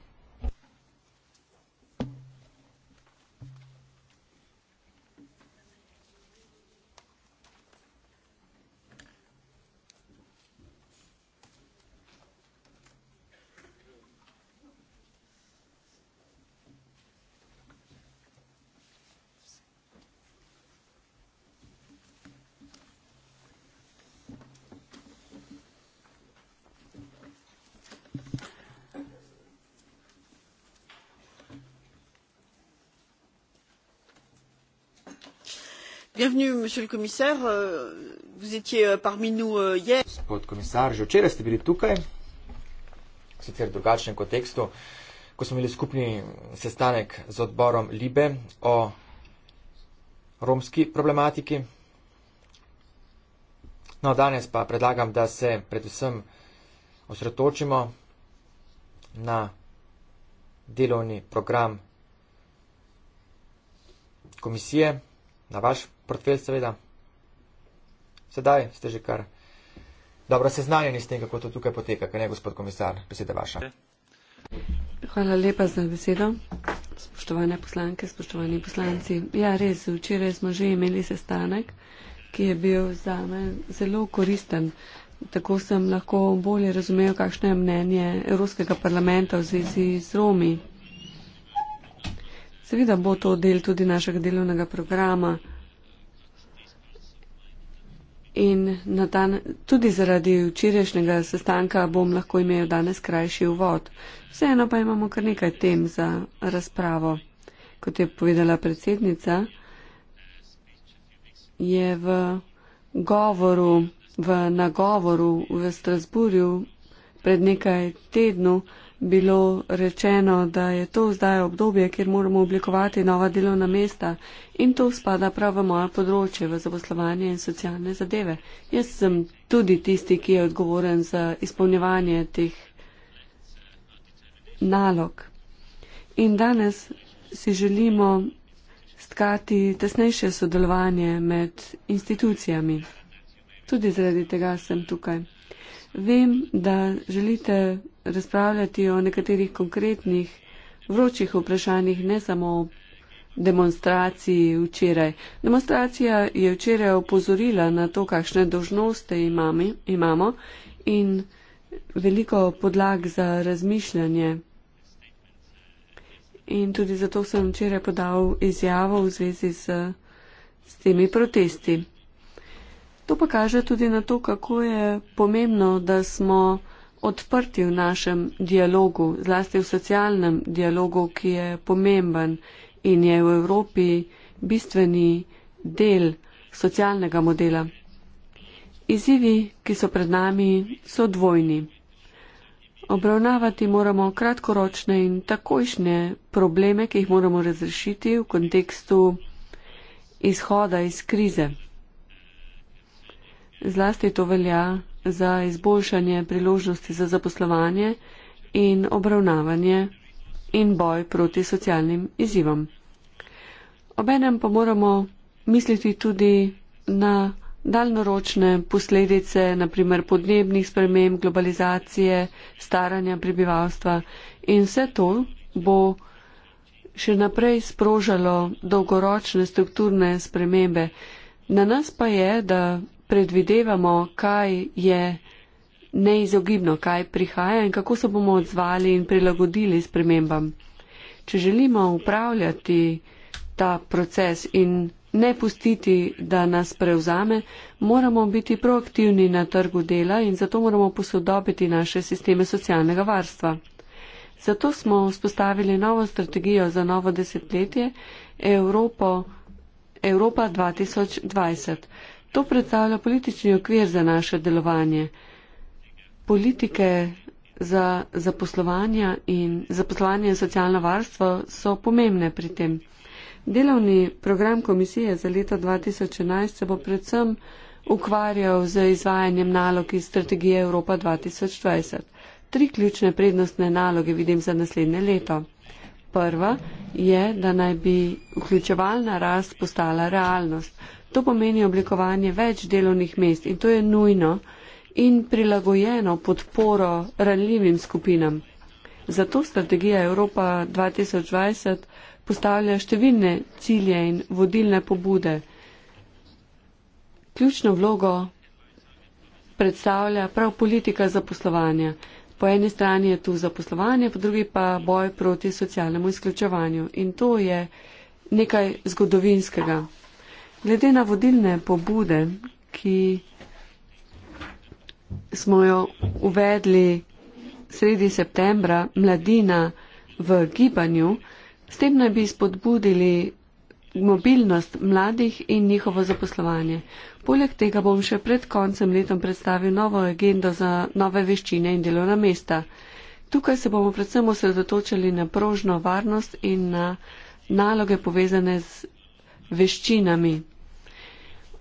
monsieur le commissaire, euh, vous étiez euh, parmi nous euh, hier. Gospod komisar, že včeraj ste bili tukaj, sicer v drugačnem kontekstu, ko smo imeli skupni sestanek z odborom Libe o romski problematiki. No, danes pa predlagam, da se predvsem osredotočimo na delovni program komisije na vaš portfelj, seveda. Sedaj ste že kar dobro seznanjeni s tem, kako to tukaj poteka, kaj ne, gospod komisar, beseda vaša. Hvala lepa za besedo. Spoštovane poslanke, spoštovani poslanci. Ja, res, včeraj smo že imeli sestanek, ki je bil za me zelo koristen. Tako sem lahko bolje razumel, kakšno je mnenje Evropskega parlamenta v zvezi z Romi, Seveda bo to del tudi našega delovnega programa. In dan, tudi zaradi včerajšnjega sestanka bom lahko imel danes krajši uvod. Vseeno pa imamo kar nekaj tem za razpravo. Kot je povedala predsednica, je v govoru, v nagovoru v Strasburju pred nekaj tednov bilo rečeno, da je to zdaj obdobje, kjer moramo oblikovati nova delovna mesta in to spada prav v moje področje, v zaposlovanje in socialne zadeve. Jaz sem tudi tisti, ki je odgovoren za izpolnjevanje teh nalog. In danes si želimo stkati tesnejše sodelovanje med institucijami. Tudi zaradi tega sem tukaj. Vem, da želite razpravljati o nekaterih konkretnih vročih vprašanjih, ne samo o demonstraciji včeraj. Demonstracija je včeraj opozorila na to, kakšne dožnoste imamo in veliko podlag za razmišljanje. In tudi zato sem včeraj podal izjavo v zvezi s, s temi protesti. To pa kaže tudi na to, kako je pomembno, da smo odprti v našem dialogu, zlasti v socialnem dialogu, ki je pomemben in je v Evropi bistveni del socialnega modela. Izivi, ki so pred nami, so dvojni. Obravnavati moramo kratkoročne in takojšnje probleme, ki jih moramo razrešiti v kontekstu izhoda iz krize. Zlasti to velja za izboljšanje priložnosti za zaposlovanje in obravnavanje in boj proti socialnim izzivom. Obenem pa moramo misliti tudi na daljnoročne posledice, naprimer podnebnih sprememb, globalizacije, staranja prebivalstva in vse to bo še naprej sprožalo dolgoročne strukturne spremembe. Na nas pa je, da predvidevamo, kaj je neizogibno, kaj prihaja in kako se bomo odzvali in prilagodili spremembam. Če želimo upravljati ta proces in ne pustiti, da nas prevzame, moramo biti proaktivni na trgu dela in zato moramo posodobiti naše sisteme socialnega varstva. Zato smo vzpostavili novo strategijo za novo desetletje Evropo, Evropa 2020. To predstavlja politični okvir za naše delovanje. Politike za zaposlovanje in zaposlovanje in socialno varstvo so pomembne pri tem. Delovni program komisije za leto 2011 se bo predvsem ukvarjal z izvajanjem nalog iz strategije Evropa 2020. Tri ključne prednostne naloge vidim za naslednje leto. Prva je, da naj bi vključevalna rast postala realnost. To pomeni oblikovanje več delovnih mest in to je nujno in prilagojeno podporo ranljivim skupinam. Zato strategija Evropa 2020 postavlja številne cilje in vodilne pobude. Ključno vlogo predstavlja prav politika zaposlovanja. Po eni strani je tu zaposlovanje, po drugi pa boj proti socialnemu izključevanju. In to je nekaj zgodovinskega. Glede na vodilne pobude, ki smo jo uvedli sredi septembra, mladina v gibanju, s tem naj bi spodbudili mobilnost mladih in njihovo zaposlovanje. Poleg tega bom še pred koncem letom predstavil novo agendo za nove veščine in delovna mesta. Tukaj se bomo predvsem osredotočili na prožno varnost in na naloge povezane z veščinami.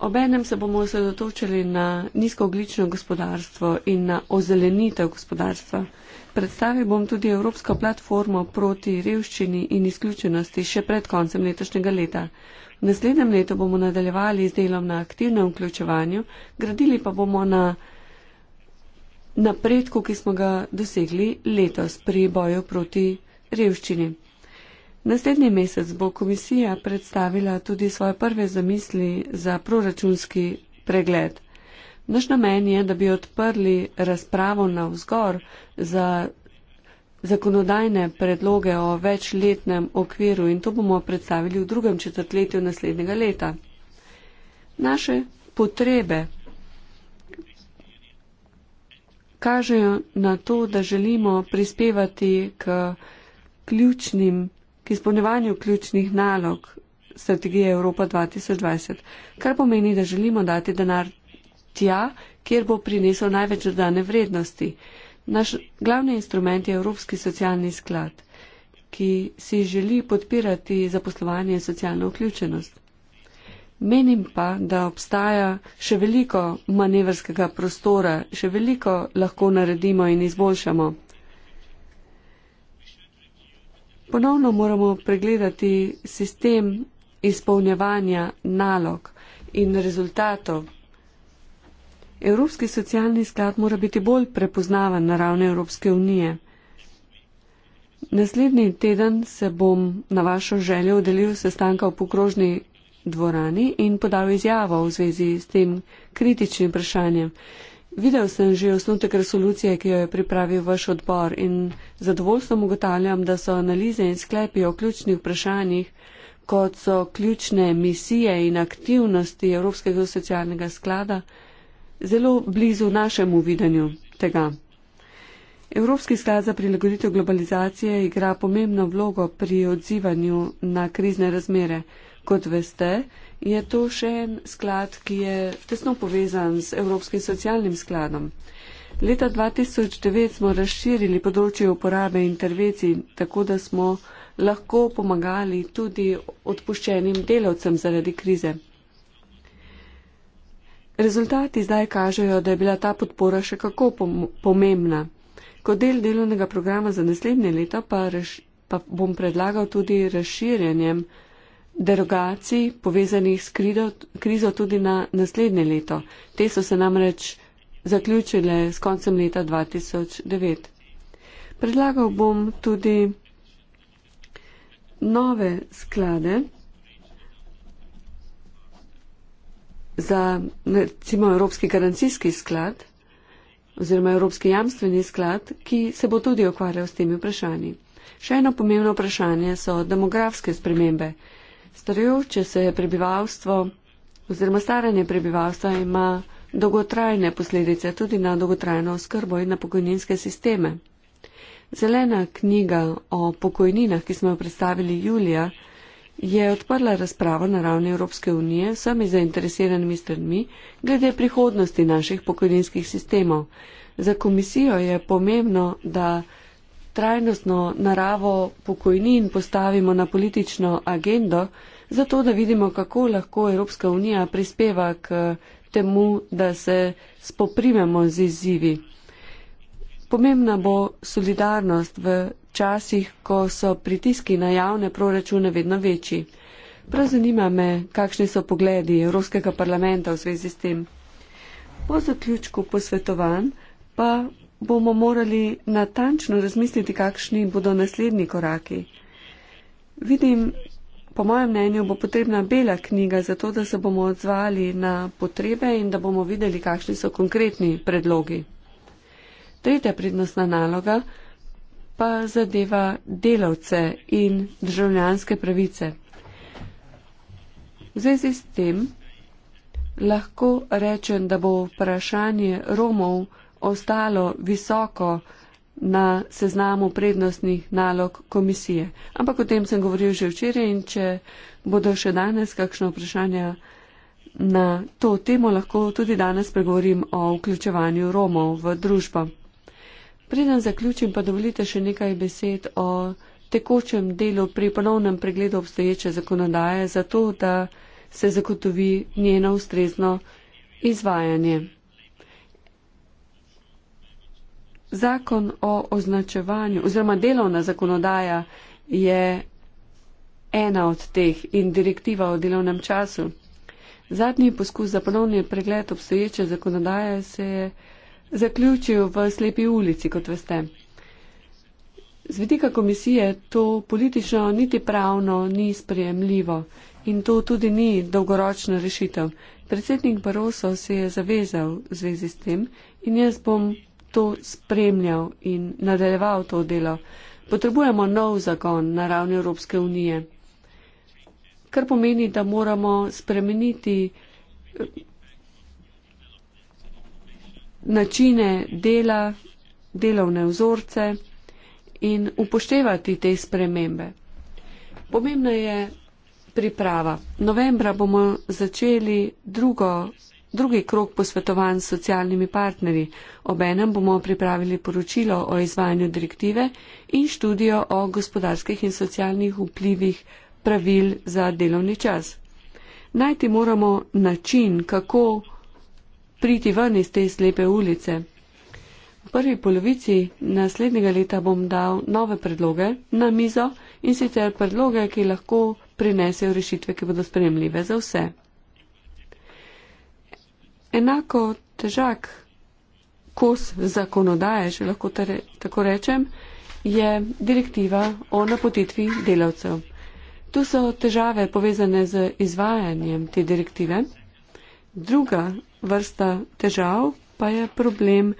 Obenem se bomo osredotočili na nizkooglično gospodarstvo in na ozelenitev gospodarstva. Predstavil bom tudi Evropsko platformo proti revščini in izključenosti še pred koncem letošnjega leta. V naslednjem letu bomo nadaljevali z delom na aktivnem vključevanju, gradili pa bomo na napredku, ki smo ga dosegli letos pri boju proti revščini. Naslednji mesec bo komisija predstavila tudi svoje prve zamisli za proračunski pregled. Naš namen je, da bi odprli razpravo na vzgor za zakonodajne predloge o večletnem okviru in to bomo predstavili v drugem četrtletju naslednjega leta. Naše potrebe kažejo na to, da želimo prispevati k ključnim k izpolnjevanju ključnih nalog strategije Evropa 2020, kar pomeni, da želimo dati denar tja, kjer bo prinesel največ dodane vrednosti. Naš glavni instrument je Evropski socialni sklad, ki si želi podpirati zaposlovanje in socialno vključenost. Menim pa, da obstaja še veliko manevrskega prostora, še veliko lahko naredimo in izboljšamo. Ponovno moramo pregledati sistem izpolnjevanja nalog in rezultatov. Evropski socialni sklad mora biti bolj prepoznavan na ravni Evropske unije. Naslednji teden se bom na vašo željo udelil sestanka v pokrožni dvorani in podal izjavo v zvezi s tem kritičnim vprašanjem. Videl sem že osnutek resolucije, ki jo je pripravil vaš odbor in zadovoljstvom ugotavljam, da so analize in sklepi o ključnih vprašanjih, kot so ključne misije in aktivnosti Evropskega socialnega sklada, zelo blizu našemu videnju tega. Evropski sklad za prilagoditev globalizacije igra pomembno vlogo pri odzivanju na krizne razmere. Kot veste, je to še en sklad, ki je tesno povezan z Evropskim socialnim skladom. Leta 2009 smo razširili področje uporabe intervencij, tako da smo lahko pomagali tudi odpuščenim delavcem zaradi krize. Rezultati zdaj kažejo, da je bila ta podpora še kako pomembna. Kot del delovnega programa za naslednje leto pa, pa bom predlagal tudi razširjenjem derogacij povezanih s krizo tudi na naslednje leto. Te so se namreč zaključile s koncem leta 2009. Predlagal bom tudi nove sklade za recimo Evropski garancijski sklad oziroma Evropski jamstveni sklad, ki se bo tudi okvarjal s temi vprašanji. Še eno pomembno vprašanje so demografske spremembe. Starajoče se je prebivalstvo oziroma staranje prebivalstva ima dolgotrajne posledice tudi na dolgotrajno oskrbo in na pokojninske sisteme. Zelena knjiga o pokojninah, ki smo jo predstavili julija, je odprla razpravo na ravni Evropske unije s vsemi zainteresiranimi stranmi glede prihodnosti naših pokojninskih sistemov. Za komisijo je pomembno, da trajnostno naravo pokojnin postavimo na politično agendo, zato da vidimo, kako lahko Evropska unija prispeva k temu, da se spoprimemo z izzivi. Pomembna bo solidarnost v časih, ko so pritiski na javne proračune vedno večji. Prav zanima me, kakšni so pogledi Evropskega parlamenta v zvezi s tem. Po zaključku posvetovanj pa bomo morali natančno razmisliti, kakšni bodo naslednji koraki. Vidim, po mojem mnenju, bo potrebna bela knjiga za to, da se bomo odzvali na potrebe in da bomo videli, kakšni so konkretni predlogi. Tretja prednostna naloga pa zadeva delavce in državljanske pravice. V zvezi s tem lahko rečem, da bo vprašanje Romov ostalo visoko na seznamu prednostnih nalog komisije. Ampak o tem sem govoril že včeraj in če bodo še danes kakšno vprašanje na to temo, lahko tudi danes pregovorim o vključevanju Romov v družbo. Preden zaključim, pa dovolite še nekaj besed o tekočem delu pri ponovnem pregledu obstoječe zakonodaje, zato da se zagotovi njeno ustrezno izvajanje. Zakon o označevanju oziroma delovna zakonodaja je ena od teh in direktiva o delovnem času. Zadnji poskus za ponovni pregled obstoječe zakonodaje se je zaključil v slepi ulici, kot veste. Z vidika komisije to politično niti pravno ni sprejemljivo in to tudi ni dolgoročna rešitev. Predsednik Baroso se je zavezal v zvezi s tem in jaz bom to spremljal in nadaljeval to delo. Potrebujemo nov zakon na ravni Evropske unije, kar pomeni, da moramo spremeniti eh, načine dela, delovne vzorce in upoštevati te spremembe. Pomembna je priprava. Novembra bomo začeli drugo drugi krok posvetovanj s socialnimi partnerji. Obenem bomo pripravili poročilo o izvajanju direktive in študijo o gospodarskih in socialnih vplivih pravil za delovni čas. Najti moramo način, kako priti ven iz te slepe ulice. V prvi polovici naslednjega leta bom dal nove predloge na mizo in sicer predloge, ki lahko prinesejo rešitve, ki bodo spremljive za vse enako težak kos zakonodaje, še lahko tare, tako rečem, je direktiva o napotitvi delavcev. Tu so težave povezane z izvajanjem te direktive. Druga vrsta težav pa je problem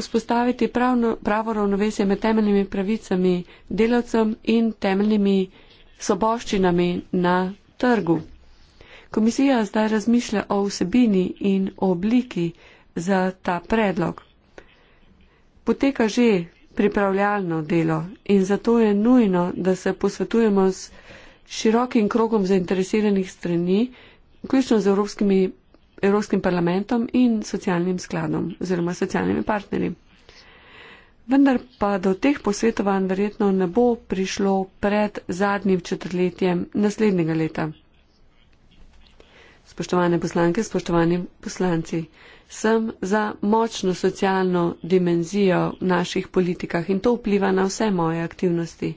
vzpostaviti pravno, pravo ravnovesje med temeljnimi pravicami delavcem in temeljnimi soboščinami na trgu. Komisija zdaj razmišlja o vsebini in obliki za ta predlog. Poteka že pripravljalno delo in zato je nujno, da se posvetujemo s širokim krogom zainteresiranih strani, vključno z Evropskimi, Evropskim parlamentom in socialnim skladom oziroma socialnimi partnerji. Vendar pa do teh posvetovanj verjetno ne bo prišlo pred zadnjim četrtletjem naslednjega leta. Spoštovane poslanke, spoštovani poslanci, sem za močno socialno dimenzijo v naših politikah in to vpliva na vse moje aktivnosti.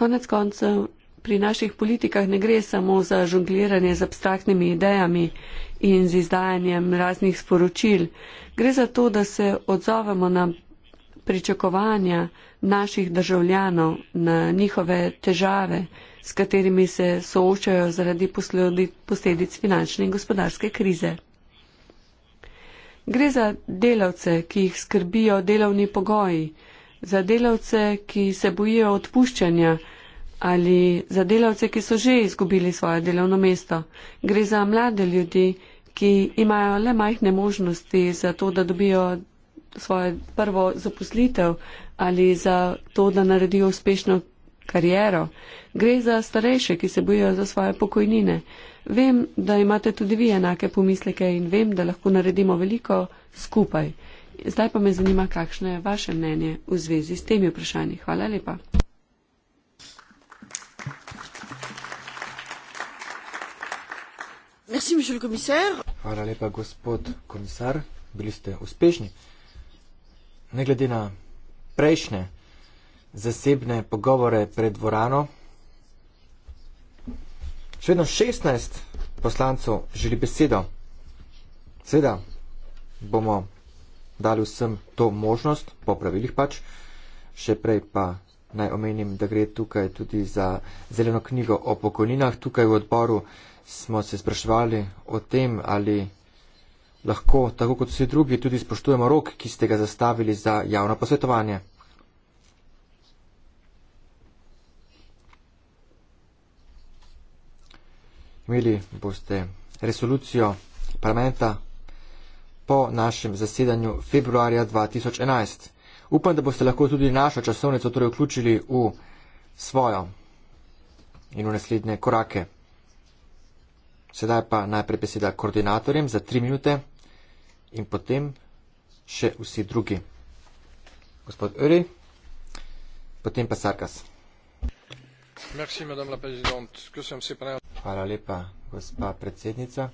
Konec koncev, pri naših politikah ne gre samo za žongliranje z abstraktnimi idejami in z izdajanjem raznih sporočil, gre za to, da se odzovemo na pričakovanja naših državljanov, na njihove težave, s katerimi se soočajo zaradi posledic finančne in gospodarske krize. Gre za delavce, ki jih skrbijo delovni pogoji, za delavce, ki se bojijo odpuščanja ali za delavce, ki so že izgubili svoje delovno mesto. Gre za mlade ljudi, ki imajo le majhne možnosti za to, da dobijo svojo prvo zaposlitev ali za to, da naredijo uspešno kariero. Gre za starejše, ki se bojijo za svoje pokojnine. Vem, da imate tudi vi enake pomisleke in vem, da lahko naredimo veliko skupaj. Zdaj pa me zanima, kakšno je vaše mnenje v zvezi s temi vprašanji. Hvala lepa. Merci, Hvala lepa, gospod komisar. Bili ste uspešni. Ne glede na prejšnje zasebne pogovore pred dvorano. Še vedno 16 poslancev želi besedo. Seveda bomo dali vsem to možnost, po pravilih pač. Še prej pa naj omenim, da gre tukaj tudi za zeleno knjigo o pokojninah. Tukaj v odboru smo se spraševali o tem, ali lahko, tako kot vsi drugi, tudi spoštujemo rok, ki ste ga zastavili za javno posvetovanje. imeli boste resolucijo parlamenta po našem zasedanju februarja 2011. Upam, da boste lahko tudi našo časovnico torej vključili v svojo in v naslednje korake. Sedaj pa najprej beseda koordinatorjem za tri minute in potem še vsi drugi. Gospod Öri, potem pa Sarkas. Hvala lepa, gospa predsednica.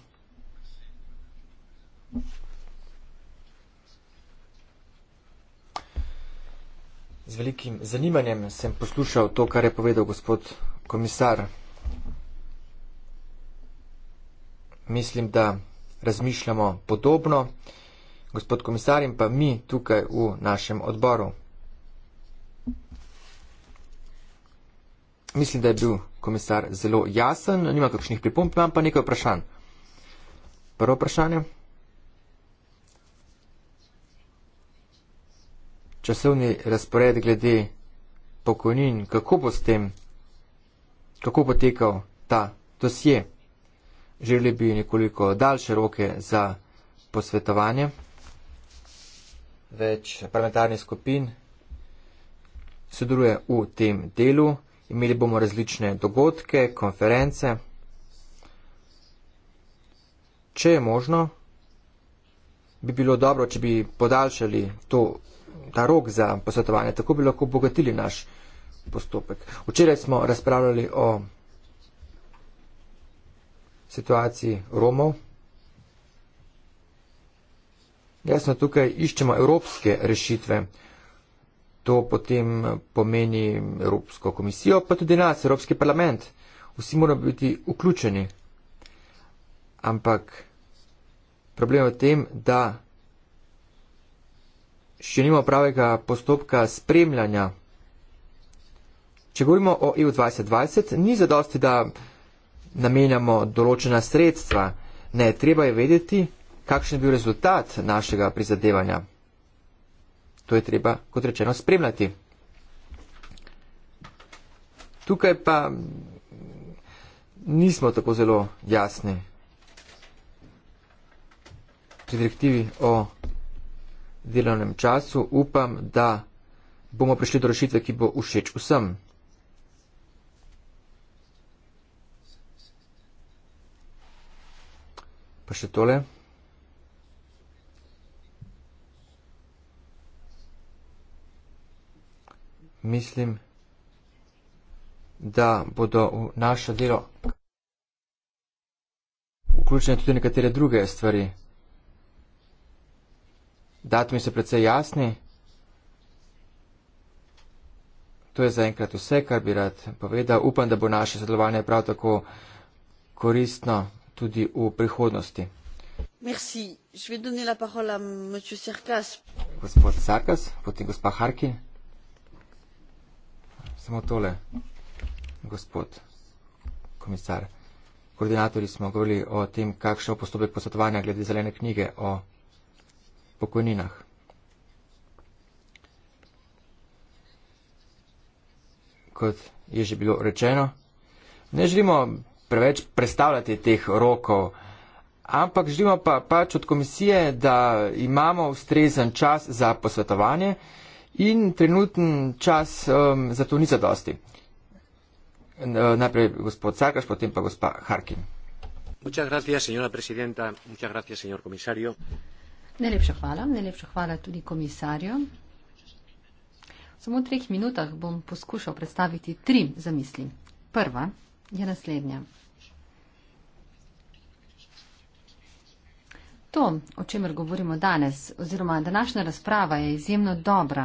Z velikim zanimanjem sem poslušal to, kar je povedal gospod komisar. Mislim, da razmišljamo podobno, gospod komisar in pa mi tukaj v našem odboru. mislim, da je bil komisar zelo jasen, nima kakšnih pripomp, imam pa nekaj vprašanj. Prvo vprašanje. Časovni razpored glede pokojnin, kako bo s tem, kako bo tekal ta dosje. Želeli bi nekoliko daljše roke za posvetovanje več parlamentarnih skupin sodeluje v tem delu. Imeli bomo različne dogodke, konference. Če je možno, bi bilo dobro, če bi podaljšali to, ta rok za posvetovanje, tako bi lahko obogatili naš postopek. Včeraj smo razpravljali o situaciji Romov. Jasno, tukaj iščemo evropske rešitve. To potem pomeni Evropsko komisijo, pa tudi nas, Evropski parlament. Vsi moramo biti vključeni. Ampak problem je v tem, da še nimamo pravega postopka spremljanja. Če govorimo o EU 2020, ni zadosti, da namenjamo določena sredstva. Ne, treba je vedeti, kakšen je bil rezultat našega prizadevanja to je treba, kot rečeno, spremljati. Tukaj pa nismo tako zelo jasni pri direktivi o delovnem času. Upam, da bomo prišli do rešitve, ki bo všeč vsem. Pa še tole. mislim, da bodo v našo delo vključene tudi nekatere druge stvari. Datumi so predvsej jasni. To je zaenkrat vse, kar bi rad povedal. Upam, da bo naše sodelovanje prav tako koristno tudi v prihodnosti. Merci. Je vais donner la parole à M. Sarkas. Gospod Sarkas, potem gospa Harkin samo tole, gospod komisar. Koordinatorji smo govorili o tem, kakšen je postopek posvetovanja glede zelene knjige o pokojninah. Kot je že bilo rečeno, ne želimo preveč predstavljati teh rokov, ampak želimo pa pač od komisije, da imamo ustrezen čas za posvetovanje. In trenuten čas um, za to ni zadosti. Eh, najprej gospod Sarkaš, potem pa gospa Harkin. Najlepša hvala, najlepša hvala tudi komisarju. V samo treh minutah bom poskušal predstaviti tri zamisli. Prva je naslednja. to, o čemer govorimo danes, oziroma današnja razprava je izjemno dobra.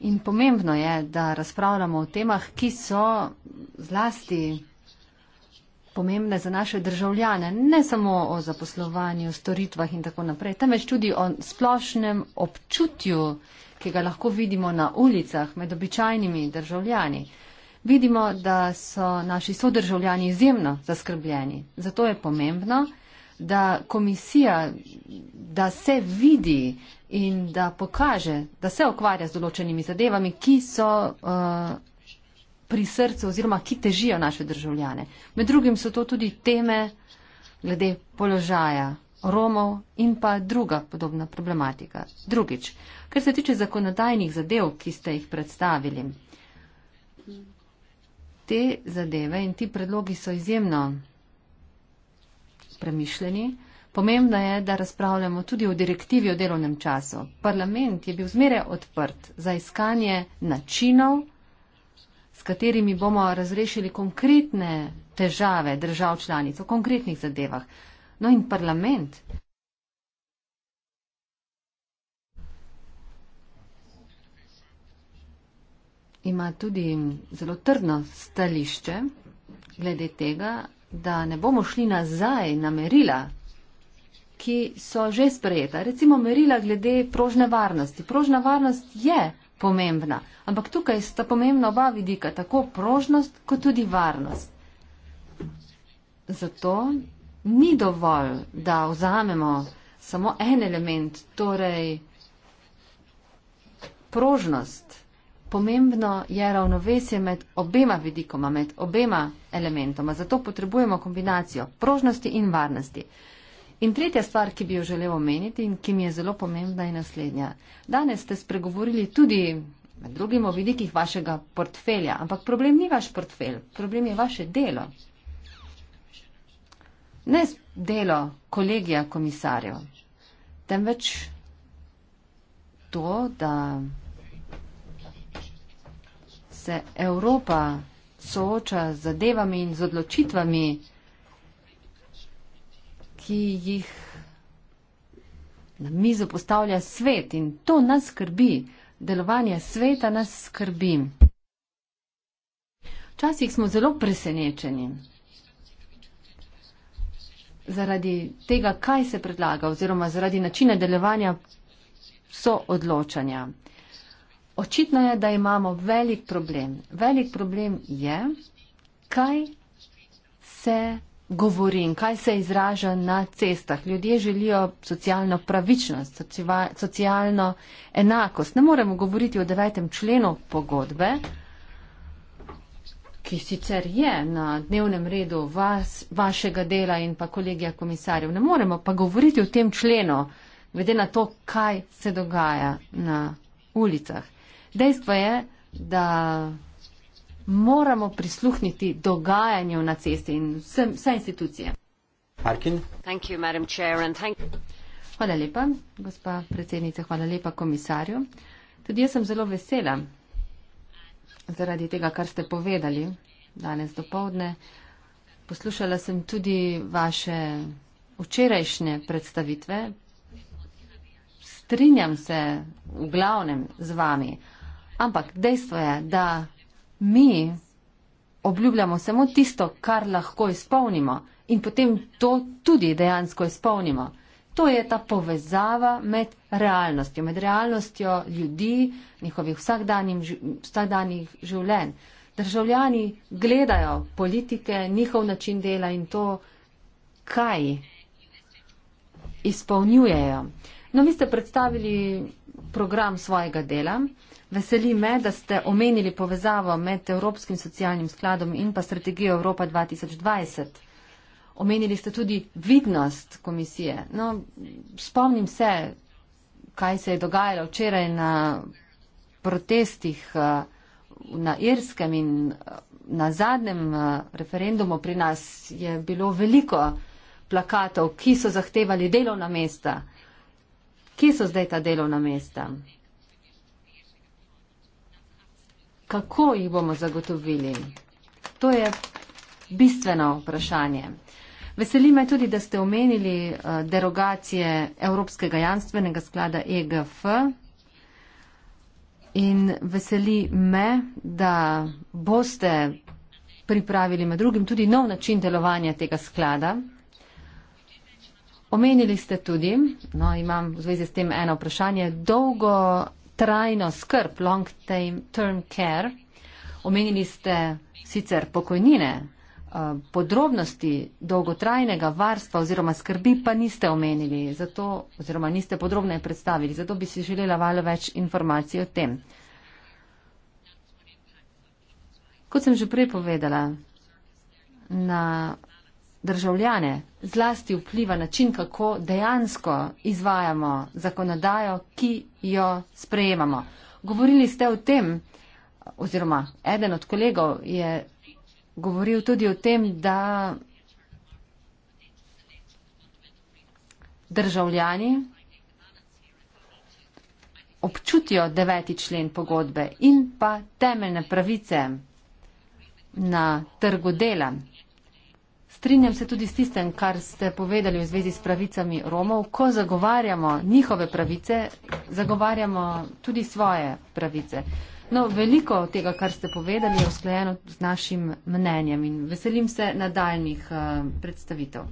In pomembno je, da razpravljamo o temah, ki so zlasti pomembne za naše državljane, ne samo o zaposlovanju, storitvah in tako naprej, temveč tudi o splošnem občutju, ki ga lahko vidimo na ulicah med običajnimi državljani. Vidimo, da so naši sodržavljani izjemno zaskrbljeni. Zato je pomembno, da komisija, da se vidi in da pokaže, da se okvarja z določenimi zadevami, ki so uh, pri srcu oziroma ki težijo naše državljane. Med drugim so to tudi teme glede položaja Romov in pa druga podobna problematika. Drugič, kar se tiče zakonodajnih zadev, ki ste jih predstavili. Te zadeve in ti predlogi so izjemno premišljeni. Pomembno je, da razpravljamo tudi o direktivi o delovnem času. Parlament je bil zmeraj odprt za iskanje načinov, s katerimi bomo razrešili konkretne težave držav članic o konkretnih zadevah. No in parlament. ima tudi zelo trdno stališče glede tega, da ne bomo šli nazaj na merila, ki so že sprejeta. Recimo merila glede prožne varnosti. Prožna varnost je pomembna, ampak tukaj sta pomembna oba vidika, tako prožnost kot tudi varnost. Zato ni dovolj, da vzamemo samo en element, torej prožnost pomembno je ravnovesje med obema vidikoma, med obema elementoma. Zato potrebujemo kombinacijo prožnosti in varnosti. In tretja stvar, ki bi jo želel omeniti in ki mi je zelo pomembna, je naslednja. Danes ste spregovorili tudi med drugim o vidikih vašega portfelja, ampak problem ni vaš portfelj, problem je vaše delo. Ne delo kolegija komisarjev, temveč to, da se Evropa sooča z zadevami in z odločitvami, ki jih na mizo postavlja svet in to nas skrbi, delovanje sveta nas skrbi. Včasih smo zelo presenečeni zaradi tega, kaj se predlaga oziroma zaradi načina delovanja soodločanja očitno je, da imamo velik problem. Velik problem je, kaj se govori in kaj se izraža na cestah. Ljudje želijo socialno pravičnost, socialno enakost. Ne moremo govoriti o devetem členu pogodbe, ki sicer je na dnevnem redu vas, vašega dela in pa kolegija komisarjev. Ne moremo pa govoriti o tem členu, glede na to, kaj se dogaja na ulicah. Dejstvo je, da moramo prisluhniti dogajanju na cesti in vse, vse institucije. You, Chair, thank... Hvala lepa, gospa predsednica, hvala lepa komisarju. Tudi jaz sem zelo vesela zaradi tega, kar ste povedali danes do povdne. Poslušala sem tudi vaše včerajšnje predstavitve. Strinjam se v glavnem z vami. Ampak dejstvo je, da mi obljubljamo samo tisto, kar lahko izpolnimo in potem to tudi dejansko izpolnimo. To je ta povezava med realnostjo, med realnostjo ljudi, njihovih vsakdanjih življenj. Državljani gledajo politike, njihov način dela in to, kaj izpolnjujejo. No, vi ste predstavili program svojega dela. Veseli me, da ste omenili povezavo med Evropskim socialnim skladom in pa strategijo Evropa 2020. Omenili ste tudi vidnost komisije. No, spomnim se, kaj se je dogajalo včeraj na protestih eh, na Irskem in eh, na zadnjem eh, referendumu pri nas je bilo veliko plakatov, ki so zahtevali delovna mesta. Kje so zdaj ta delovna mesta? kako jih bomo zagotovili? To je bistveno vprašanje. Veseli me tudi, da ste omenili eh, derogacije Evropskega janstvenega sklada EGF in veseli me, da boste pripravili med drugim tudi nov način delovanja tega sklada. Omenili ste tudi, no, imam v zvezi s tem eno vprašanje, dolgo trajno skrb, long term care. Omenili ste sicer pokojnine, eh, podrobnosti dolgotrajnega varstva oziroma skrbi pa niste omenili, zato, oziroma niste podrobno predstavili, zato bi si želela valo več informacij o tem. Kot sem že prej povedala, na državljane, zlasti vpliva način, kako dejansko izvajamo zakonodajo, ki jo sprejemamo. Govorili ste o tem, oziroma eden od kolegov je govoril tudi o tem, da državljani občutijo deveti člen pogodbe in pa temeljne pravice na trgu dela. Strinjam se tudi s tistem, kar ste povedali v zvezi s pravicami Romov. Ko zagovarjamo njihove pravice, zagovarjamo tudi svoje pravice. No, veliko tega, kar ste povedali, je usklajeno z našim mnenjem in veselim se nadaljnih uh, eh, predstavitev.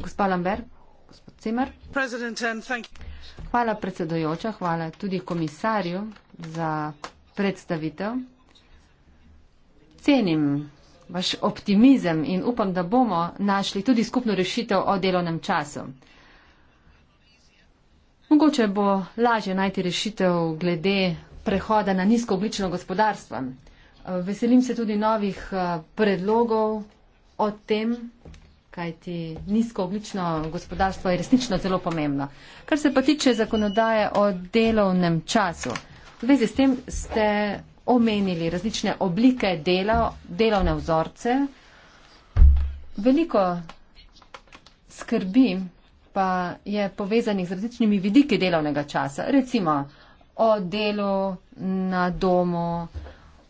Gospod Lambert, gospod Cimer. Hvala predsedojoča, hvala tudi komisarju za predstavitev. Cenim vaš optimizem in upam, da bomo našli tudi skupno rešitev o delovnem času. Mogoče bo lažje najti rešitev glede prehoda na nizkooglično gospodarstvo. Veselim se tudi novih eh, predlogov o tem, kajti nizkooglično gospodarstvo je resnično zelo pomembno. Kar se pa tiče zakonodaje o delovnem času, v vezi s tem ste omenili različne oblike dela, delovne vzorce. Veliko skrbi pa je povezanih z različnimi vidiki delovnega časa, recimo o delu na domu,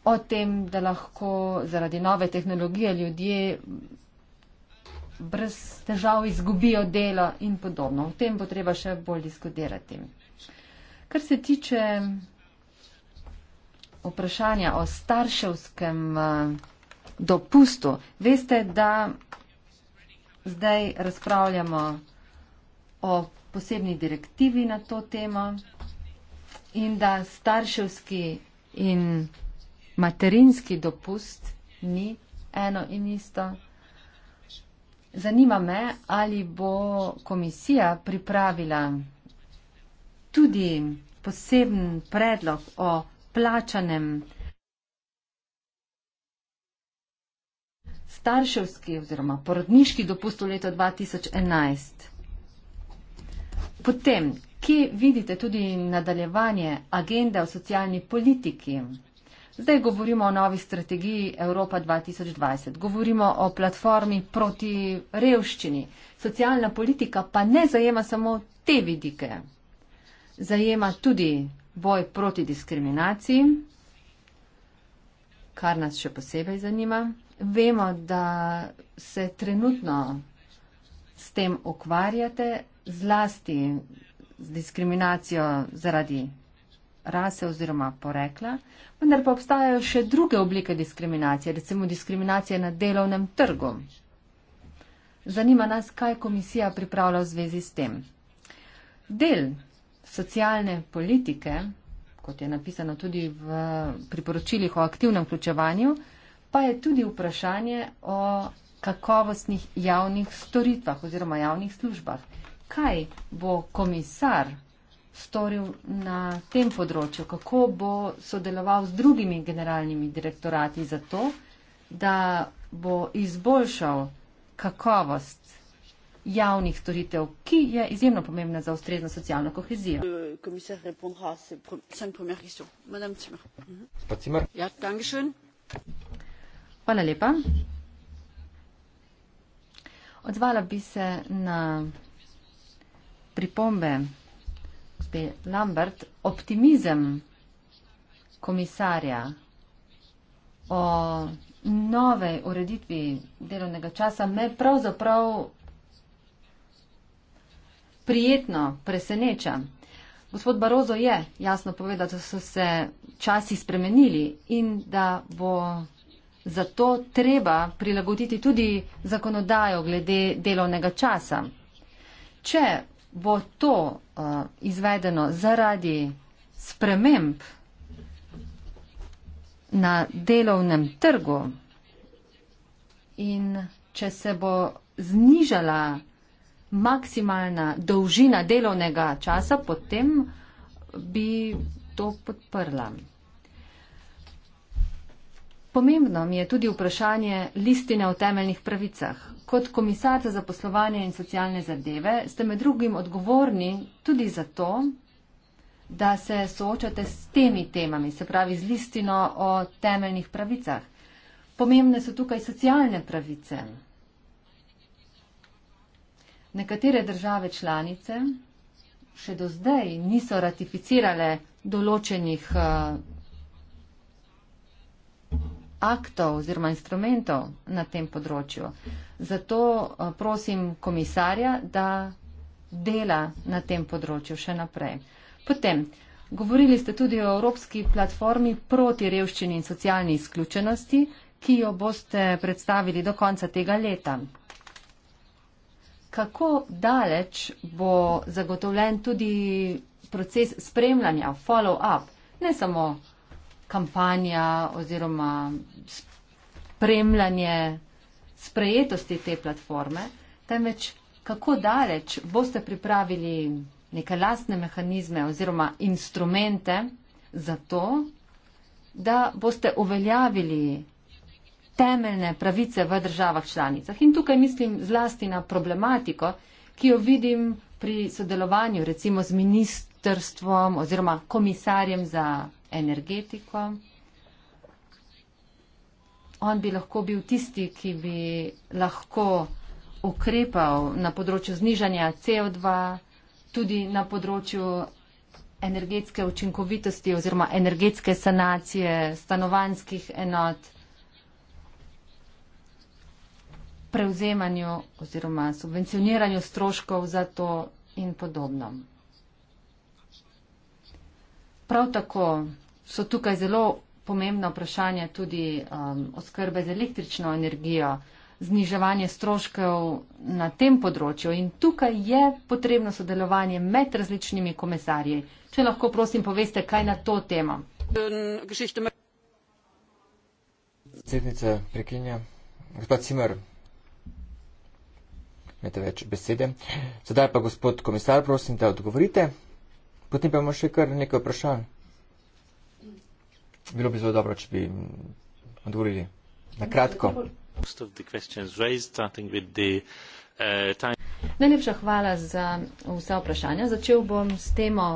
o tem, da lahko zaradi nove tehnologije ljudje brez težav izgubijo delo in podobno. O tem bo treba še bolj diskutirati. Kar se tiče vprašanja o starševskem eh, dopustu. Veste, da zdaj razpravljamo o posebni direktivi na to temo in da starševski in materinski dopust ni eno in isto. Zanima me, ali bo komisija pripravila tudi poseben predlog o plačanem starševski oziroma porodniški dopust v letu 2011. Potem, kje vidite tudi nadaljevanje agende o socialni politiki? Zdaj govorimo o novi strategiji Evropa 2020. Govorimo o platformi proti revščini. Socialna politika pa ne zajema samo te vidike. Zajema tudi boj proti diskriminaciji, kar nas še posebej zanima. Vemo, da se trenutno s tem ukvarjate, zlasti z diskriminacijo zaradi rase oziroma porekla, vendar pa obstajajo še druge oblike diskriminacije, recimo diskriminacije na delovnem trgu. Zanima nas, kaj komisija pripravlja v zvezi s tem. Del socialne politike, kot je napisano tudi v priporočilih o aktivnem vključevanju, pa je tudi vprašanje o kakovostnih javnih storitvah oziroma javnih službah. Kaj bo komisar storil na tem področju, kako bo sodeloval z drugimi generalnimi direktorati za to, da bo izboljšal kakovost javnih storitev, ki je izjemno pomembna za ustrezno socialno kohezijo. Mhm. Ja, Hvala lepa. Odzvala bi se na pripombe gospe Lambert. Optimizem komisarja o nove ureditvi delovnega časa me pravzaprav prijetno preseneča. Gospod Barozo je jasno povedal, da so se časi spremenili in da bo zato treba prilagoditi tudi zakonodajo glede delovnega časa. Če bo to uh, izvedeno zaradi sprememb na delovnem trgu in če se bo znižala maksimalna dolžina delovnega časa, potem bi to podprla. Pomembno mi je tudi vprašanje listine o temeljnih pravicah. Kot komisar za poslovanje in socialne zadeve ste med drugim odgovorni tudi za to, da se soočate s temi temami, se pravi z listino o temeljnih pravicah. Pomembne so tukaj socialne pravice. Nekatere države članice še do zdaj niso ratificirale določenih eh, aktov oziroma instrumentov na tem področju. Zato eh, prosim komisarja, da dela na tem področju še naprej. Potem, govorili ste tudi o Evropski platformi proti revščini in socialni izključenosti, ki jo boste predstavili do konca tega leta kako daleč bo zagotovljen tudi proces spremljanja, follow-up, ne samo kampanja oziroma spremljanje sprejetosti te platforme, temveč kako daleč boste pripravili neke lastne mehanizme oziroma instrumente za to, da boste uveljavili temeljne pravice v državah članicah. In tukaj mislim zlasti na problematiko, ki jo vidim pri sodelovanju recimo z ministrstvom oziroma komisarjem za energetiko. On bi lahko bil tisti, ki bi lahko ukrepal na področju znižanja CO2, tudi na področju energetske učinkovitosti oziroma energetske sanacije stanovanskih enot. prevzemanju oziroma subvencioniranju stroškov za to in podobno. Prav tako so tukaj zelo pomembna vprašanja tudi um, oskrbe z električno energijo, zniževanje stroškov na tem področju in tukaj je potrebno sodelovanje med različnimi komisarji. Če lahko prosim poveste, kaj na to temo. Predsednica prekinja. Gospod Cimer, imate več besede. Sedaj pa, gospod komisar, prosim, da odgovorite. Potem pa imamo še kar nekaj vprašanj. Bilo bi zelo dobro, če bi odgovorili na kratko. Uh, Najlepša hvala za vsa vprašanja. Začel bom s temo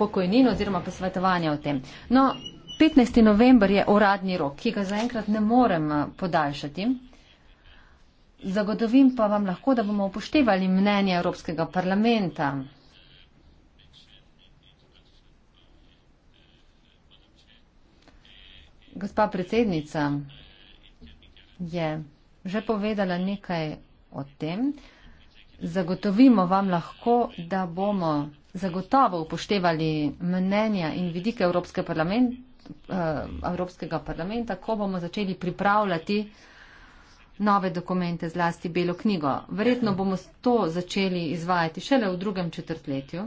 pokojnin oziroma posvetovanja o tem. No, 15. november je uradni rok, ki ga zaenkrat ne morem eh, podaljšati. Zagotovim pa vam lahko, da bomo upoštevali mnenje Evropskega parlamenta. Gospa predsednica je že povedala nekaj o tem. Zagotovimo vam lahko, da bomo zagotovo upoštevali mnenja in vidike Evropske parlament, eh, Evropskega parlamenta, ko bomo začeli pripravljati nove dokumente, zlasti Belo knjigo. Verjetno bomo to začeli izvajati šele v drugem četrtletju.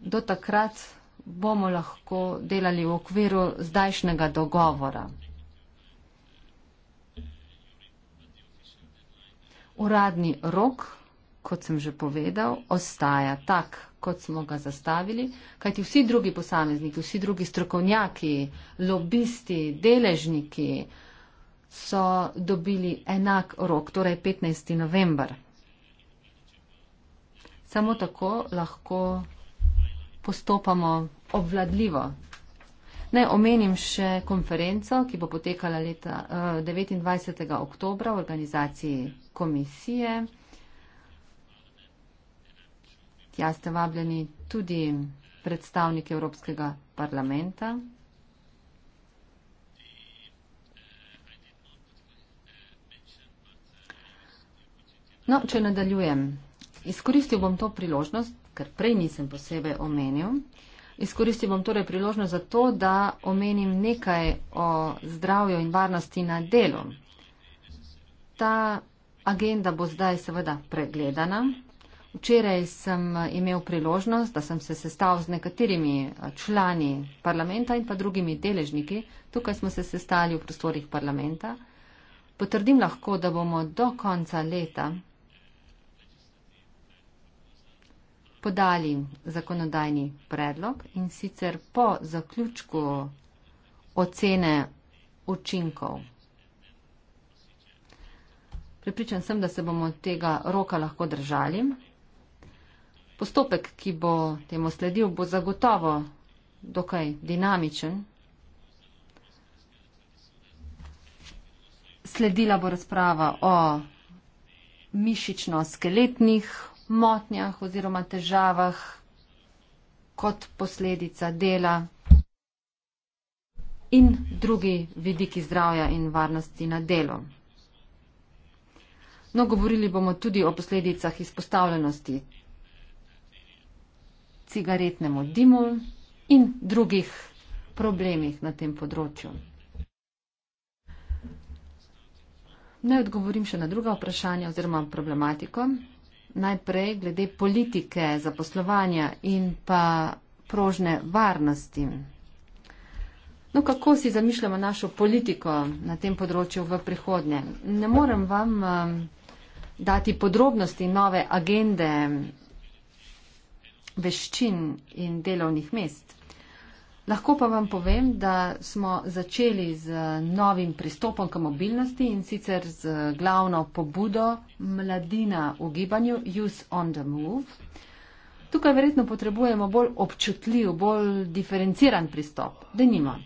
Do takrat bomo lahko delali v okviru zdajšnjega dogovora. Uradni rok, kot sem že povedal, ostaja tak, kot smo ga zastavili, kajti vsi drugi posamezniki, vsi drugi strokovnjaki, lobisti, deležniki, eh, so dobili enak rok, torej 15. november. Samo tako lahko postopamo obvladljivo. Naj omenim še konferenco, ki bo potekala leta, 29. Eh, oktobra v organizaciji komisije. Tja ste vabljeni tudi predstavniki Evropskega parlamenta. No, če nadaljujem. Izkoristil bom to priložnost, ker prej nisem posebej omenil. Izkoristil bom torej priložnost za to, da omenim nekaj o zdravju in varnosti na delu. Ta agenda bo zdaj seveda pregledana. Včeraj sem imel priložnost, da sem se sestal z nekaterimi člani parlamenta in pa drugimi deležniki. Tukaj smo se sestali v prostorih parlamenta. Potrdim lahko, da bomo do konca leta podali zakonodajni predlog in sicer po zaključku ocene učinkov. Pripričan sem, da se bomo tega roka lahko držali. Postopek, ki bo temu sledil, bo zagotovo dokaj dinamičen. Sledila bo razprava o mišično-skeletnih motnjah oziroma težavah kot posledica dela in drugi vidiki zdravja in varnosti na delu. No, govorili bomo tudi o posledicah izpostavljenosti cigaretnemu dimu in drugih problemih na tem področju. Naj odgovorim še na druga vprašanja oziroma problematiko najprej glede politike zaposlovanja in pa prožne varnosti. No, kako si zamišljamo našo politiko na tem področju v prihodnje? Ne morem vam um, dati podrobnosti nove agende veščin in delovnih mest. Lahko pa vam povem, da smo začeli z novim pristopom k mobilnosti in sicer z glavno pobudo mladina v gibanju Youth on the Move. Tukaj verjetno potrebujemo bolj občutljiv, bolj diferenciran pristop, da nima.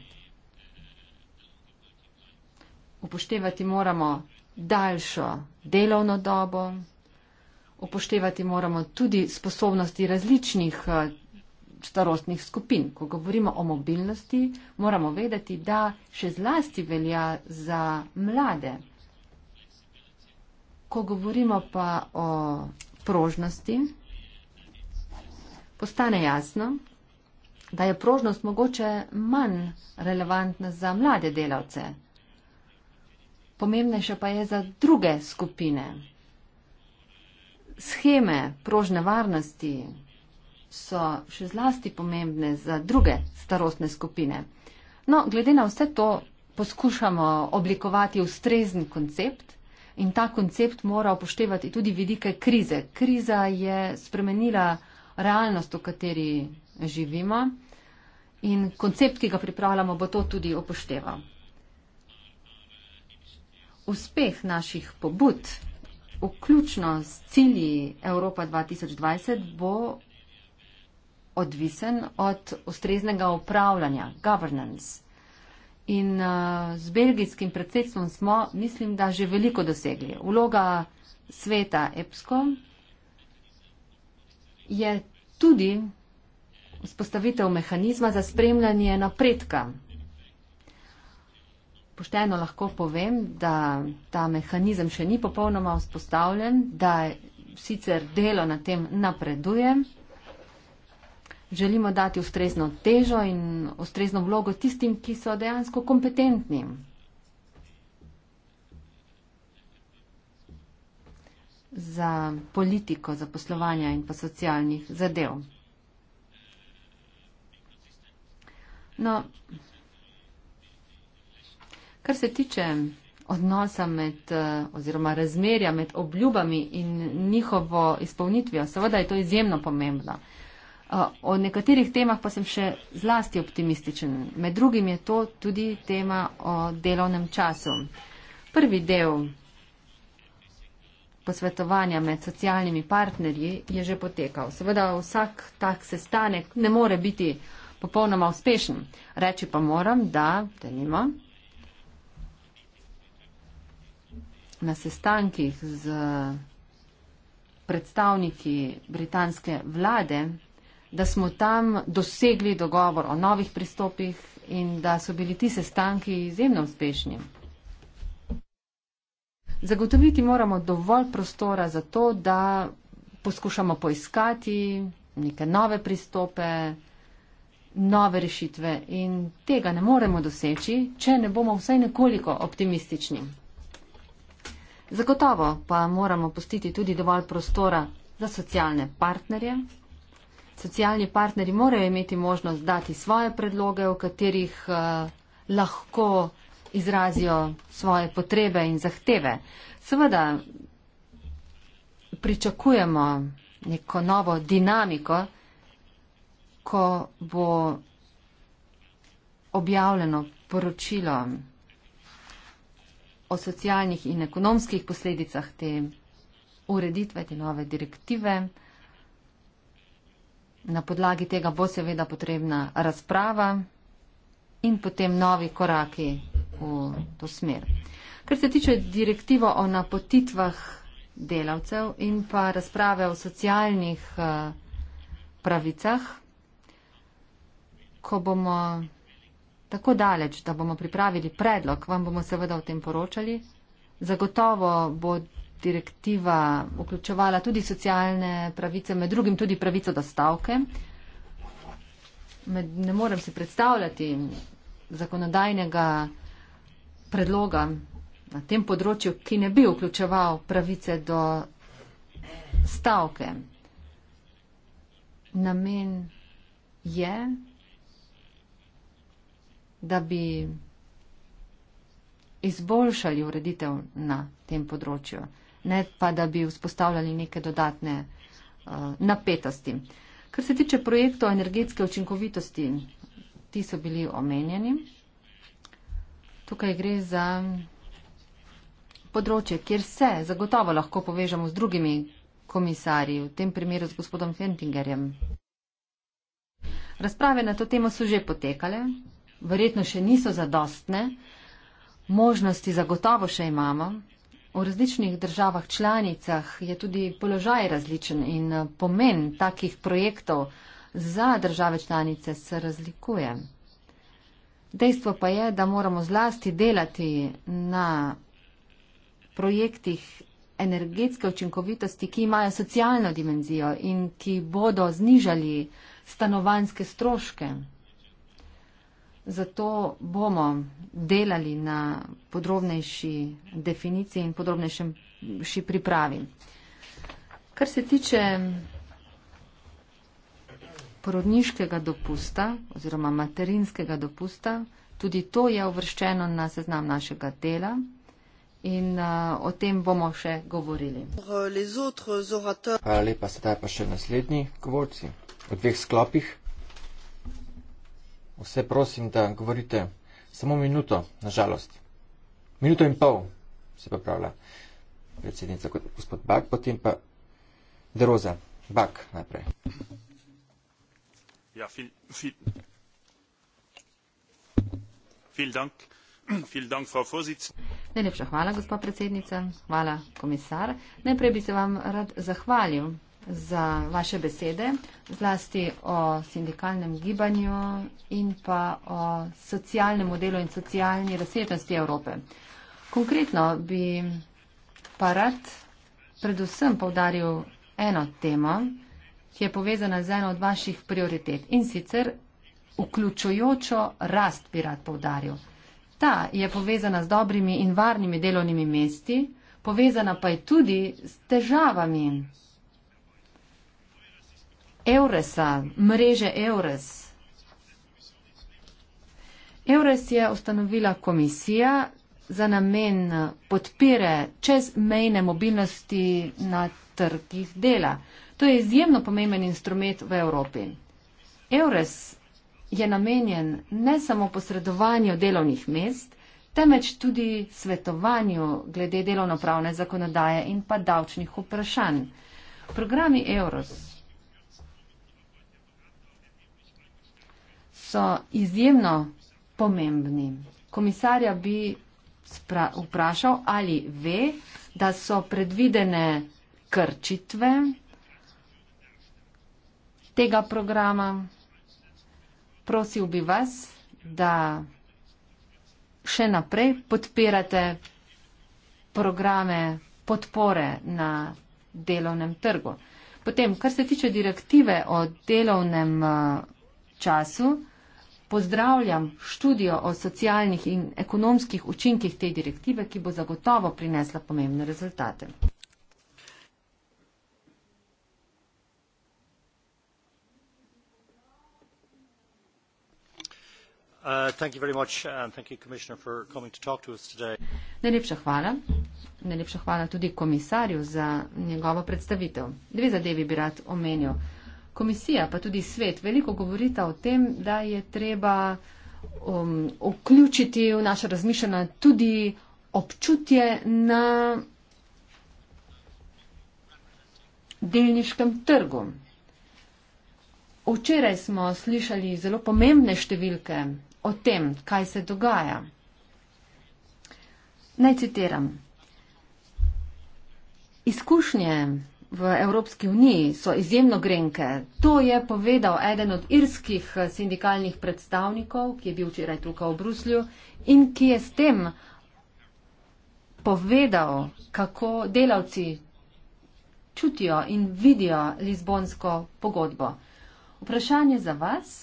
Upoštevati moramo daljšo delovno dobo, upoštevati moramo tudi sposobnosti različnih eh, starostnih skupin. Ko govorimo o mobilnosti, moramo vedeti, da še zlasti velja za mlade. Ko govorimo pa o prožnosti, postane jasno, da je prožnost mogoče manj relevantna za mlade delavce. Pomembnejše pa je za druge skupine. Scheme prožne varnosti so še zlasti pomembne za druge starostne skupine. No, glede na vse to poskušamo oblikovati ustrezen koncept in ta koncept mora upoštevati tudi vidike krize. Kriza je spremenila realnost, v kateri živimo in koncept, ki ga pripravljamo, bo to tudi upošteval. Uspeh naših pobud, vključno s cilji Evropa 2020, bo odvisen od ustreznega upravljanja, governance. In uh, z belgijskim predsedstvom smo, mislim, da že veliko dosegli. Vloga sveta EPSCO je tudi vzpostavitev mehanizma za spremljanje napredka. Pošteno lahko povem, da ta mehanizem še ni popolnoma vzpostavljen, da sicer delo na tem napreduje želimo dati ustrezno težo in ustrezno vlogo tistim, ki so dejansko kompetentni. za politiko zaposlovanja in pa socialnih zadev. No, kar se tiče odnosa med eh, oziroma razmerja med obljubami in njihovo izpolnitvijo, seveda je to izjemno pomembno. O nekaterih temah pa sem še zlasti optimističen. Med drugim je to tudi tema o delovnem času. Prvi del posvetovanja med socialnimi partnerji je že potekal. Seveda vsak tak sestanek ne more biti popolnoma uspešen. Reči pa moram, da, da nima, na sestankih z predstavniki britanske vlade da smo tam dosegli dogovor o novih pristopih in da so bili ti sestanki izjemno uspešni. Zagotoviti moramo dovolj prostora za to, da poskušamo poiskati neke nove pristope, nove rešitve in tega ne moremo doseči, če ne bomo vsaj nekoliko optimistični. Zagotovo pa moramo postiti tudi dovolj prostora za socialne partnerje, socialni partneri morajo imeti možnost dati svoje predloge, v katerih eh, lahko izrazijo svoje potrebe in zahteve. Seveda pričakujemo neko novo dinamiko, ko bo objavljeno poročilo o socialnih in ekonomskih posledicah te ureditve, te nove direktive. Na podlagi tega bo seveda potrebna razprava in potem novi koraki v to smer. Kar se tiče direktivo o napotitvah delavcev in pa razprave o socialnih eh, pravicah, ko bomo tako daleč, da bomo pripravili predlog, vam bomo seveda o tem poročali. Zagotovo bo direktiva vključevala tudi socialne pravice, med drugim tudi pravico do stavke. Med, ne morem si predstavljati zakonodajnega predloga na tem področju, ki ne bi vključeval pravice do stavke. Namen je, da bi izboljšali ureditev na tem področju ne pa da bi vzpostavljali neke dodatne uh, napetosti. Kar se tiče projektov energetske učinkovitosti, ti so bili omenjeni. Tukaj gre za področje, kjer se zagotovo lahko povežemo z drugimi komisarji, v tem primeru z gospodom Fentingerjem. Razprave na to temo so že potekale, verjetno še niso zadostne, možnosti zagotovo še imamo, V različnih državah članicah je tudi položaj različen in eh, pomen takih projektov za države članice se razlikuje. Dejstvo pa je, da moramo zlasti delati na projektih energetske učinkovitosti, ki imajo socialno dimenzijo in ki bodo znižali stanovanske stroške. Zato bomo delali na podrobnejši definiciji in podrobnejšem ši pripravi. Kar se tiče porodniškega dopusta oziroma materinskega dopusta, tudi to je uvrščeno na seznam našega dela in uh, o tem bomo še govorili. Hvala lepa, sedaj pa še naslednji govorci. V dveh sklopih vse prosim, da govorite samo minuto, nažalost. Minuto in pol se pa pravila predsednica kot gospod Bak, potem pa Deroza. Bak najprej. Ja, fil, fil. Fil dank. Najlepša hvala, gospod predsednica. Hvala, komisar. Najprej bi se vam rad zahvalil za vaše besede, zlasti o sindikalnem gibanju in pa o socialnem modelu in socialni razsvetnosti Evrope. Konkretno bi pa rad predvsem povdaril eno temo, ki je povezana z eno od vaših prioritet in sicer vključujočo rast bi rad povdaril. Ta je povezana z dobrimi in varnimi delovnimi mesti, povezana pa je tudi s težavami Euresa, mreže Eures. Eures je ustanovila komisija za namen podpire čezmejne mobilnosti na trgih dela. To je izjemno pomemben instrument v Evropi. Eures je namenjen ne samo posredovanju delovnih mest, temveč tudi svetovanju glede delovnopravne zakonodaje in pa davčnih vprašanj. Programi Euros so izjemno pomembni. Komisarja bi vprašal, ali ve, da so predvidene krčitve tega programa. Prosil bi vas, da še naprej podpirate programe podpore na delovnem trgu. Potem, kar se tiče direktive o delovnem eh, času, pozdravljam študijo o socialnih in ekonomskih učinkih te direktive, ki bo zagotovo prinesla pomembne rezultate. Uh, Najlepša hvala. Najlepša hvala tudi komisarju za njegovo predstavitev. Dve zadevi bi rad omenil komisija, pa tudi svet, veliko govorita o tem, da je treba um, vključiti v naša razmišljanja tudi občutje na delniškem trgu. Včeraj smo slišali zelo pomembne številke o tem, kaj se dogaja. Naj citiram. Izkušnje v Evropski uniji so izjemno grenke. To je povedal eden od irskih eh, sindikalnih predstavnikov, ki je bil včeraj tukaj v Bruslju in ki je s tem povedal, kako delavci čutijo in vidijo Lizbonsko pogodbo. Vprašanje za vas.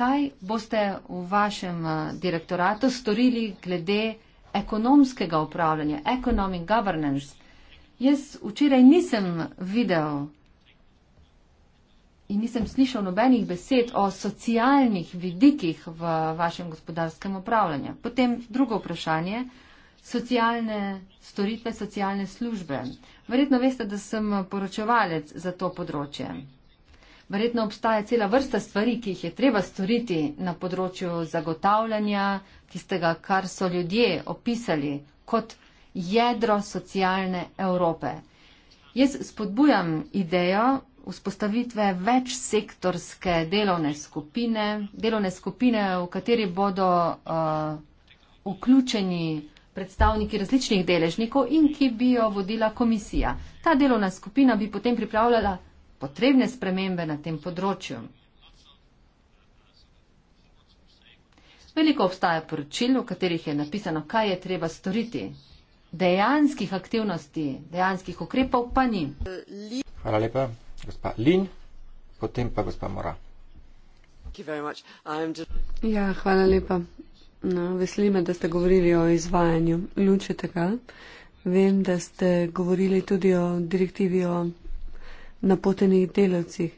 Kaj boste v vašem eh, direktoratu storili glede ekonomskega upravljanja, economic governance, Jaz včeraj nisem videl in nisem slišal nobenih besed o socialnih vidikih v vašem gospodarskem upravljanju. Potem drugo vprašanje. Socialne storitve, socialne službe. Verjetno veste, da sem poročevalec za to področje. Verjetno obstaja cela vrsta stvari, ki jih je treba storiti na področju zagotavljanja tistega, kar so ljudje opisali kot jedro socialne Evrope. Jaz spodbujam idejo vzpostavitve večsektorske delovne skupine, delovne skupine, v kateri bodo uh, vključeni predstavniki različnih deležnikov in ki bi jo vodila komisija. Ta delovna skupina bi potem pripravljala potrebne spremembe na tem področju. Veliko obstaja poročil, v katerih je napisano, kaj je treba storiti dejanskih aktivnosti, dejanskih ukrepov pa ni. Hvala lepa, gospa Lin, potem pa gospa Mora. Ja, hvala lepa. No, veseli me, da ste govorili o izvajanju luče tega. Vem, da ste govorili tudi o direktivi o napotenih delavcih.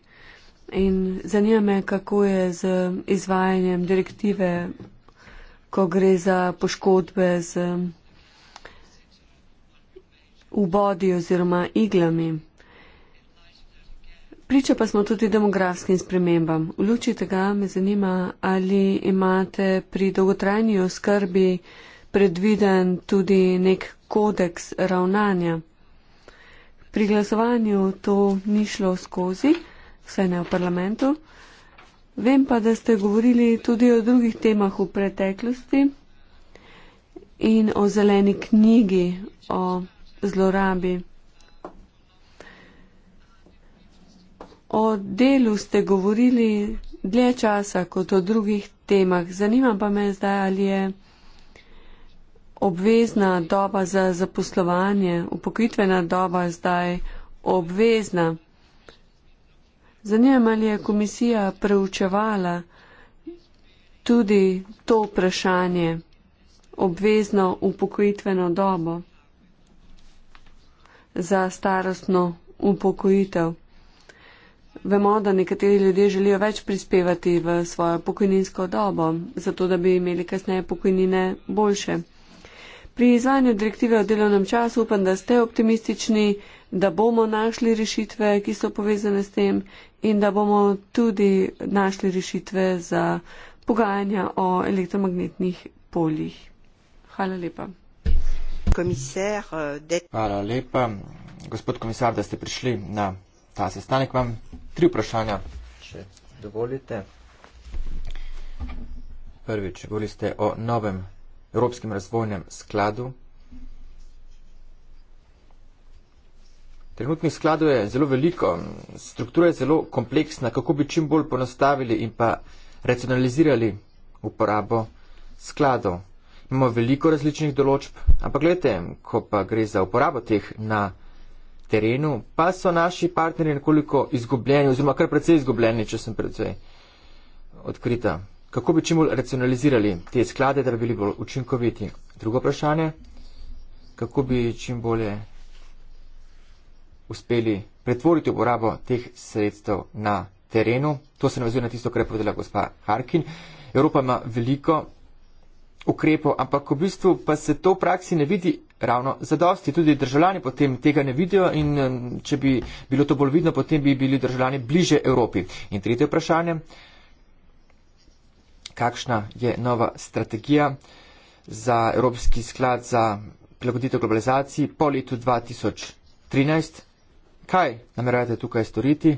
In zanima me, kako je z izvajanjem direktive, ko gre za poškodbe, z vbodi oziroma iglami. Priča pa smo tudi demografskim spremembam. V luči tega me zanima, ali imate pri dolgotrajni oskrbi predviden tudi nek kodeks ravnanja. Pri glasovanju to ni šlo skozi, vsaj ne v parlamentu. Vem pa, da ste govorili tudi o drugih temah v preteklosti in o zeleni knjigi, o zlorabi. O delu ste govorili dlje časa kot o drugih temah. Zanima pa me zdaj, ali je obvezna doba za zaposlovanje, upokojitvena doba zdaj obvezna. Zanima me, ali je komisija preučevala tudi to vprašanje, obvezno upokojitveno dobo za starostno upokojitev. Vemo, da nekateri ljudje želijo več prispevati v svojo pokojninsko dobo, zato da bi imeli kasneje pokojnine boljše. Pri izvajanju direktive o delovnem času upam, da ste optimistični, da bomo našli rešitve, ki so povezane s tem in da bomo tudi našli rešitve za pogajanja o elektromagnetnih poljih. Hvala lepa commissaire euh, d'être. Hvala lepa, gospod komisar, da ste prišli na ta sestanek. Imam tri vprašanja, če dovolite. Prvič, govorili ste o novem Evropskem razvojnem skladu. Trenutnih skladov je zelo veliko, struktura je zelo kompleksna, kako bi čim bolj ponostavili in pa racionalizirali uporabo skladov imamo veliko različnih določb, ampak gledajte, ko pa gre za uporabo teh na terenu, pa so naši partnerji nekoliko izgubljeni, oziroma kar precej izgubljeni, če sem predvsej odkrita. Kako bi čim bolj racionalizirali te sklade, da bi bili bolj učinkoviti? Drugo vprašanje, kako bi čim bolje uspeli pretvoriti uporabo teh sredstev na terenu. To se navezuje na tisto, kar je povedala gospa Harkin. Evropa ima veliko ukrepov, ampak v bistvu pa se to v praksi ne vidi ravno zadosti. Tudi državljani potem tega ne vidijo in če bi bilo to bolj vidno, potem bi bili državljani bliže Evropi. In tretje vprašanje, kakšna je nova strategija za Evropski sklad za prilagoditev globalizaciji po letu 2013? Kaj nameravate tukaj storiti?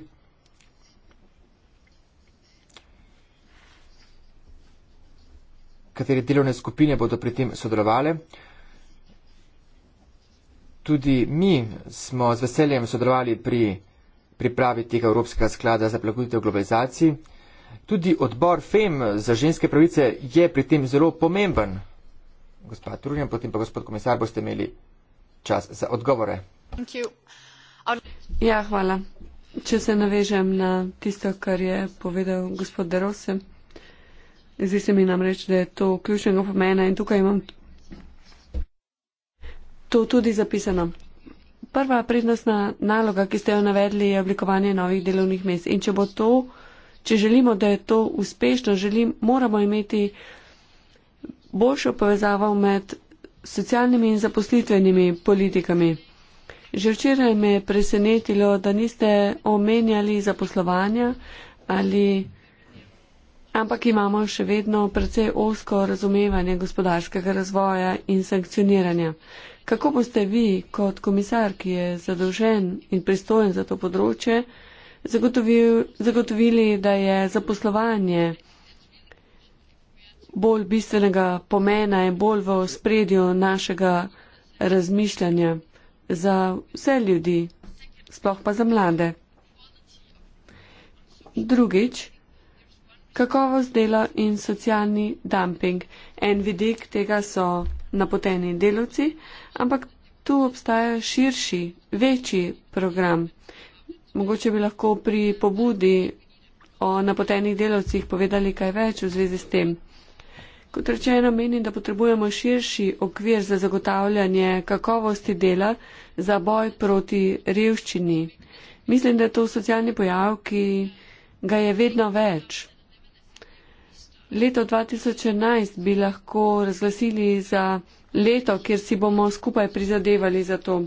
katere delovne skupine bodo pri tem sodelovali. Tudi mi smo z veseljem sodelovali pri pripravi tega Evropskega sklada za prilagoditev globalizaciji. Tudi odbor FEM za ženske pravice je pri tem zelo pomemben. Gospod Turjan, potem pa gospod komisar, boste imeli čas za odgovore. Our... Ja, hvala. Če se navežem na tisto, kar je povedal gospod Derose. Zdi se mi namreč, da je to ključnega pomena in tukaj imam to tudi zapisano. Prva prednostna naloga, ki ste jo navedli, je oblikovanje novih delovnih mest. In če bo to, če želimo, da je to uspešno, želim, moramo imeti boljšo povezavo med socialnimi in zaposlitvenimi politikami. Že včeraj me je presenetilo, da niste omenjali zaposlovanja ali. Ampak imamo še vedno precej osko razumevanje gospodarskega razvoja in sankcioniranja. Kako boste vi, kot komisar, ki je zadolžen in pristojen za to področje, zagotovili, zagotovili da je zaposlovanje bolj bistvenega pomena in bolj v spredju našega razmišljanja za vse ljudi, sploh pa za mlade? Drugič. Kakovost dela in socialni dumping. En vidik tega so napoteni delavci, ampak tu obstaja širši, večji program. Mogoče bi lahko pri pobudi o napotenih delavcih povedali kaj več v zvezi s tem. Kot rečeno, menim, da potrebujemo širši okvir za zagotavljanje kakovosti dela za boj proti revščini. Mislim, da je to socialni pojav, ki ga je vedno več leto 2011 bi lahko razglasili za leto, kjer si bomo skupaj prizadevali za to.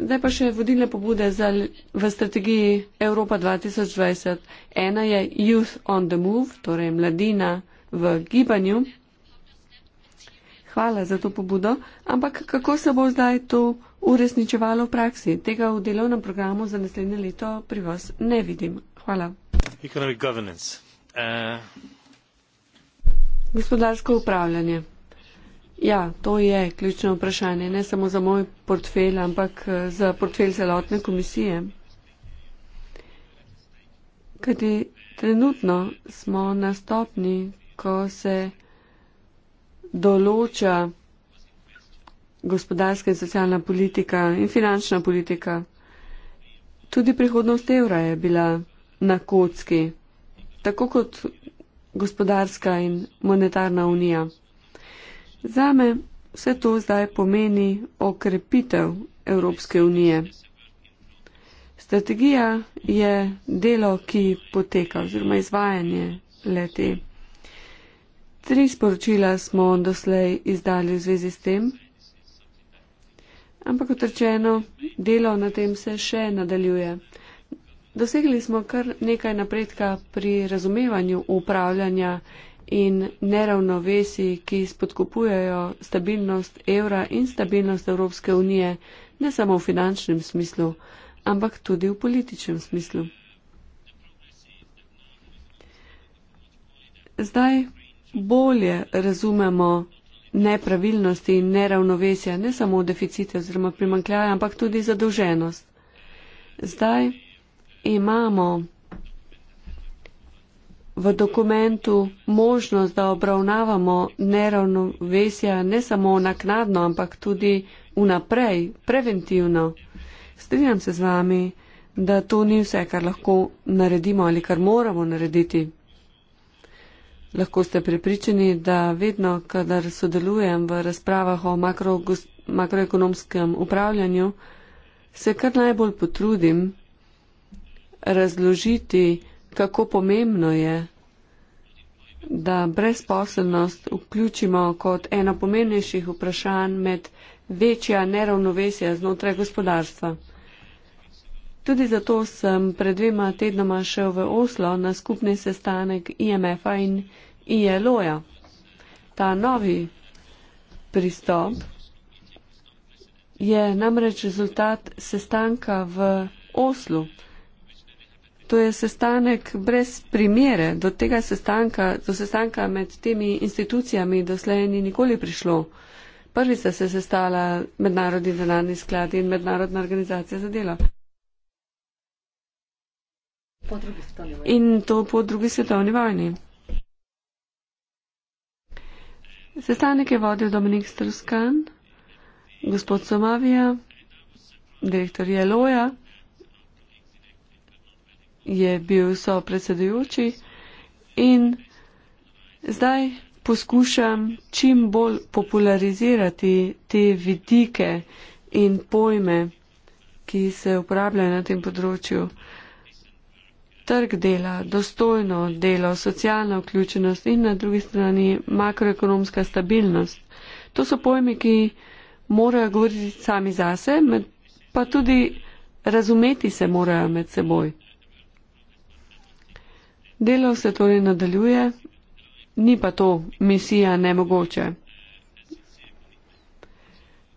Zdaj pa še vodilne pobude za, v strategiji Evropa 2020. Ena je Youth on the Move, torej mladina v gibanju. Hvala za to pobudo, ampak kako se bo zdaj to uresničevalo v praksi? Tega v delovnem programu za naslednje leto pri vas ne vidim. Hvala. Economic governance. Uh... Gospodarsko upravljanje. Ja, to je ključno vprašanje, ne samo za moj portfelj, ampak eh, za portfelj celotne komisije. Kajti trenutno smo na stopni, ko se določa gospodarska in socialna politika in finančna politika. Tudi prihodnost evra je bila na kocki, tako kot gospodarska in monetarna unija. Zame vse to zdaj pomeni okrepitev Evropske unije. Strategija je delo, ki poteka oziroma izvajanje leti. Tri sporočila smo doslej izdali v zvezi s tem, ampak kot rečeno, delo na tem se še nadaljuje. Dosegli smo kar nekaj napredka pri razumevanju upravljanja in neravnovesi, ki spodkupujejo stabilnost evra in stabilnost Evropske unije, ne samo v finančnem smislu, ampak tudi v političnem smislu. Zdaj bolje razumemo nepravilnosti in neravnovesja, ne samo deficite oziroma primankljaja, ampak tudi zadolženost. Zdaj imamo v dokumentu možnost, da obravnavamo neravnovesja ne samo naknadno, ampak tudi vnaprej, preventivno. Strinjam se z vami, da to ni vse, kar lahko naredimo ali kar moramo narediti. Lahko ste prepričani, da vedno, kadar sodelujem v razpravah o makro, makroekonomskem upravljanju, se kar najbolj potrudim razložiti, kako pomembno je, da brezposobnost vključimo kot eno pomembnejših vprašanj med večja neravnovesja znotraj gospodarstva. Tudi zato sem pred dvema tednoma šel v Oslo na skupni sestanek IMF-a in ILO-ja. Ta novi pristop je namreč rezultat sestanka v Oslu to je sestanek brez primere. Do tega sestanka, do sestanka med temi institucijami doslej ni nikoli prišlo. Prvi sta se sestala Mednarodni denarni sklad in Mednarodna organizacija za delo. In to po drugi svetovni vojni. Sestanek je vodil Dominik Strskan, gospod Somavija, direktor Jeloja je bil so predsedujoči in zdaj poskušam čim bolj popularizirati te vidike in pojme, ki se uporabljajo na tem področju. Trg dela, dostojno delo, socialna vključenost in na drugi strani makroekonomska stabilnost. To so pojmi, ki morajo govoriti sami zase, pa tudi razumeti se morajo med seboj. Delo se torej nadaljuje, ni pa to misija nemogoče.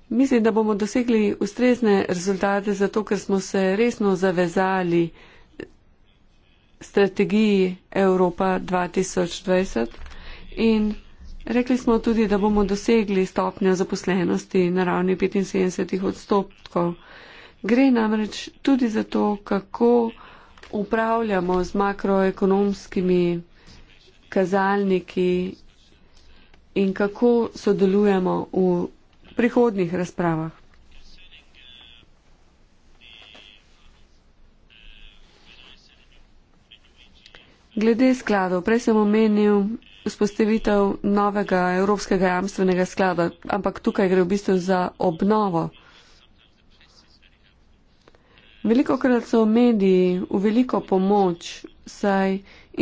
Mislim, da bomo dosegli ustrezne rezultate, zato ker smo se resno zavezali strategiji Evropa 2020 in rekli smo tudi, da bomo dosegli stopnjo zaposlenosti na ravni 75 odstotkov. Gre namreč tudi za to, kako upravljamo z makroekonomskimi kazalniki in kako sodelujemo v prihodnih razpravah. Glede skladov, prej sem omenil vzpostavitev novega Evropskega jamstvenega sklada, ampak tukaj gre v bistvu za obnovo. Veliko krat so mediji v veliko pomoč, saj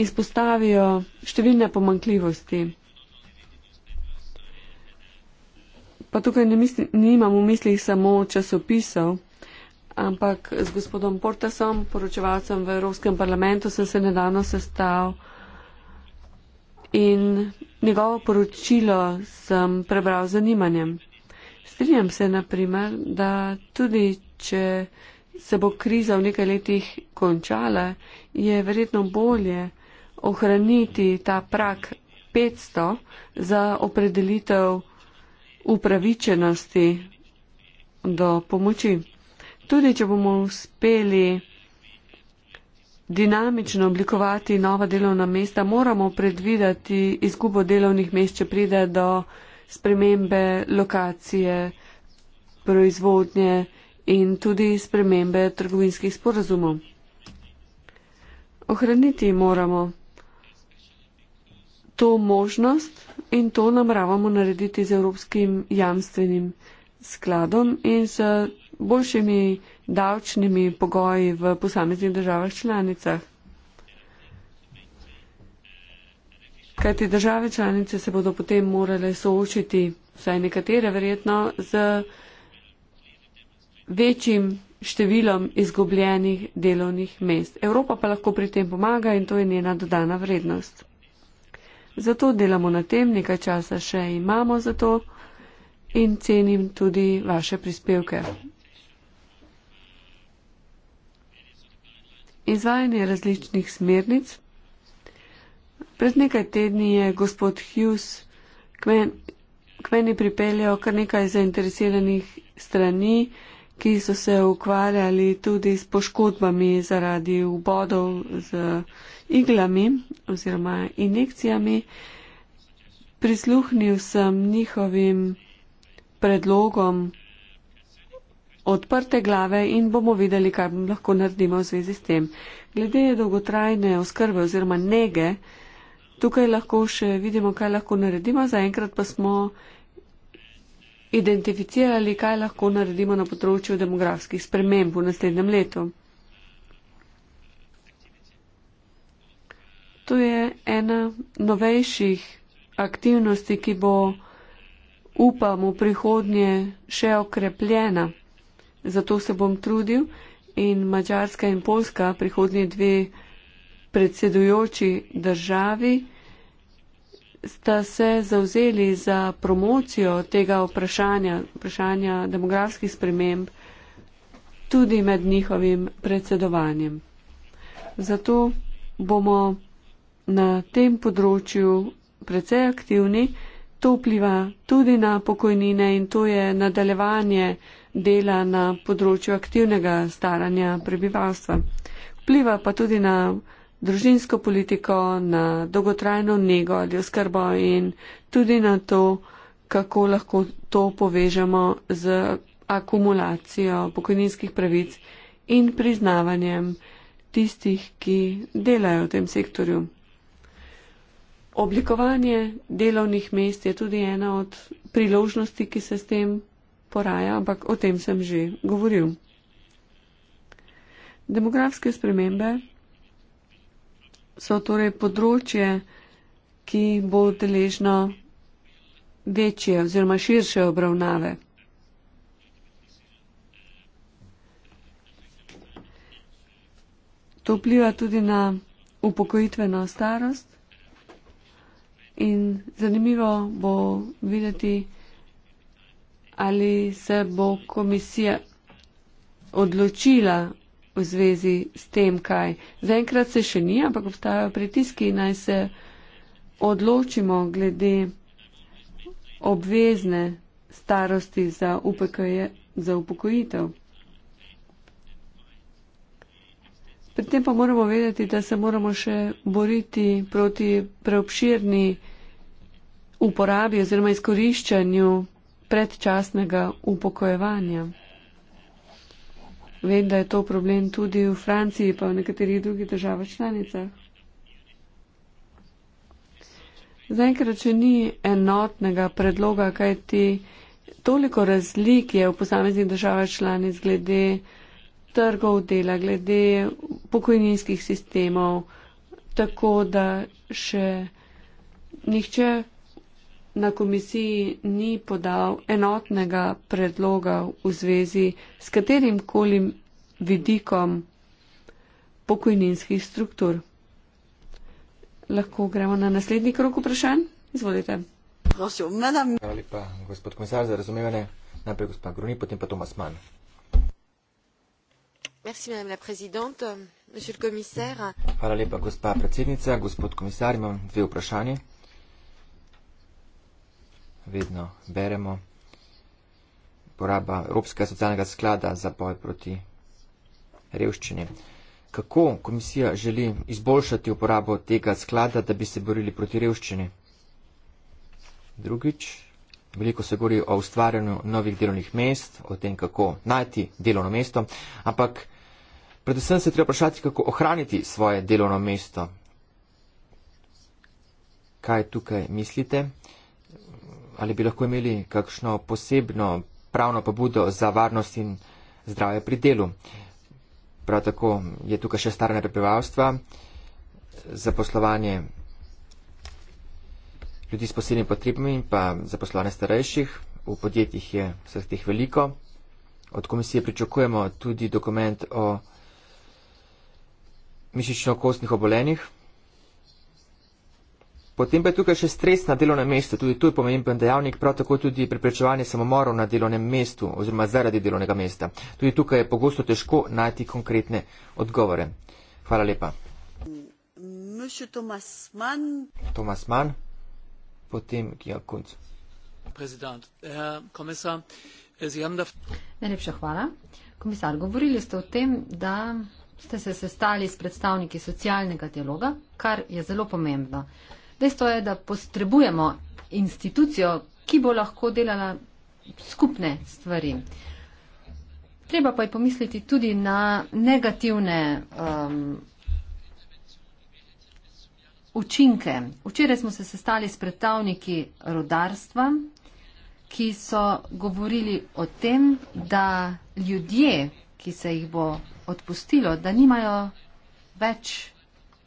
izpostavijo številne pomankljivosti. Pa tukaj ne misli, nimam v mislih samo časopisov, ampak z gospodom Portasom, poročevalcem v Evropskem parlamentu, sem se nedavno sestal in njegovo poročilo sem prebral z zanimanjem. Strinjam se, naprimer, da tudi če se bo kriza v nekaj letih končala, je verjetno bolje ohraniti ta prak 500 za opredelitev upravičenosti do pomoči. Tudi, če bomo uspeli dinamično oblikovati nova delovna mesta, moramo predvideti izgubo delovnih mest, če pride do spremembe lokacije, proizvodnje, in tudi spremembe trgovinskih sporazumov. Ohraniti moramo to možnost in to namravamo narediti z Evropskim jamstvenim skladom in s boljšimi davčnimi pogoji v posameznih državah članicah. Kajti države članice se bodo potem morale soočiti, vsaj nekatere verjetno, z večjim številom izgubljenih delovnih mest. Evropa pa lahko pri tem pomaga in to je njena dodana vrednost. Zato delamo na tem, nekaj časa še imamo za to in cenim tudi vaše prispevke. Izvajanje različnih smernic. Pred nekaj tedni je gospod Hughes k meni, k meni pripeljal kar nekaj zainteresiranih strani, ki so se ukvarjali tudi s poškodbami zaradi ubodov z iglami oziroma injekcijami. Prisluhnil sem njihovim predlogom odprte glave in bomo videli, kaj lahko naredimo v zvezi s tem. Glede dolgotrajne oskrbe oziroma nege, tukaj lahko še vidimo, kaj lahko naredimo. Zaenkrat pa smo identificirali, kaj lahko naredimo na področju demografskih sprememb v naslednjem letu. To je ena novejših aktivnosti, ki bo, upam, v prihodnje še okrepljena. Zato se bom trudil in Mačarska in Polska, prihodnje dve predsedujoči državi, sta se zauzeli za promocijo tega vprašanja, vprašanja demografskih sprememb tudi med njihovim predsedovanjem. Zato bomo na tem področju precej aktivni, to vpliva tudi na pokojnine in to je nadaljevanje dela na področju aktivnega staranja prebivalstva. Vpliva pa tudi na družinsko politiko, na dolgotrajno nego ali oskrbo in tudi na to, kako lahko to povežemo z akumulacijo pokojninskih pravic in priznavanjem tistih, ki delajo v tem sektorju. Oblikovanje delovnih mest je tudi ena od priložnosti, ki se s tem poraja, ampak o tem sem že govoril. Demografske spremembe so torej področje, ki bo deležno večje oziroma širše obravnave. To vpliva tudi na upokojitveno starost in zanimivo bo videti, ali se bo komisija odločila v zvezi s tem, kaj. Zaenkrat se še ni, ampak obstajajo pritiski, naj se odločimo glede obvezne starosti za, upokoje, za upokojitev. Pri tem pa moramo vedeti, da se moramo še boriti proti preobširni uporabi oziroma izkoriščanju predčasnega upokojevanja. Vem, da je to problem tudi v Franciji, pa v nekaterih drugih državah članicah. Zaenkrat, če ni enotnega predloga, kaj ti toliko razlik je v posameznih državah članic glede trgov dela, glede pokojninskih sistemov, tako da še nihče na komisiji ni podal enotnega predloga v zvezi s katerim koli vidikom pokojninskih struktur. Lahko gremo na naslednji krok vprašanj? Izvolite. Prosim, madam. Hvala lepa, gospod komisar, za razumevanje. Najprej gospod Gruni, potem pa Tomas Mann. Merci, madame la présidente, monsieur le commissaire. Hvala lepa, gospa predsednica, gospod komisar, imam dve vprašanje vedno beremo. Poraba Evropskega socialnega sklada za boj proti revščini. Kako komisija želi izboljšati uporabo tega sklada, da bi se borili proti revščini? Drugič, veliko se govori o ustvarjanju novih delovnih mest, o tem, kako najti delovno mesto, ampak predvsem se treba vprašati, kako ohraniti svoje delovno mesto. Kaj tukaj mislite? ali bi lahko imeli kakšno posebno pravno pobudo za varnost in zdravje pri delu. Prav tako je tukaj še staranje prebivalstva, zaposlovanje ljudi s posebnimi potrebami in pa zaposlovanje starejših. V podjetjih je vseh teh veliko. Od komisije pričakujemo tudi dokument o mišično-kostnih obolenjih, Potem pa je tukaj še stres na delovnem mestu, tudi tu je pomemben dejavnik, prav tako tudi preprečevanje samomorov na delovnem mestu oziroma zaradi delovnega mesta. Tudi tukaj je pogosto težko najti konkretne odgovore. Hvala lepa. Tomas Mann, potem Gija Kunc. Eh, eh, Najlepša hvala. Komisar, govorili ste o tem, da ste se sestali s predstavniki socialnega dialoga, kar je zelo pomembno. Dejstvo je, da potrebujemo institucijo, ki bo lahko delala skupne stvari. Treba pa je pomisliti tudi na negativne um, učinke. Včeraj smo se sestali s predstavniki rodarstva, ki so govorili o tem, da ljudje, ki se jih bo odpustilo, da nimajo več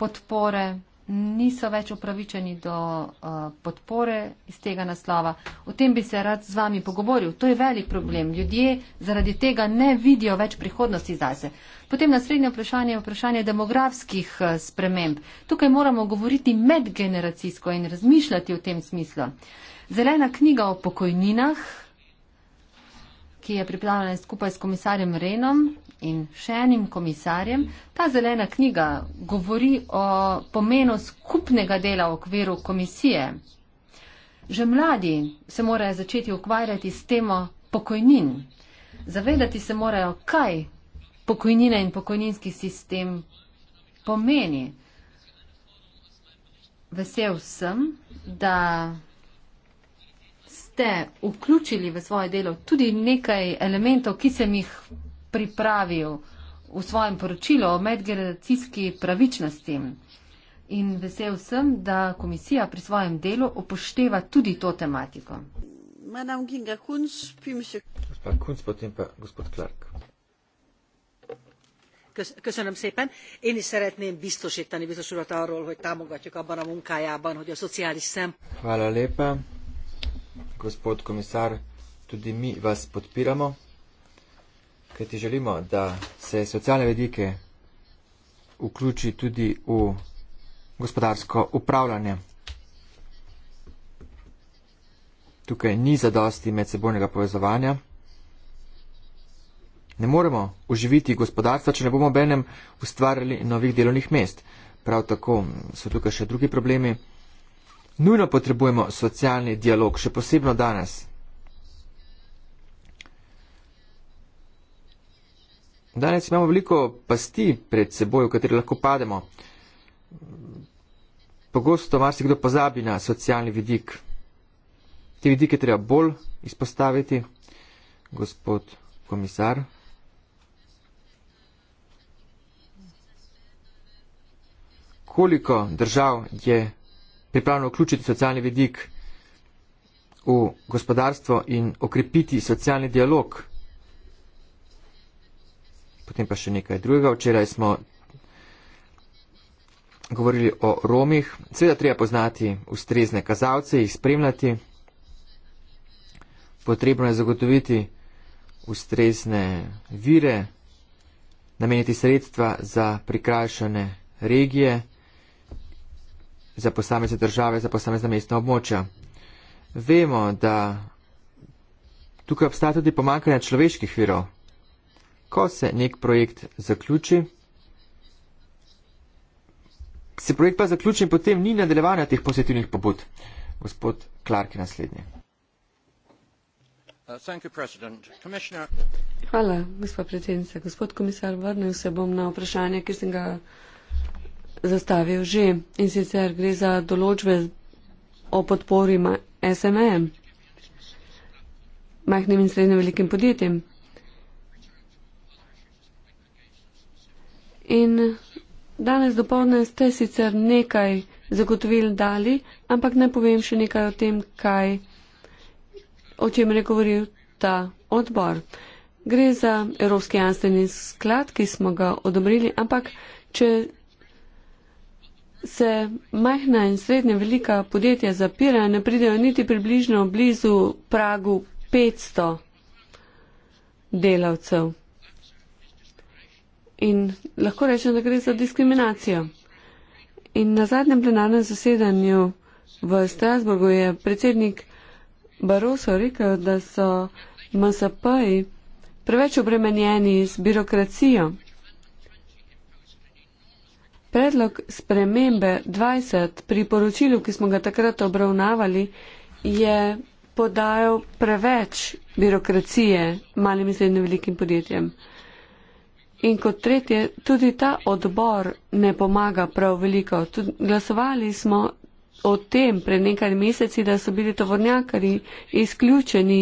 podpore, niso več upravičeni do uh, podpore iz tega naslova. O tem bi se rad z vami pogovoril. To je velik problem. Ljudje zaradi tega ne vidijo več prihodnosti zase. Potem naslednje vprašanje je vprašanje demografskih eh, sprememb. Tukaj moramo govoriti medgeneracijsko in razmišljati v tem smislu. Zelena knjiga o pokojninah, ki je pripravljena skupaj s komisarjem Renom, in še enim komisarjem. Ta zelena knjiga govori o pomenu skupnega dela v okviru komisije. Že mladi se morajo začeti ukvarjati s temo pokojnin. Zavedati se morajo, kaj pokojnina in pokojninski sistem pomeni. Vesel sem, da ste vključili v svoje delo tudi nekaj elementov, ki sem jih pripravil v svojem poročilu o medgeneracijski pravičnosti. In vesel sem, da komisija pri svojem delu upošteva tudi to tematiko. Gospa Kunc, potem pa gospod Clark. Köszönöm szépen. Én is szeretném biztosítani biztos urat arról, hogy támogatjuk abban a munkájában, hogy a szociális szem. Hála lépe, gospod komisár, tudi mi vas podpiramo ker ti želimo, da se socialne vedike vključi tudi v gospodarsko upravljanje. Tukaj ni zadosti medsebojnega povezovanja. Ne moremo uživiti gospodarstva, če ne bomo benem ustvarjali novih delovnih mest. Prav tako so tukaj še drugi problemi. Nujno potrebujemo socialni dialog, še posebno danes. Danes imamo veliko pasti pred seboj, v kateri lahko pademo. Pogosto marsikdo pozabi na socialni vidik. Te vidike treba bolj izpostaviti, gospod komisar. Koliko držav je pripravljeno vključiti socialni vidik v gospodarstvo in okrepiti socialni dialog? potem pa še nekaj drugega. Včeraj smo govorili o Romih. Seveda treba poznati ustrezne kazalce, jih spremljati. Potrebno je zagotoviti ustrezne vire, nameniti sredstva za prikrajšane regije, za posamezne države, za posamezna mestna območja. Vemo, da tukaj obstaja tudi pomankanje človeških virov ko se nek projekt zaključi, se projekt pa zaključi in potem ni nadaljevanja teh pozitivnih pobud. Gospod Clark je naslednji. Uh, Hvala, gospod predsednica. Gospod komisar, vrnil se bom na vprašanje, ki sem ga zastavil že in sicer gre za določbe o podporima SMM, majhnim in srednjim velikim podjetjem. In danes dopoledne ste sicer nekaj zagotovili dali, ampak naj povem še nekaj o tem, kaj, o čem je govoril ta odbor. Gre za Evropski jamstveni sklad, ki smo ga odobrili, ampak če se majhna in srednja velika podjetja zapirajo, ne pridejo niti približno blizu pragu 500 delavcev in lahko rečem, da gre za diskriminacijo. In na zadnjem plenarnem zasedanju v Strasburgu je predsednik Baroso rekel, da so MSP-ji preveč obremenjeni z birokracijo. Predlog spremembe 20 pri poročilu, ki smo ga takrat obravnavali, je podajal preveč birokracije malim in srednjim velikim podjetjem. In kot tretje, tudi ta odbor ne pomaga prav veliko. Tud, glasovali smo o tem pred nekaj meseci, da so bili tovornjakari izključeni,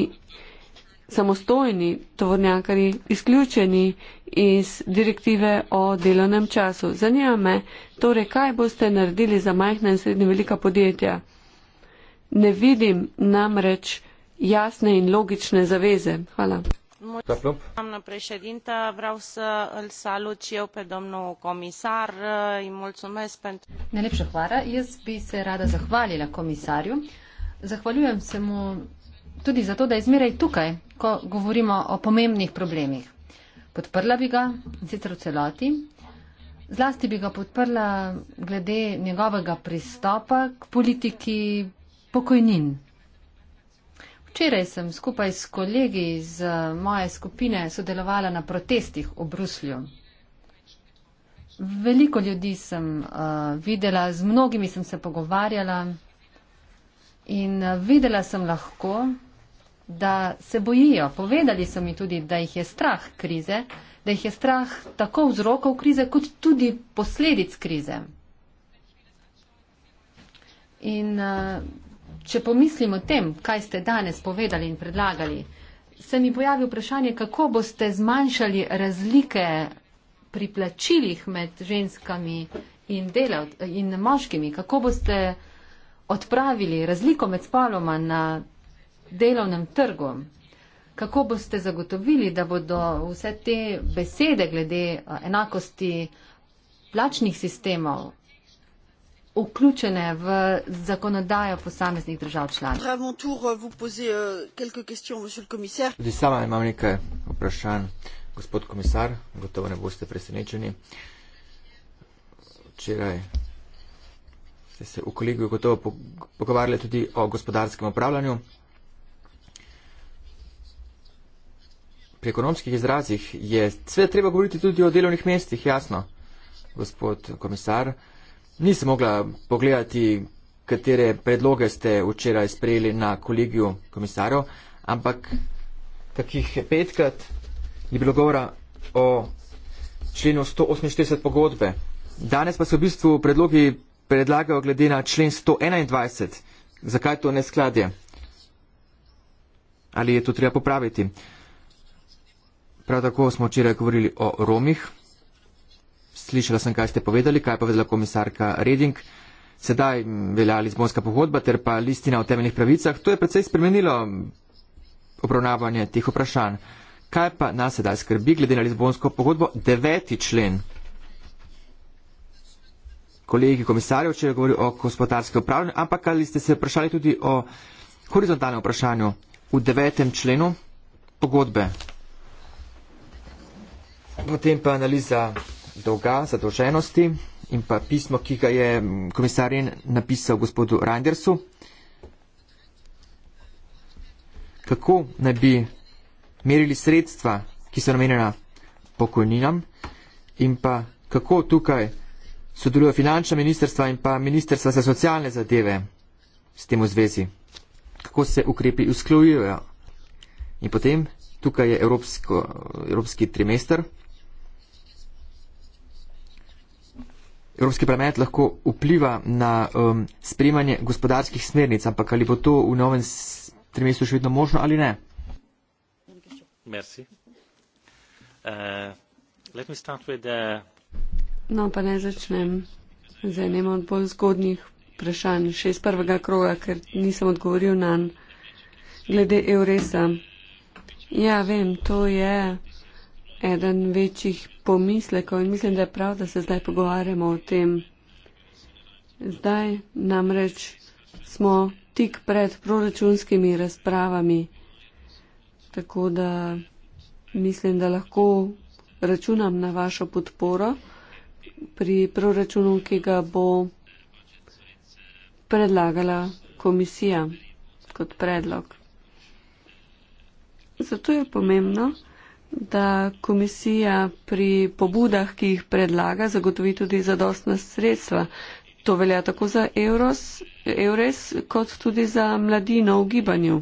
samostojni tovornjakari izključeni iz direktive o delovnem času. Zanima me, torej, kaj boste naredili za majhna in srednje velika podjetja? Ne vidim namreč jasne in logične zaveze. Hvala vreau să îl salut și eu pe domnul comisar îi mulțumesc pentru Najlepša hvala. Jaz bi se rada zahvalila komisarju. Zahvaljujem se mu tudi zato, da je zmeraj tukaj, ko govorimo o pomembnih problemih. Podprla bi ga in sicer v celoti. Zlasti bi ga podprla glede njegovega pristopa k politiki pokojnin. Včeraj sem skupaj s kolegi iz eh, moje skupine sodelovala na protestih v Bruslju. Veliko ljudi sem uh, videla, z mnogimi sem se pogovarjala in eh, videla sem lahko, da se bojijo. Povedali so mi tudi, da jih je strah krize, da jih je strah tako vzrokov krize, kot tudi posledic krize. In Če pomislim o tem, kaj ste danes povedali in predlagali, se mi pojavi vprašanje, kako boste zmanjšali razlike pri plačilih med ženskami in, delav, in moškimi, kako boste odpravili razliko med spoloma na delovnem trgu, kako boste zagotovili, da bodo vse te besede glede eh, enakosti plačnih sistemov vključene v zakonodajo posameznih držav članic. Euh, euh, tudi sama imam nekaj vprašanj, gospod komisar, gotovo ne boste presenečeni. Včeraj ste se v kolegiju gotovo pogovarjali tudi o gospodarskem upravljanju. Pri ekonomskih izrazih je sve treba govoriti tudi o delovnih mestih, jasno, gospod komisar. Nisem mogla pogledati, katere predloge ste včeraj sprejeli na kolegiju komisarjev, ampak takih petkrat je bilo govora o členu 148 pogodbe. Danes pa so v bistvu predlogi predlagajo glede na člen 121. Zakaj to ne skladje? Ali je to treba popraviti? Prav tako smo včeraj govorili o romih slišala sem, kaj ste povedali, kaj pa vedela komisarka Reding. Sedaj velja Lizbonska pogodba ter pa listina o temeljnih pravicah. To je predvsej spremenilo obravnavanje teh vprašanj. Kaj pa nas sedaj skrbi, glede na Lizbonsko pogodbo, deveti člen? Kolegi komisarjev, če je govoril o gospodarskem upravljanju, ampak ali ste se vprašali tudi o horizontalnem vprašanju v devetem členu pogodbe? Potem pa analiza dolga, zadolženosti in pa pismo, ki ga je komisarjen napisal gospodu Randersu. Kako naj bi merili sredstva, ki so namenjena pokojninam in pa kako tukaj sodelujo finančna ministrstva in pa ministrstva za socialne zadeve s tem v zvezi. Kako se ukrepi usklojujejo. In potem tukaj je evropsko, evropski trimester. Evropski parlament lahko vpliva na um, sprejemanje gospodarskih smernic, ampak ali bo to v novem trimestru še vedno možno ali ne? Uh, uh, no, pa naj začnem z enim od bolj zgodnjih vprašanj, še iz prvega kroga, ker nisem odgovoril na glede Euresa. Ja, vem, to je eden večjih pomislekov in mislim, da je prav, da se zdaj pogovarjamo o tem. Zdaj namreč smo tik pred proračunskimi razpravami, tako da mislim, da lahko računam na vašo podporo pri proračunu, ki ga bo predlagala komisija kot predlog. Zato je pomembno, da komisija pri pobudah, ki jih predlaga, zagotovi tudi zadostna sredstva. To velja tako za Euros, Eures kot tudi za mladino v gibanju.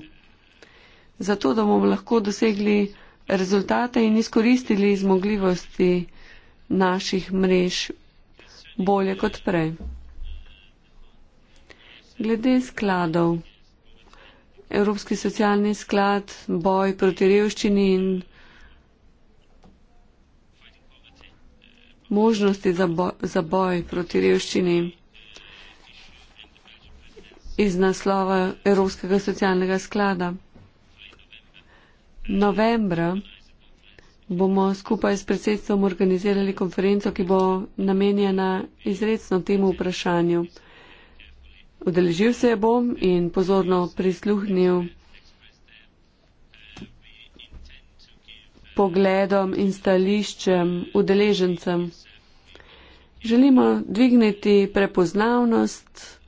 Zato, da bomo lahko dosegli rezultate in izkoristili zmogljivosti naših mrež bolje kot prej. Glede skladov. Evropski socialni sklad, boj proti revščini in možnosti za, bo, za boj proti revščini iz naslova Evropskega socialnega sklada. Novembra bomo skupaj s predsedstvom organizirali konferenco, ki bo namenjena izredno temu vprašanju. Odeležil se bom in pozorno prisluhnil pogledom in stališčem udeležencem želimo dvigniti prepoznavnost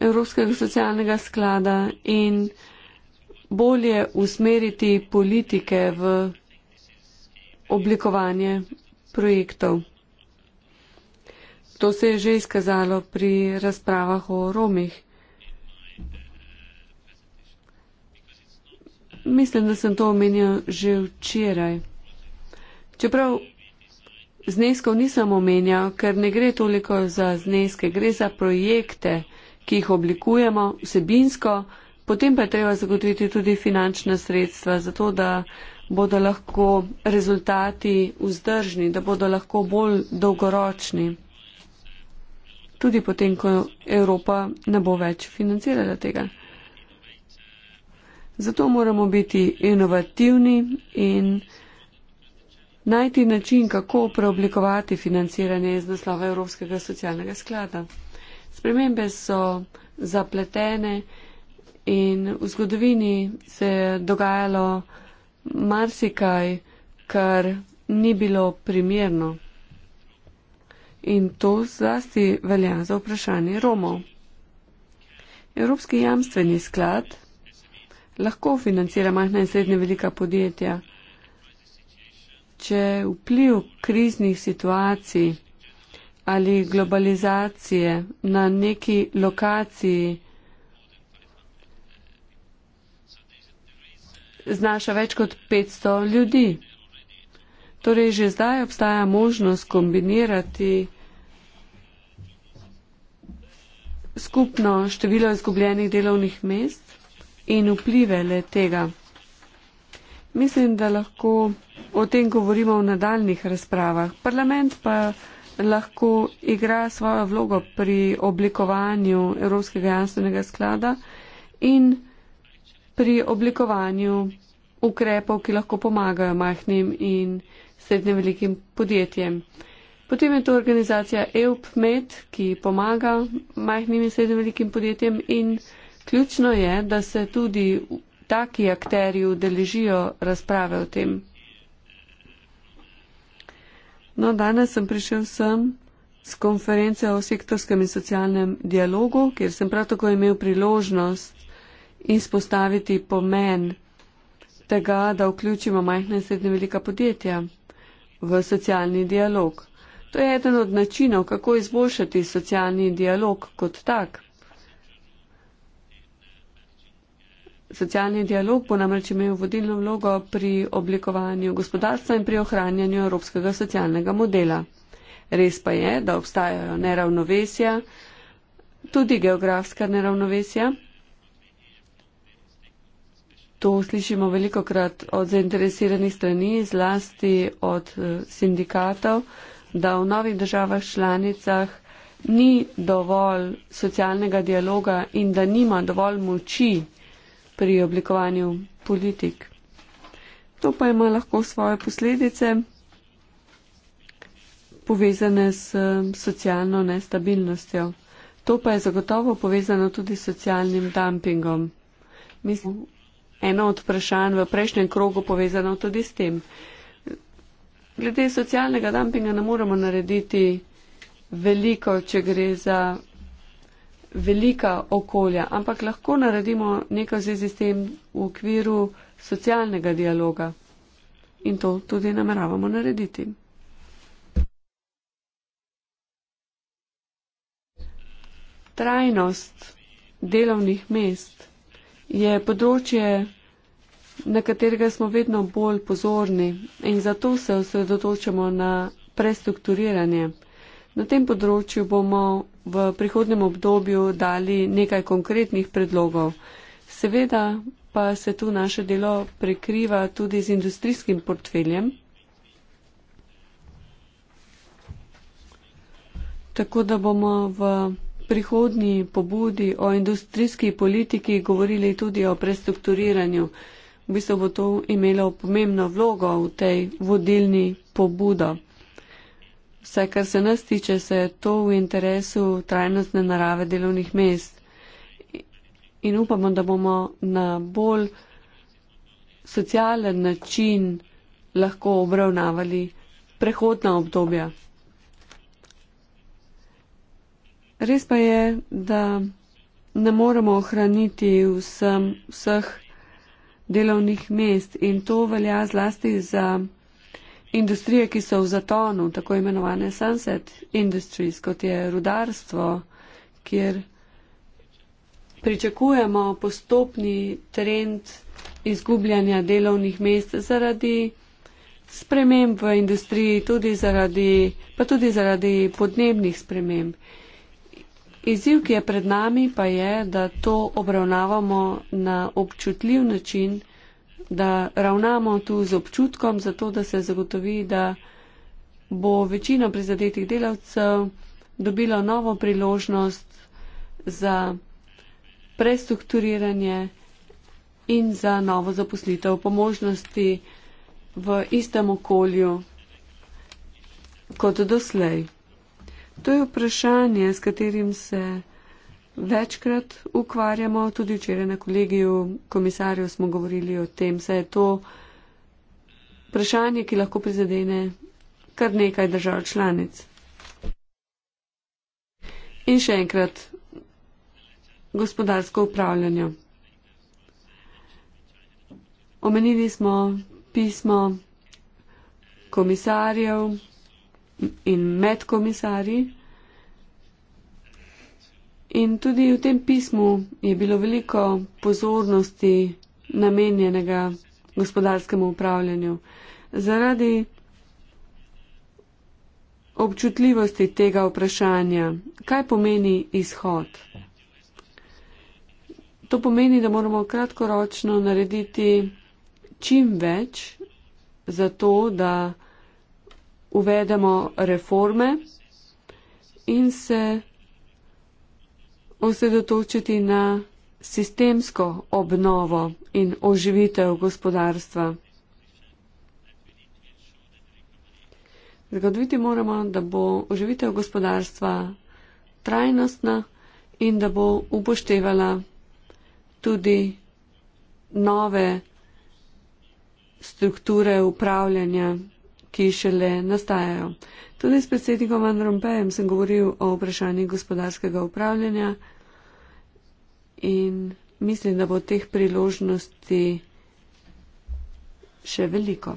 Evropskega socialnega sklada in bolje usmeriti politike v oblikovanje projektov. To se je že izkazalo pri razpravah o Romih. Mislim, da sem to omenil že včeraj. Čeprav Zneskov nisem omenjal, ker ne gre toliko za zneske, gre za projekte, ki jih oblikujemo vsebinsko, potem pa je treba zagotoviti tudi finančna sredstva, zato da bodo lahko rezultati vzdržni, da bodo lahko bolj dolgoročni. Tudi potem, ko Evropa ne bo več financirala tega. Zato moramo biti inovativni in najti način, kako preoblikovati financiranje iz naslova Evropskega socialnega sklada. Spremembe so zapletene in v zgodovini se je dogajalo marsikaj, kar ni bilo primerno. In to zlasti velja za vprašanje Romov. Evropski jamstveni sklad lahko financira majhna in srednja velika podjetja če vpliv kriznih situacij ali globalizacije na neki lokaciji znaša več kot 500 ljudi. Torej že zdaj obstaja možnost kombinirati skupno število izgubljenih delovnih mest in vplive le tega. Mislim, da lahko O tem govorimo v nadaljnih razpravah. Parlament pa lahko igra svojo vlogo pri oblikovanju Evropskega jamstvenega sklada in pri oblikovanju ukrepov, ki lahko pomagajo majhnim in srednje velikim podjetjem. Potem je to organizacija EUPMED, ki pomaga majhnim in srednje velikim podjetjem in ključno je, da se tudi taki akteri udeležijo razprave o tem. No, danes sem prišel sem s konference o sektorskem in socialnem dialogu, kjer sem prav tako imel priložnost izpostaviti pomen tega, da vključimo majhne in srednje velika podjetja v socialni dialog. To je eden od načinov, kako izboljšati socialni dialog kot tak. Socialni dialog bo namreč imel vodilno vlogo pri oblikovanju gospodarstva in pri ohranjanju evropskega socialnega modela. Res pa je, da obstajajo neravnovesja, tudi geografska neravnovesja. To slišimo veliko krat od zainteresiranih strani, zlasti od eh, sindikatov, da v novih državah članicah ni dovolj socialnega dialoga in da nima dovolj moči pri oblikovanju politik. To pa ima lahko svoje posledice, povezane s eh, socialno nestabilnostjo. To pa je zagotovo povezano tudi s socialnim dumpingom. Mislim, eno od vprašanj v prejšnjem krogu povezano tudi s tem. Glede socialnega dumpinga ne moremo narediti veliko, če gre za velika okolja, ampak lahko naredimo nekaj v zvezi s tem v okviru socialnega dialoga. In to tudi nameravamo narediti. Trajnost delovnih mest je področje, na katerega smo vedno bolj pozorni in zato se osredotočamo na prestrukturiranje. Na tem področju bomo v prihodnem obdobju dali nekaj konkretnih predlogov. Seveda pa se tu naše delo prekriva tudi z industrijskim portfeljem. Tako da bomo v prihodnji pobudi o industrijski politiki govorili tudi o prestrukturiranju. V bistvu bo to imelo pomembno vlogo v tej vodilni pobudo. Vse, kar se nas tiče, se je to v interesu trajnostne narave delovnih mest. In upamo, da bomo na bolj socialen način lahko obravnavali prehodna obdobja. Res pa je, da ne moremo ohraniti vsem, vseh delovnih mest in to velja zlasti za industrije, ki so v zatonu, tako imenovane sunset industries, kot je rudarstvo, kjer pričakujemo postopni trend izgubljanja delovnih mest zaradi sprememb v industriji, tudi zaradi, pa tudi zaradi podnebnih sprememb. Izziv, ki je pred nami, pa je, da to obravnavamo na občutljiv način, da ravnamo tu z občutkom, zato da se zagotovi, da bo večina prizadetih delavcev dobila novo priložnost za prestrukturiranje in za novo zaposlitev po možnosti v istem okolju kot doslej. To je vprašanje, s katerim se večkrat ukvarjamo, tudi včeraj na kolegiju komisarju smo govorili o tem, saj je to vprašanje, ki lahko prizadene kar nekaj držav članic. In še enkrat gospodarsko upravljanje. Omenili smo pismo komisarjev in medkomisarji. In tudi v tem pismu je bilo veliko pozornosti namenjenega gospodarskemu upravljanju. Zaradi občutljivosti tega vprašanja, kaj pomeni izhod? To pomeni, da moramo kratkoročno narediti čim več za to, da uvedemo reforme in se osredotočiti na sistemsko obnovo in oživitev gospodarstva. Zagotoviti moramo, da bo oživitev gospodarstva trajnostna in da bo upoštevala tudi nove strukture upravljanja, ki šele nastajajo. Tudi s predsednikom Van Rompejem sem govoril o vprašanju gospodarskega upravljanja in mislim, da bo teh priložnosti še veliko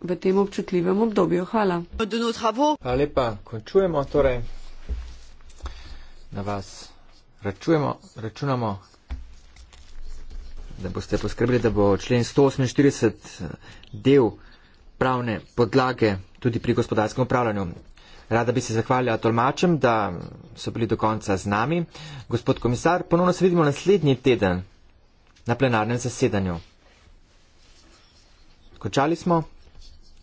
v tem občutljivem obdobju. Hvala. Hvala lepa. Končujemo torej na vas. Račujemo, računamo, da boste poskrbeli, da bo člen 148 del pravne podlage tudi pri gospodarskem upravljanju. Rada bi se zahvalila tolmačem, da so bili do konca z nami. Gospod komisar, ponovno se vidimo naslednji teden na plenarnem zasedanju. Končali smo,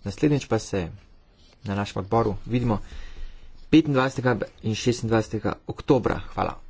naslednjič pa se na našem odboru vidimo 25. in 26. oktobra. Hvala.